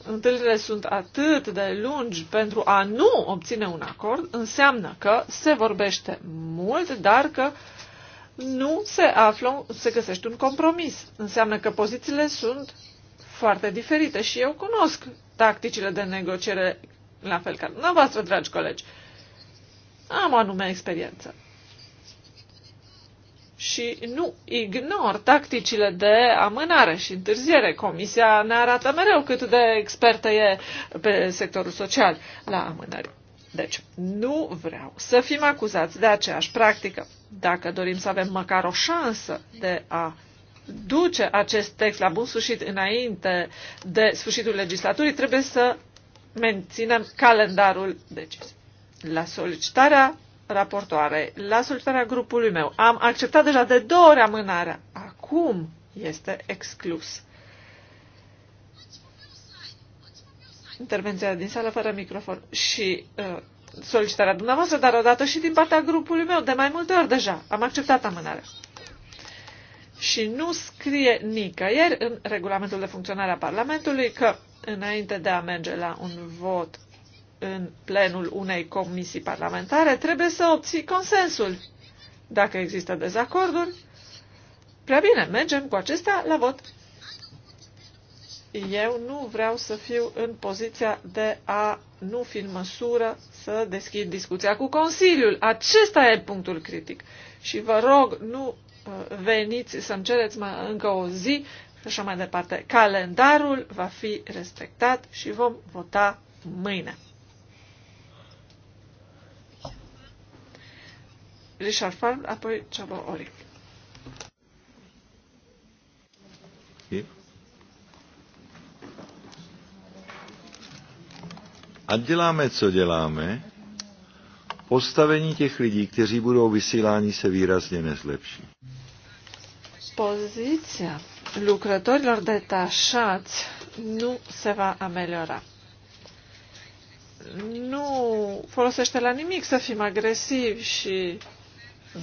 întâlnirile sunt atât de lungi pentru a nu obține un acord, înseamnă că se vorbește mult, dar că uh, nu se află, se găsește un compromis. Înseamnă că pozițiile sunt foarte diferite și eu cunosc tacticile de negociere la fel ca dumneavoastră, dragi colegi. Am o anume experiență. Și nu ignor tacticile de amânare și întârziere. Comisia ne arată mereu cât de expertă e pe sectorul social la amânări. Deci, nu vreau să fim acuzați de aceeași practică. Dacă dorim să avem măcar o șansă de a duce acest text la bun sfârșit înainte de sfârșitul legislaturii, trebuie să menținem calendarul decis. La solicitarea raportoarei, la solicitarea grupului meu, am acceptat deja de două ori amânarea. Acum este exclus. intervenția din sală fără microfon și uh, solicitarea dumneavoastră, dar odată și din partea grupului meu, de mai multe ori deja. Am acceptat amânarea. Și nu scrie nicăieri în regulamentul de funcționare a Parlamentului că înainte de a merge la un vot în plenul unei comisii parlamentare, trebuie să obții consensul. Dacă există dezacorduri, prea bine, mergem cu acestea la vot eu nu vreau să fiu în poziția de a nu fi în măsură să deschid discuția cu Consiliul. Acesta e punctul critic. Și vă rog, nu uh, veniți să-mi cereți încă o zi și așa mai departe. Calendarul va fi respectat și vom vota mâine. Richard Farm, apoi Ceaba Oric. a děláme, co děláme, postavení těch lidí, kteří budou vysíláni, se výrazně nezlepší. Poziția lucrătorilor detașați nu se va ameliora. Nu folosește la nimic să fim agresivi și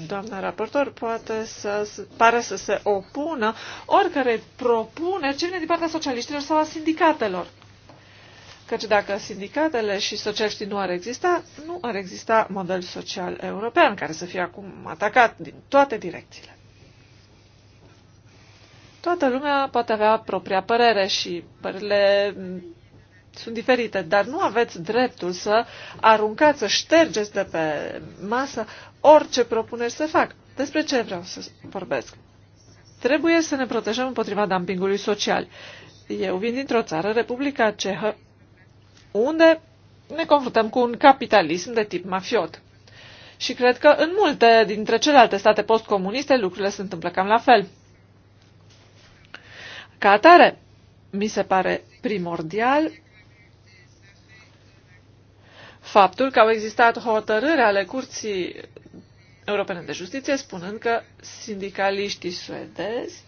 doamna raportor poate să pare să se opună oricărei propuneri ce vine din partea socialiștilor sau a sindicatelor. Căci dacă sindicatele și socialiștii nu ar exista, nu ar exista model social european care să fie acum atacat din toate direcțiile. Toată lumea poate avea propria părere și părerile sunt diferite, dar nu aveți dreptul să aruncați, să ștergeți de pe masă orice propuneri să fac. Despre ce vreau să vorbesc? Trebuie să ne protejăm împotriva dumpingului social. Eu vin dintr-o țară, Republica Cehă, unde ne confruntăm cu un capitalism de tip mafiot. Și cred că în multe dintre celelalte state postcomuniste lucrurile se întâmplă cam la fel. Ca atare, mi se pare primordial faptul că au existat hotărâri ale Curții Europene de Justiție spunând că sindicaliștii suedezi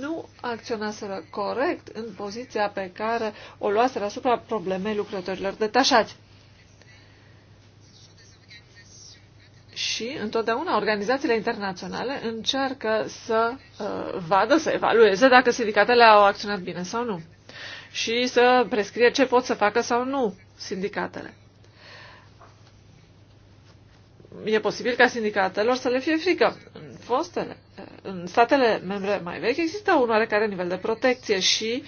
nu acționaseră corect în poziția pe care o luaseră asupra problemei lucrătorilor detașați. Și întotdeauna organizațiile internaționale încearcă să uh, vadă, să evalueze dacă sindicatele au acționat bine sau nu și să prescrie ce pot să facă sau nu sindicatele e posibil ca sindicatelor să le fie frică. În fostele, în statele membre mai vechi există un oarecare nivel de protecție și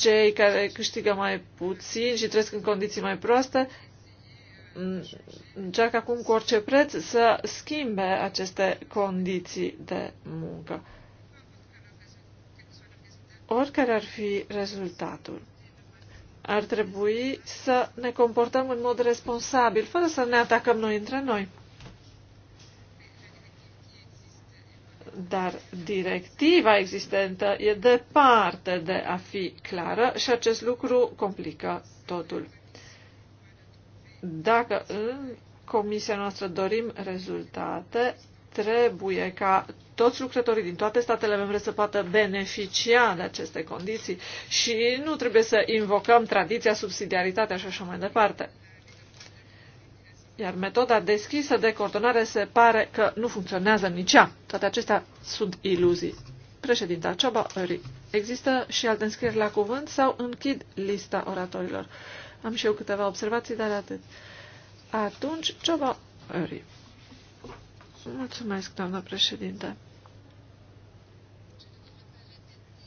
cei care câștigă mai puțin și trăiesc în condiții mai proaste încearcă acum cu orice preț să schimbe aceste condiții de muncă. Oricare ar fi rezultatul. Ar trebui să ne comportăm în mod responsabil, fără să ne atacăm noi între noi. Dar directiva existentă e departe de a fi clară și acest lucru complică totul. Dacă în comisia noastră dorim rezultate, Trebuie ca toți lucrătorii din toate statele membre să poată beneficia de aceste condiții și nu trebuie să invocăm tradiția, subsidiaritatea și așa mai departe. Iar metoda deschisă de coordonare se pare că nu funcționează nici ea. Toate acestea sunt iluzii. Președinta Cioba Există și alte înscrieri la cuvânt sau închid lista oratorilor? Am și eu câteva observații, dar atât. Atunci, Cioba Mulțumesc, doamnă președinte.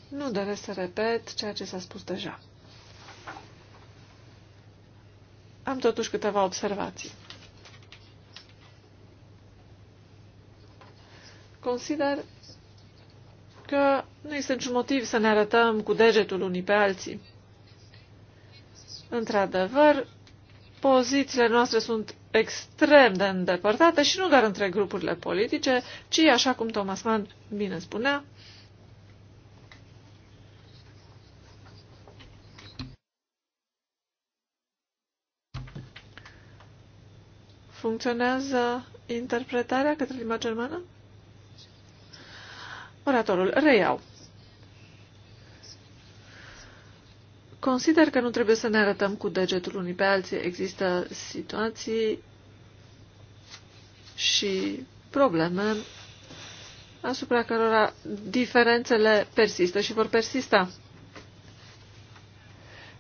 Nu doresc să repet ceea ce s-a spus deja. Am totuși câteva observații. Consider că nu este niciun motiv să ne arătăm cu degetul unii pe alții. Într-adevăr, pozițiile noastre sunt extrem de îndepărtate și nu doar între grupurile politice, ci, așa cum Thomas Mann bine spunea, funcționează interpretarea către limba germană? Oratorul, reiau. Consider că nu trebuie să ne arătăm cu degetul unii pe alții. Există situații și probleme asupra cărora diferențele persistă și vor persista.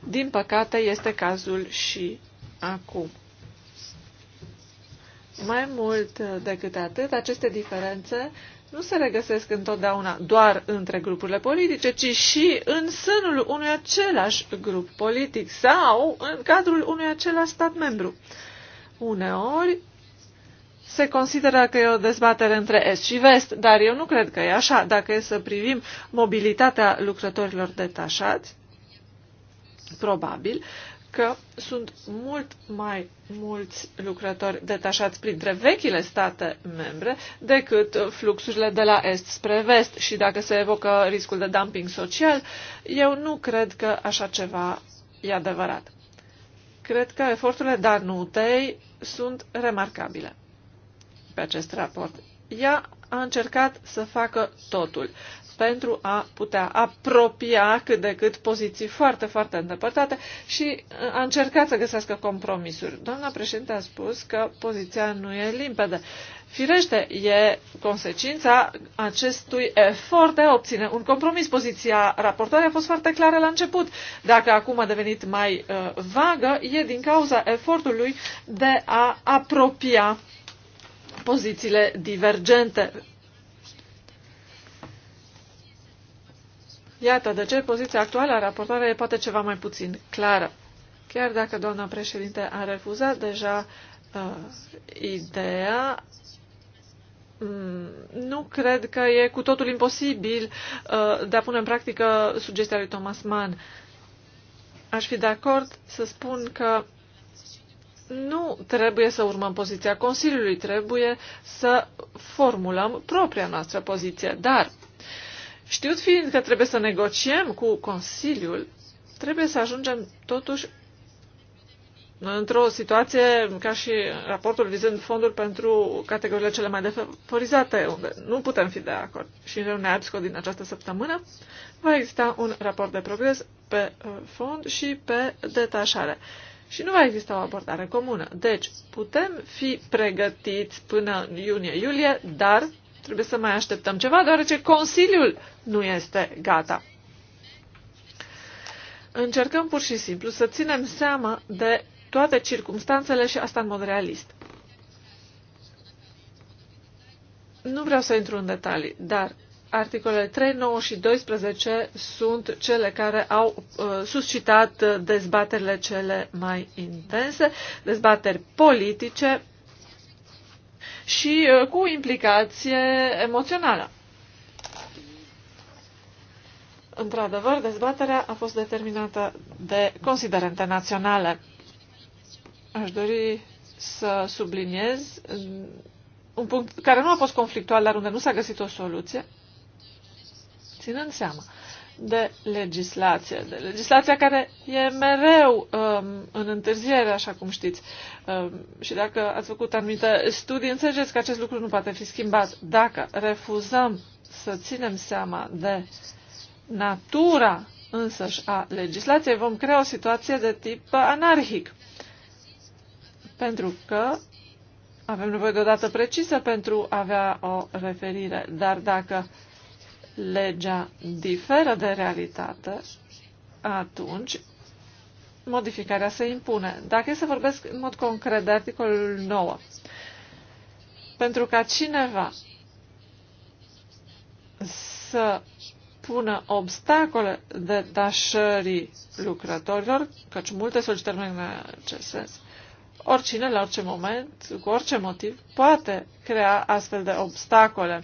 Din păcate, este cazul și acum. Mai mult decât atât, aceste diferențe nu se regăsesc întotdeauna doar între grupurile politice, ci și în sânul unui același grup politic sau în cadrul unui același stat membru. Uneori se consideră că e o dezbatere între Est și Vest, dar eu nu cred că e așa. Dacă e să privim mobilitatea lucrătorilor detașați, probabil că sunt mult mai mulți lucrători detașați printre vechile state membre decât fluxurile de la est spre vest și dacă se evocă riscul de dumping social, eu nu cred că așa ceva e adevărat. Cred că eforturile Danutei sunt remarcabile pe acest raport. Ea a încercat să facă totul pentru a putea apropia cât de cât poziții foarte, foarte îndepărtate și uh, a încercat să găsească compromisuri. Doamna președinte a spus că poziția nu e limpede. Firește, e consecința acestui efort de a obține un compromis. Poziția raportoarei a fost foarte clară la început. Dacă acum a devenit mai uh, vagă, e din cauza efortului de a apropia pozițiile divergente Iată de ce poziția actuală a raportoarei e poate ceva mai puțin clară. Chiar dacă doamna președinte a refuzat deja uh, ideea, mm, nu cred că e cu totul imposibil uh, de a pune în practică sugestia lui Thomas Mann. Aș fi de acord să spun că nu trebuie să urmăm poziția Consiliului, trebuie să formulăm propria noastră poziție. Dar Știut fiind că trebuie să negociem cu Consiliul, trebuie să ajungem totuși într-o situație ca și raportul vizând fondul pentru categoriile cele mai defavorizate, unde nu putem fi de acord. Și în reunea EPSCO din această săptămână va exista un raport de progres pe uh, fond și pe detașare. Și nu va exista o abordare comună. Deci, putem fi pregătiți până iunie-iulie, dar Trebuie să mai așteptăm ceva, deoarece Consiliul nu este gata. Încercăm pur și simplu să ținem seama de toate circumstanțele și asta în mod realist. Nu vreau să intru în detalii, dar articolele 3, 9 și 12 sunt cele care au uh, suscitat uh, dezbaterile cele mai intense, dezbateri politice și uh, cu implicație emoțională. Într-adevăr, dezbaterea a fost determinată de considerente naționale. Aș dori să subliniez uh, un punct care nu a fost conflictual, dar unde nu s-a găsit o soluție, ținând seama de legislație, de legislația care e mereu um, în întârziere, așa cum știți. Um, și dacă ați făcut anumite studii, înțelegeți că acest lucru nu poate fi schimbat. Dacă refuzăm să ținem seama de natura însăși a legislației, vom crea o situație de tip anarhic. Pentru că avem nevoie de o dată precisă pentru a avea o referire. Dar dacă uh, legea diferă de realitate, atunci modificarea se impune. Dacă e să vorbesc în mod concret de articolul 9, pentru ca cineva să pună obstacole de detașării lucrătorilor, căci multe solicitări în acest sens, oricine, la orice moment, cu orice motiv, poate crea astfel de obstacole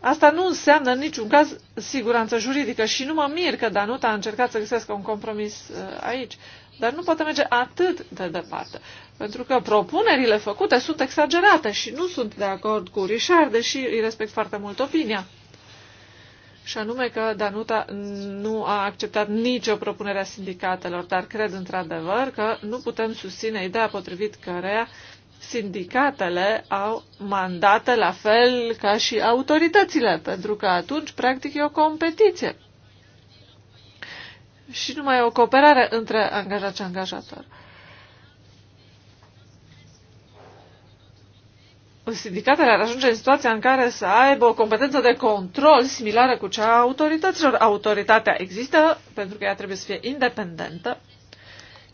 Asta nu înseamnă în niciun caz siguranță juridică și nu mă mir că Danuta a încercat să găsească un compromis uh, aici, dar nu poate merge atât de departe, pentru că propunerile făcute sunt exagerate și nu sunt de acord cu Richard, deși îi respect foarte mult opinia. Și anume că Danuta nu a acceptat nicio propunere a sindicatelor, dar cred într-adevăr că nu putem susține ideea potrivit cărea sindicatele au mandate la fel ca și autoritățile, pentru că atunci, practic, e o competiție și numai o cooperare între angajat și angajator. Sindicatele ar ajunge în situația în care să aibă o competență de control similară cu cea a autorităților. Autoritatea există pentru că ea trebuie să fie independentă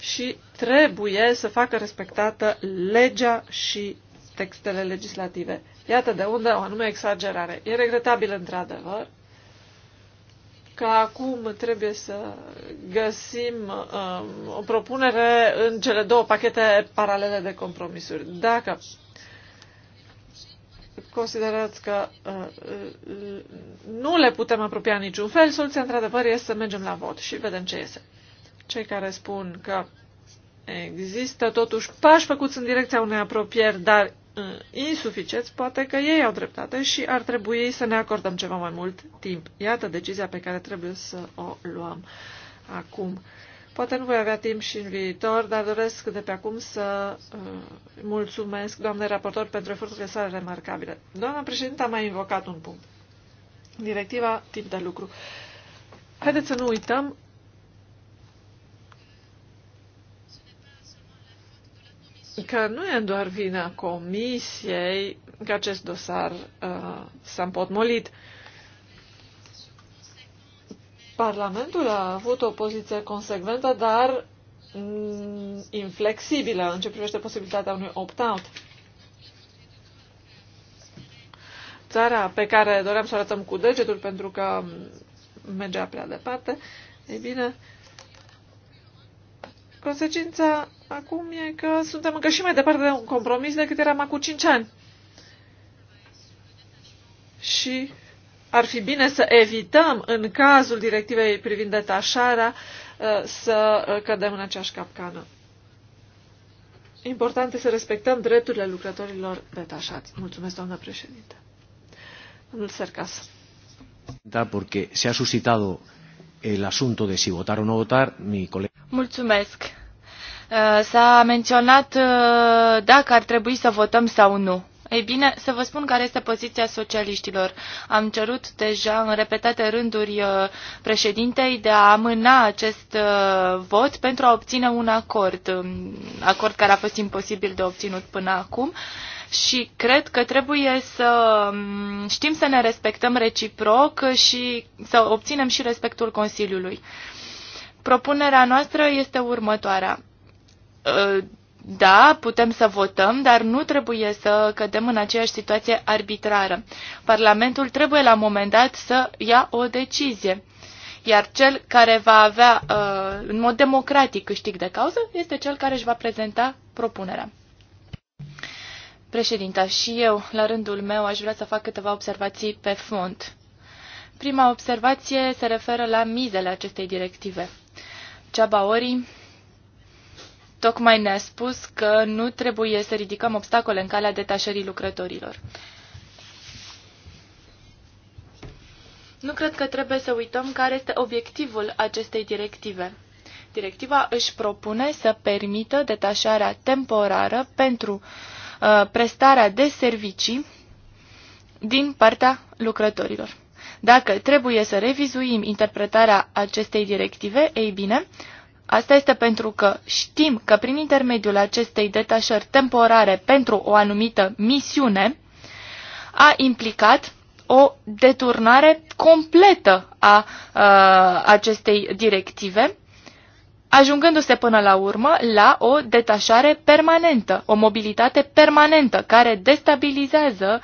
și trebuie să facă respectată legea și textele legislative. Iată de unde o anume exagerare. E regretabil, într-adevăr, că acum trebuie să găsim um, o propunere în cele două pachete paralele de compromisuri. Dacă considerați că uh, uh nu le putem apropia niciun fel, soluția într-adevăr este să mergem la vot și vedem ce iese cei care spun că există totuși pași făcuți în direcția unei apropieri, dar uh, insuficienți, poate că ei au dreptate și ar trebui să ne acordăm ceva mai mult timp. Iată decizia pe care trebuie să o luăm acum. Poate nu voi avea timp și în viitor, dar doresc de pe acum să uh, mulțumesc doamnei raportor pentru eforturile sale remarcabile. Doamna președintă a mai invocat un punct. Directiva timp de lucru. Haideți să nu uităm că nu e doar vina Comisiei că acest dosar uh, s-a împotmolit. Parlamentul a avut o poziție consecventă, dar mm, inflexibilă în ce privește posibilitatea unui opt-out. Țara pe care doream să o arătăm cu degetul pentru că mm, mergea prea departe, ei bine, uh, Consecința acum e că suntem încă și mai departe de un compromis decât eram acum 5 ani. Și ar fi bine să evităm, în cazul directivei privind detașarea, uh, să uh, cădem în aceeași capcană. Important este să respectăm drepturile lucrătorilor detașați. Mulțumesc, doamnă președinte. Domnul Sercas. Da, porque se a suscitado el asunto de si votar o no votar, mi colega... Mulțumesc. Uh, s-a menționat uh, dacă ar trebui să votăm sau nu. Ei bine, să vă spun care este poziția socialiștilor. Am cerut deja în repetate rânduri uh, președintei de a amâna acest vot pentru a obține un acord, um, acord care a fost imposibil de obținut până acum și cred că trebuie să um, știm să ne respectăm reciproc și să obținem și respectul Consiliului. Propunerea noastră este următoarea. Uh, da, putem să votăm, dar nu trebuie să cădem în aceeași situație arbitrară. Parlamentul trebuie la un moment dat să ia o decizie. Iar cel care va avea uh, în mod democratic câștig de cauză este cel care își va prezenta propunerea. Președinta, și eu, la rândul meu, aș vrea să fac câteva observații pe fond. Prima observație se referă la mizele acestei directive. Ceaba Ori tocmai ne-a spus că nu trebuie să ridicăm obstacole în calea detașării lucrătorilor. Nu cred că trebuie să uităm care este obiectivul acestei directive. Directiva își propune să permită detașarea temporară pentru uh, prestarea de servicii din partea lucrătorilor. Dacă trebuie să revizuim interpretarea acestei directive, ei bine, Asta este pentru că știm că prin intermediul acestei detașări temporare pentru o anumită misiune a implicat o deturnare completă a, a acestei directive, ajungându-se până la urmă la o detașare permanentă, o mobilitate permanentă care destabilizează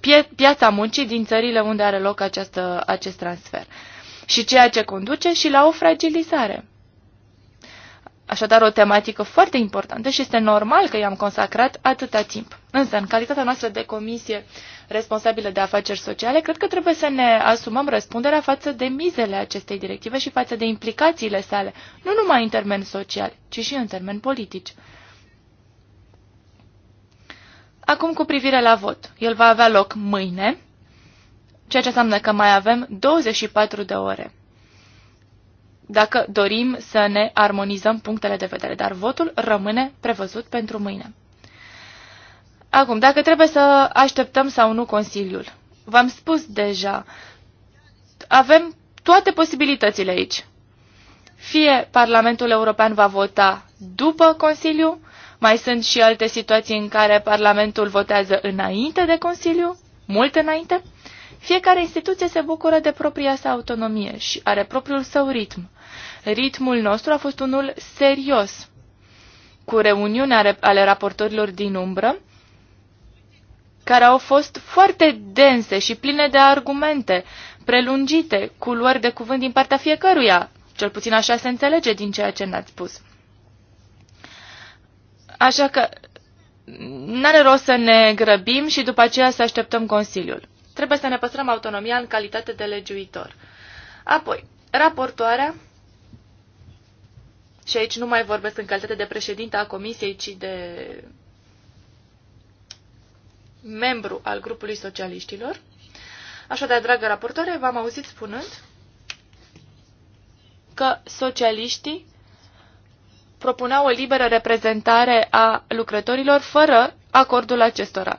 pie piața muncii din țările unde are loc această, acest transfer. Și ceea ce conduce și la o fragilizare. Așadar, o tematică foarte importantă și este normal că i-am consacrat atâta timp. Însă, în calitatea noastră de comisie responsabilă de afaceri sociale, cred că trebuie să ne asumăm răspunderea față de mizele acestei directive și față de implicațiile sale, nu numai în termen social, ci și în termen politici. Acum, cu privire la vot. El va avea loc mâine, ceea ce înseamnă că mai avem 24 de ore dacă dorim să ne armonizăm punctele de vedere, dar votul rămâne prevăzut pentru mâine. Acum, dacă trebuie să așteptăm sau nu Consiliul, v-am spus deja, avem toate posibilitățile aici. Fie Parlamentul European va vota după Consiliu, mai sunt și alte situații în care Parlamentul votează înainte de Consiliu, mult înainte, fiecare instituție se bucură de propria sa autonomie și are propriul său ritm. Ritmul nostru a fost unul serios. Cu reuniunea ale raportorilor din umbră, care au fost foarte dense și pline de argumente, prelungite, cu luări de cuvânt din partea fiecăruia, cel puțin așa se înțelege din ceea ce ne ați spus. Așa că n-are rost să ne grăbim și după aceea să așteptăm Consiliul. Trebuie să ne păstrăm autonomia în calitate de legiuitor. Apoi, raportoarea, și aici nu mai vorbesc în calitate de președinte a comisiei, ci de membru al grupului socialiștilor. Așadar, dragă raportoare, v-am auzit spunând că socialiștii propuneau o liberă reprezentare a lucrătorilor fără acordul acestora.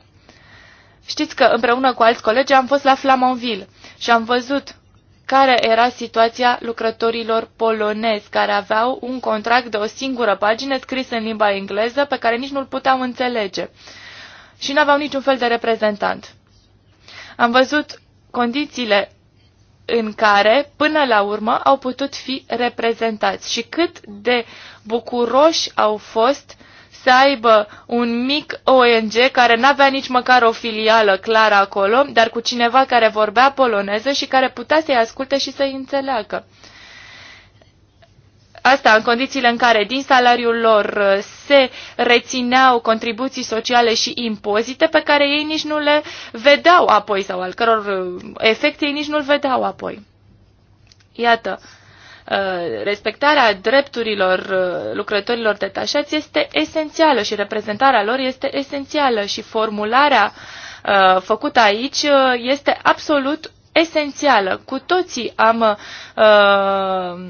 Știți că împreună cu alți colegi am fost la Flamanville și am văzut care era situația lucrătorilor polonezi care aveau un contract de o singură pagină scris în limba engleză pe care nici nu-l puteau înțelege și nu aveau niciun fel de reprezentant. Am văzut condițiile în care, până la urmă, au putut fi reprezentați și cât de bucuroși au fost uh, să aibă un mic ONG care n-avea nici măcar o filială clară acolo, dar cu cineva care vorbea poloneză și care putea să-i asculte și să-i înțeleagă. Asta în condițiile în care din salariul lor se rețineau contribuții sociale și impozite pe care ei nici nu le vedeau apoi sau al căror uh, efecte ei nici nu-l vedeau apoi. Iată, Uh, respectarea drepturilor uh, lucrătorilor detașați este esențială și reprezentarea lor este esențială și formularea uh, făcută aici este absolut esențială. Cu toții am uh,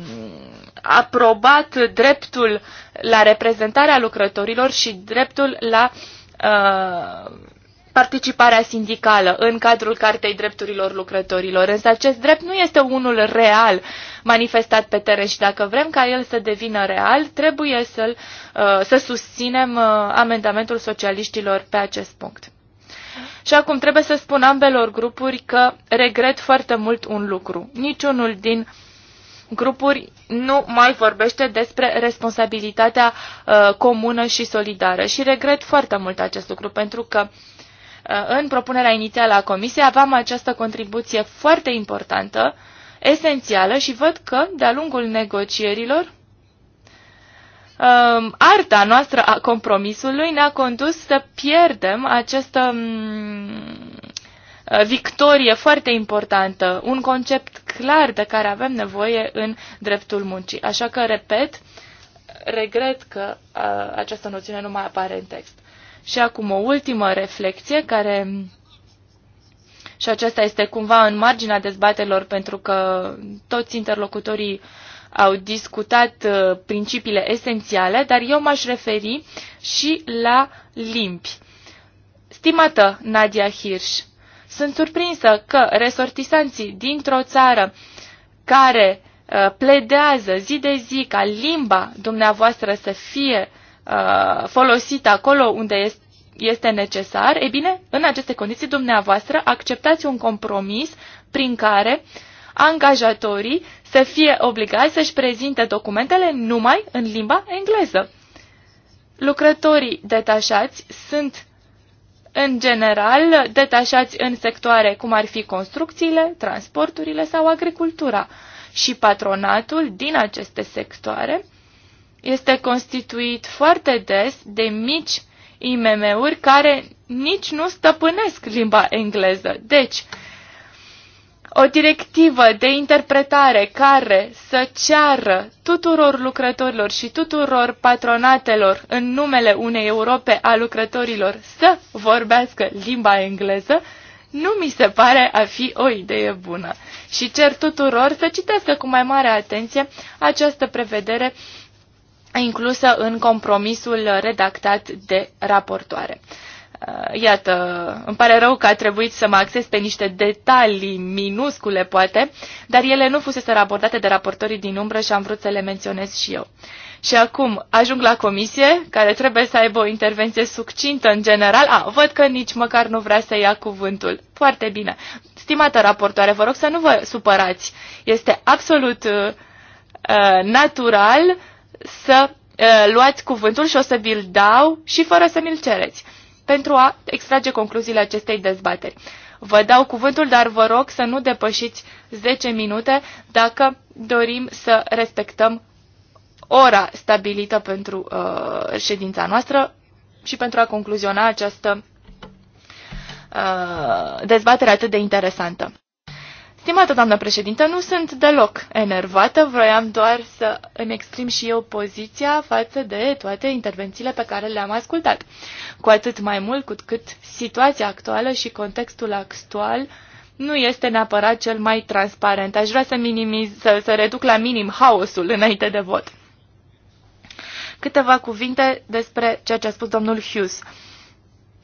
aprobat dreptul la reprezentarea lucrătorilor și dreptul la uh, participarea sindicală în cadrul Cartei Drepturilor Lucrătorilor. Însă acest drept nu este unul real manifestat pe teren și dacă vrem ca el să devină real, trebuie să-l, uh, să susținem uh, amendamentul socialiștilor pe acest punct. Și acum trebuie să spun ambelor grupuri că regret foarte mult un lucru. Niciunul din grupuri nu mai vorbește despre responsabilitatea uh, comună și solidară. Și regret foarte mult acest lucru, pentru că uh, Uh, în propunerea inițială a Comisiei aveam această contribuție foarte importantă, esențială și văd că, de-a lungul negocierilor, um, arta noastră a compromisului ne-a condus să pierdem această um, victorie foarte importantă, un concept clar de care avem nevoie în dreptul muncii. Așa că, repet, regret că uh, această noțiune nu mai apare în text. Și acum o ultimă reflexie care și acesta este cumva în marginea dezbatelor pentru că toți interlocutorii au discutat uh, principiile esențiale, dar eu m-aș referi și la limbi. Stimată Nadia Hirsch, sunt surprinsă că resortisanții dintr-o țară care uh, pledează zi de zi ca limba dumneavoastră să fie Uh, folosit acolo unde este necesar, e bine, în aceste condiții dumneavoastră acceptați un compromis prin care angajatorii să fie obligați să-și prezinte documentele numai în limba engleză. Lucrătorii detașați sunt în general detașați în sectoare cum ar fi construcțiile, transporturile sau agricultura și patronatul din aceste sectoare este constituit foarte des de mici IMM-uri care nici nu stăpânesc limba engleză. Deci, o directivă de interpretare care să ceară tuturor lucrătorilor și tuturor patronatelor în numele unei Europe a lucrătorilor să vorbească limba engleză, nu mi se pare a fi o idee bună. Și cer tuturor să citească cu mai mare atenție această prevedere inclusă în compromisul redactat de raportoare. Uh, iată, îmi pare rău că a trebuit să mă acces pe niște detalii minuscule, poate, dar ele nu fusese abordate de raportorii din umbră și am vrut să le menționez și eu. Și acum ajung la comisie, care trebuie să aibă o intervenție succintă în general. A, văd că nici măcar nu vrea să ia cuvântul. Foarte bine. Stimată raportoare, vă rog să nu vă supărați. Este absolut uh, uh natural uh, să uh, luați cuvântul și o să vi-l dau și fără să mi-l cereți, pentru a extrage concluziile acestei dezbateri. Vă dau cuvântul, dar vă rog să nu depășiți 10 minute dacă dorim să respectăm ora stabilită pentru uh, ședința noastră și pentru a concluziona această uh, dezbatere atât de interesantă. Stimată doamnă președintă, nu sunt deloc enervată, vroiam doar să îmi exprim și eu poziția față de toate intervențiile pe care le-am ascultat. Cu atât mai mult cu cât situația actuală și contextul actual nu este neapărat cel mai transparent. Aș vrea să, minimiz, să, să reduc la minim haosul înainte de vot. Câteva cuvinte despre ceea ce a spus domnul Hughes.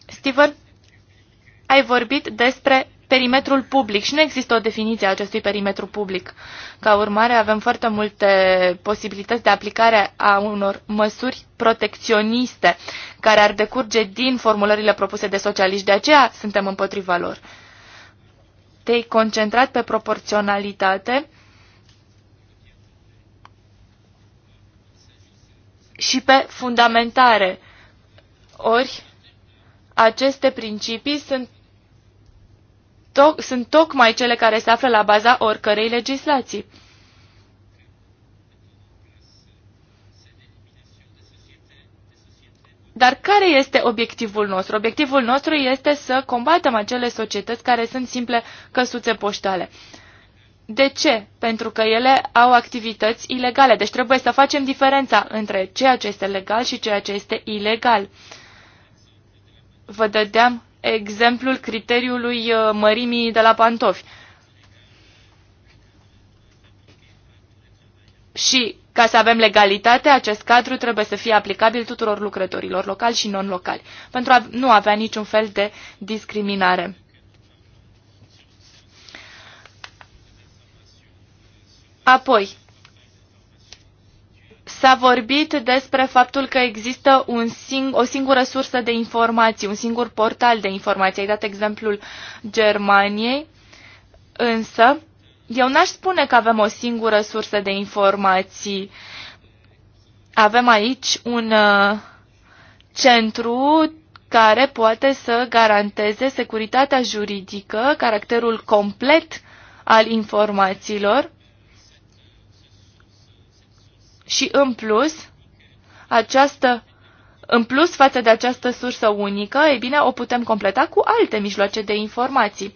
Steven, ai vorbit despre perimetrul public și nu există o definiție a acestui perimetru public. Ca urmare, avem foarte multe posibilități de aplicare a unor măsuri protecționiste care ar decurge din formulările propuse de socialiști. De aceea suntem împotriva lor. Te-ai concentrat pe proporționalitate și pe fundamentare. Ori, aceste principii sunt to sunt tocmai cele care se află la baza oricărei legislații. Dar care este obiectivul nostru? Obiectivul nostru este să combatem acele societăți care sunt simple căsuțe poștale. De ce? Pentru că ele au activități ilegale, deci trebuie să facem diferența între ceea ce este legal și ceea ce este ilegal. Vă dădeam exemplul criteriului uh, mărimii de la pantofi. Și ca să avem legalitate, acest cadru trebuie să fie aplicabil tuturor lucrătorilor locali și non-locali, pentru a nu avea niciun fel de discriminare. Apoi, S-a vorbit despre faptul că există un sing- o singură sursă de informații, un singur portal de informații. Ai dat exemplul Germaniei, însă eu n-aș spune că avem o singură sursă de informații. Avem aici un uh, centru care poate să garanteze securitatea juridică, caracterul complet al informațiilor și în plus, această, în plus față de această sursă unică, e bine, o putem completa cu alte mijloace de informații,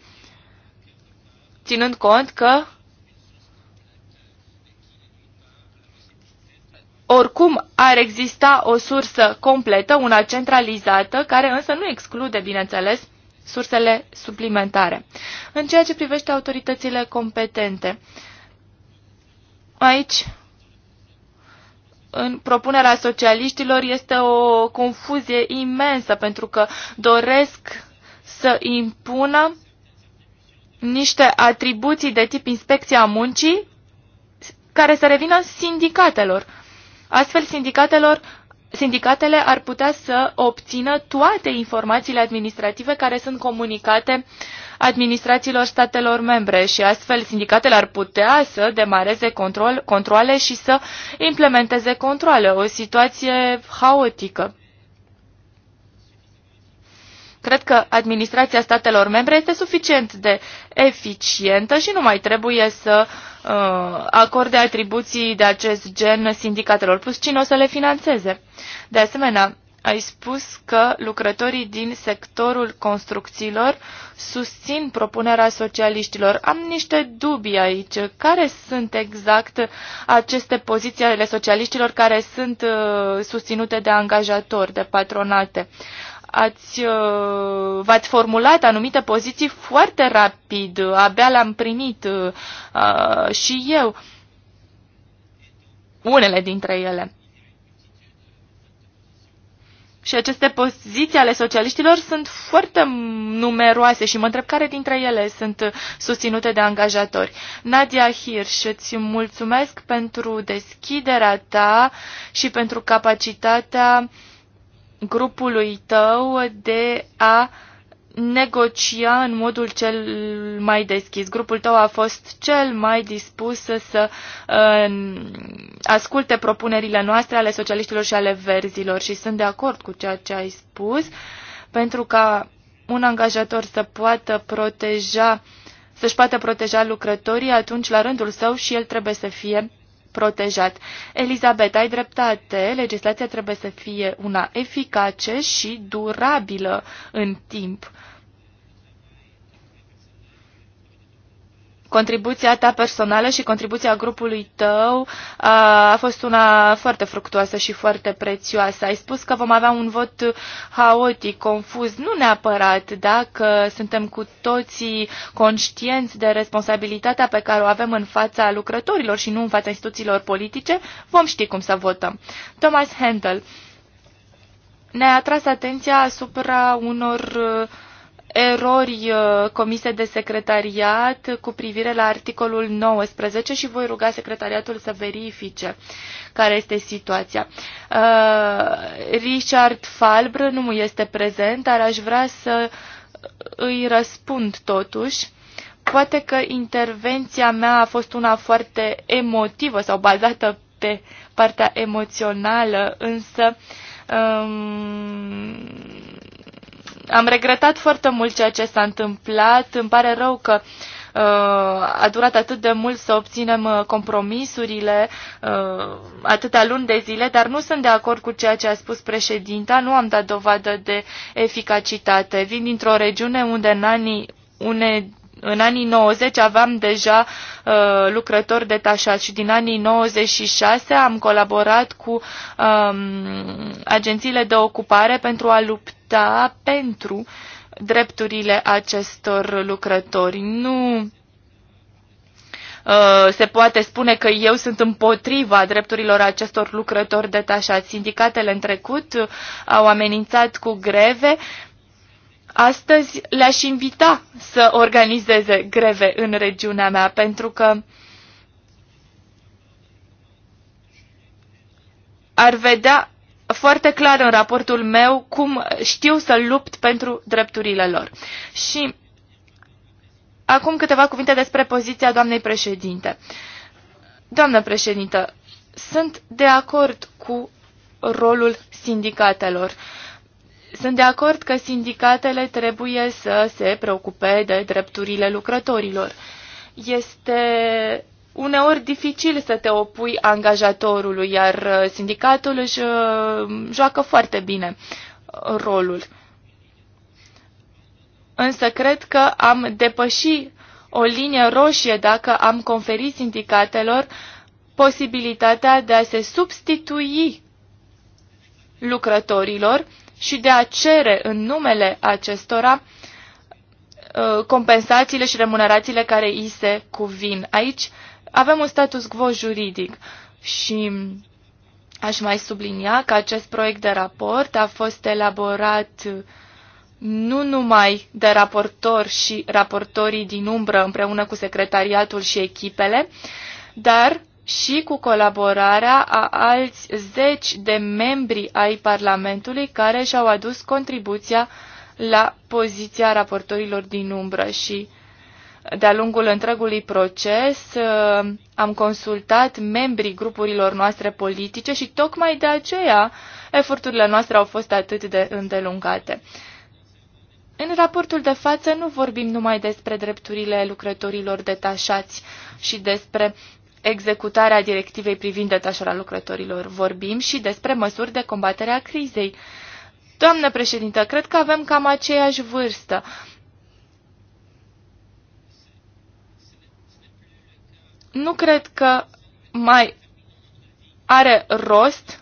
ținând cont că Oricum ar exista o sursă completă, una centralizată, care însă nu exclude, bineînțeles, sursele suplimentare. În ceea ce privește autoritățile competente, aici în propunerea socialiștilor este o confuzie imensă pentru că doresc să impună niște atribuții de tip inspecția muncii care să revină sindicatelor. Astfel, sindicatelor, sindicatele ar putea să obțină toate informațiile administrative care sunt comunicate uh, administrațiilor statelor membre și astfel sindicatele ar putea să demareze control, controle și să implementeze controle, o situație haotică. Cred că administrația statelor membre este suficient de eficientă și nu mai trebuie să uh, acorde atribuții de acest gen sindicatelor. Plus, cine o să le financeze? De asemenea, ai spus că lucrătorii din sectorul construcțiilor susțin propunerea socialiștilor. Am niște dubii aici. Care sunt exact aceste poziții ale socialiștilor care sunt uh, susținute de angajatori, de patronate? Ați, uh, v-ați formulat anumite poziții foarte rapid, abia le-am primit uh, și eu, unele dintre ele. Și aceste poziții ale socialiștilor sunt foarte numeroase și mă întreb care dintre ele sunt susținute de angajatori. Nadia Hirsch, îți mulțumesc pentru deschiderea ta și pentru capacitatea grupului tău de a uh, negocia în modul cel mai deschis. Grupul tău a fost cel mai dispus să, să uh, asculte propunerile noastre ale socialiștilor și ale verzilor și sunt de acord cu ceea ce ai spus, pentru ca un angajator să poată proteja să-și poată proteja lucrătorii, atunci la rândul său și el trebuie să fie protejat. Elizabeth, ai dreptate, legislația trebuie să fie una eficace și durabilă în timp. contribuția ta personală și contribuția grupului tău a, a fost una foarte fructuoasă și foarte prețioasă. Ai spus că vom avea un vot haotic, confuz, nu neapărat dacă suntem cu toții conștienți de responsabilitatea pe care o avem în fața lucrătorilor și nu în fața instituțiilor politice, vom ști cum să votăm. Thomas Handel ne-a atras atenția asupra unor uh, erori uh, comise de secretariat cu privire la articolul 19 și voi ruga secretariatul să verifice care este situația. Uh, Richard Falbr nu este prezent, dar aș vrea să îi răspund totuși. Poate că intervenția mea a fost una foarte emotivă sau bazată pe partea emoțională, însă um, am regretat foarte mult ceea ce s-a întâmplat. Îmi pare rău că uh, a durat atât de mult să obținem uh, compromisurile, uh, atâtea luni de zile, dar nu sunt de acord cu ceea ce a spus președinta, nu am dat dovadă de eficacitate. Vin dintr-o regiune unde în anii, une, în anii 90 aveam deja uh, lucrători detașați și din anii 96 am colaborat cu um, agențiile de ocupare pentru a lupta lupta pentru drepturile acestor lucrători. Nu uh, se poate spune că eu sunt împotriva drepturilor acestor lucrători detașați. Sindicatele în trecut au amenințat cu greve. Astăzi le-aș invita să organizeze greve în regiunea mea, pentru că ar vedea foarte clar în raportul meu cum știu să lupt pentru drepturile lor. Și acum câteva cuvinte despre poziția doamnei președinte. Doamnă președintă, sunt de acord cu rolul sindicatelor. Sunt de acord că sindicatele trebuie să se preocupe de drepturile lucrătorilor. Este uneori dificil să te opui angajatorului, iar uh, sindicatul își uh, joacă foarte bine uh, rolul. Însă cred că am depăși o linie roșie dacă am conferit sindicatelor posibilitatea de a se substitui lucrătorilor și de a cere în numele acestora compensațiile și remunerațiile care îi se cuvin. Aici avem un status quo juridic și aș mai sublinia că acest proiect de raport a fost elaborat nu numai de raportor și raportorii din umbră împreună cu secretariatul și echipele, dar și cu colaborarea a alți zeci de membri ai Parlamentului care și-au adus contribuția la poziția raportorilor din umbră și uh, de-a lungul întregului proces uh, am consultat membrii grupurilor noastre politice și tocmai de aceea eforturile noastre au fost atât de îndelungate. În raportul de față nu vorbim numai despre drepturile lucrătorilor detașați și despre executarea directivei privind detașarea lucrătorilor. Vorbim și despre măsuri de combatere a crizei. Doamnă președintă, cred că avem cam aceeași vârstă. nu cred că mai are rost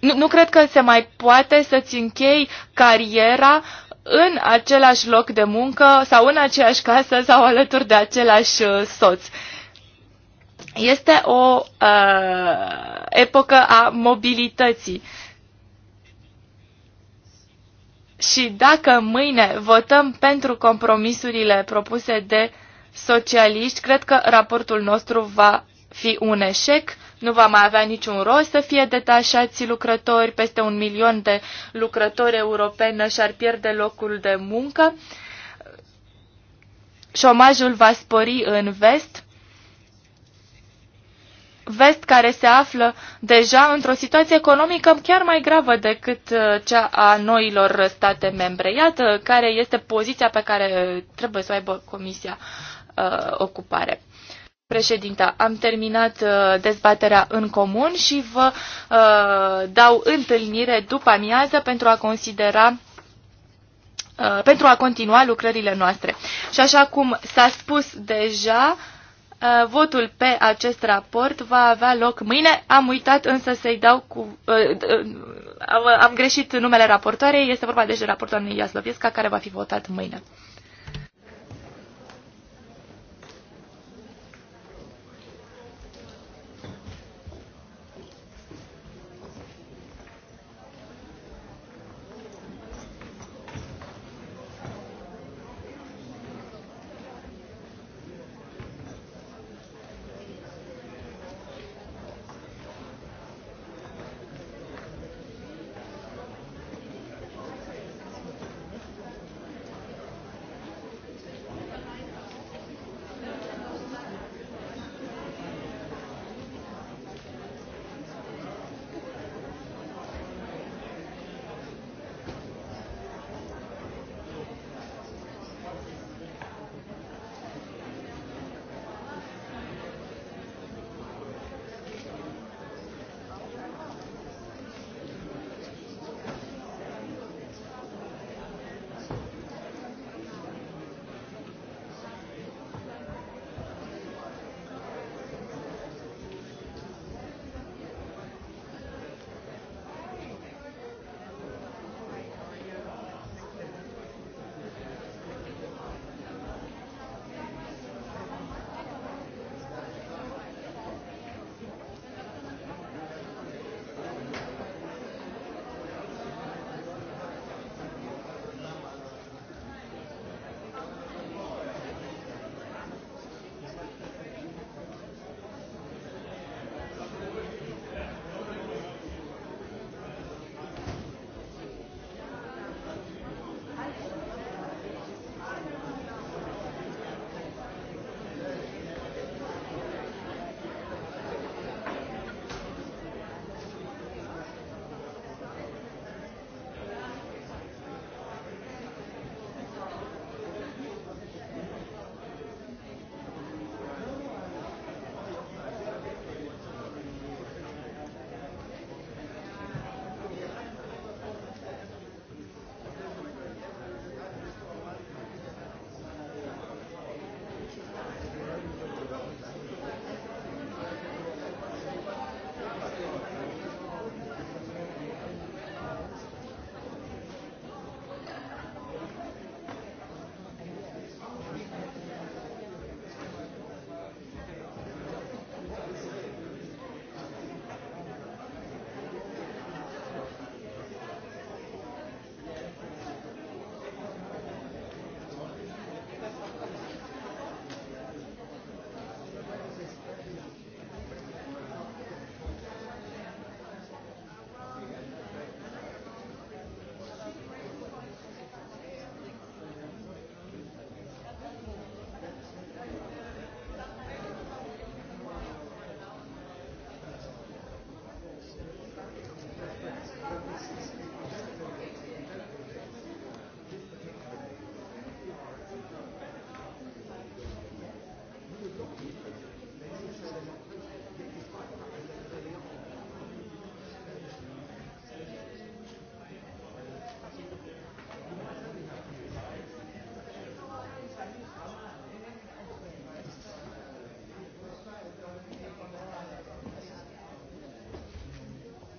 nu, nu cred că se mai poate să-ți închei cariera în același loc de muncă sau în aceeași casă sau alături de același uh, soț. Este o uh, epocă a mobilității. Și dacă mâine votăm pentru compromisurile propuse de socialiști, cred că raportul nostru va fi un eșec, nu va mai avea niciun rost să fie detașați lucrători, peste un milion de lucrători europeni și-ar pierde locul de muncă, șomajul va spori în vest, vest care se află deja într-o situație economică chiar mai gravă decât uh, cea a noilor state membre. Iată care este poziția pe care uh, trebuie să o aibă Comisia uh, ocupare. Președinta, am terminat uh, dezbaterea în comun și vă uh, dau întâlnire după amiază pentru a considera uh, pentru a continua lucrările noastre. Și așa cum s-a spus deja, uh, votul pe acest raport va avea loc mâine. Am uitat însă să-i dau cu... Uh, am, greșit numele raportoarei, este vorba deja deci de raportoarea Iasloviesca care va fi votat mâine.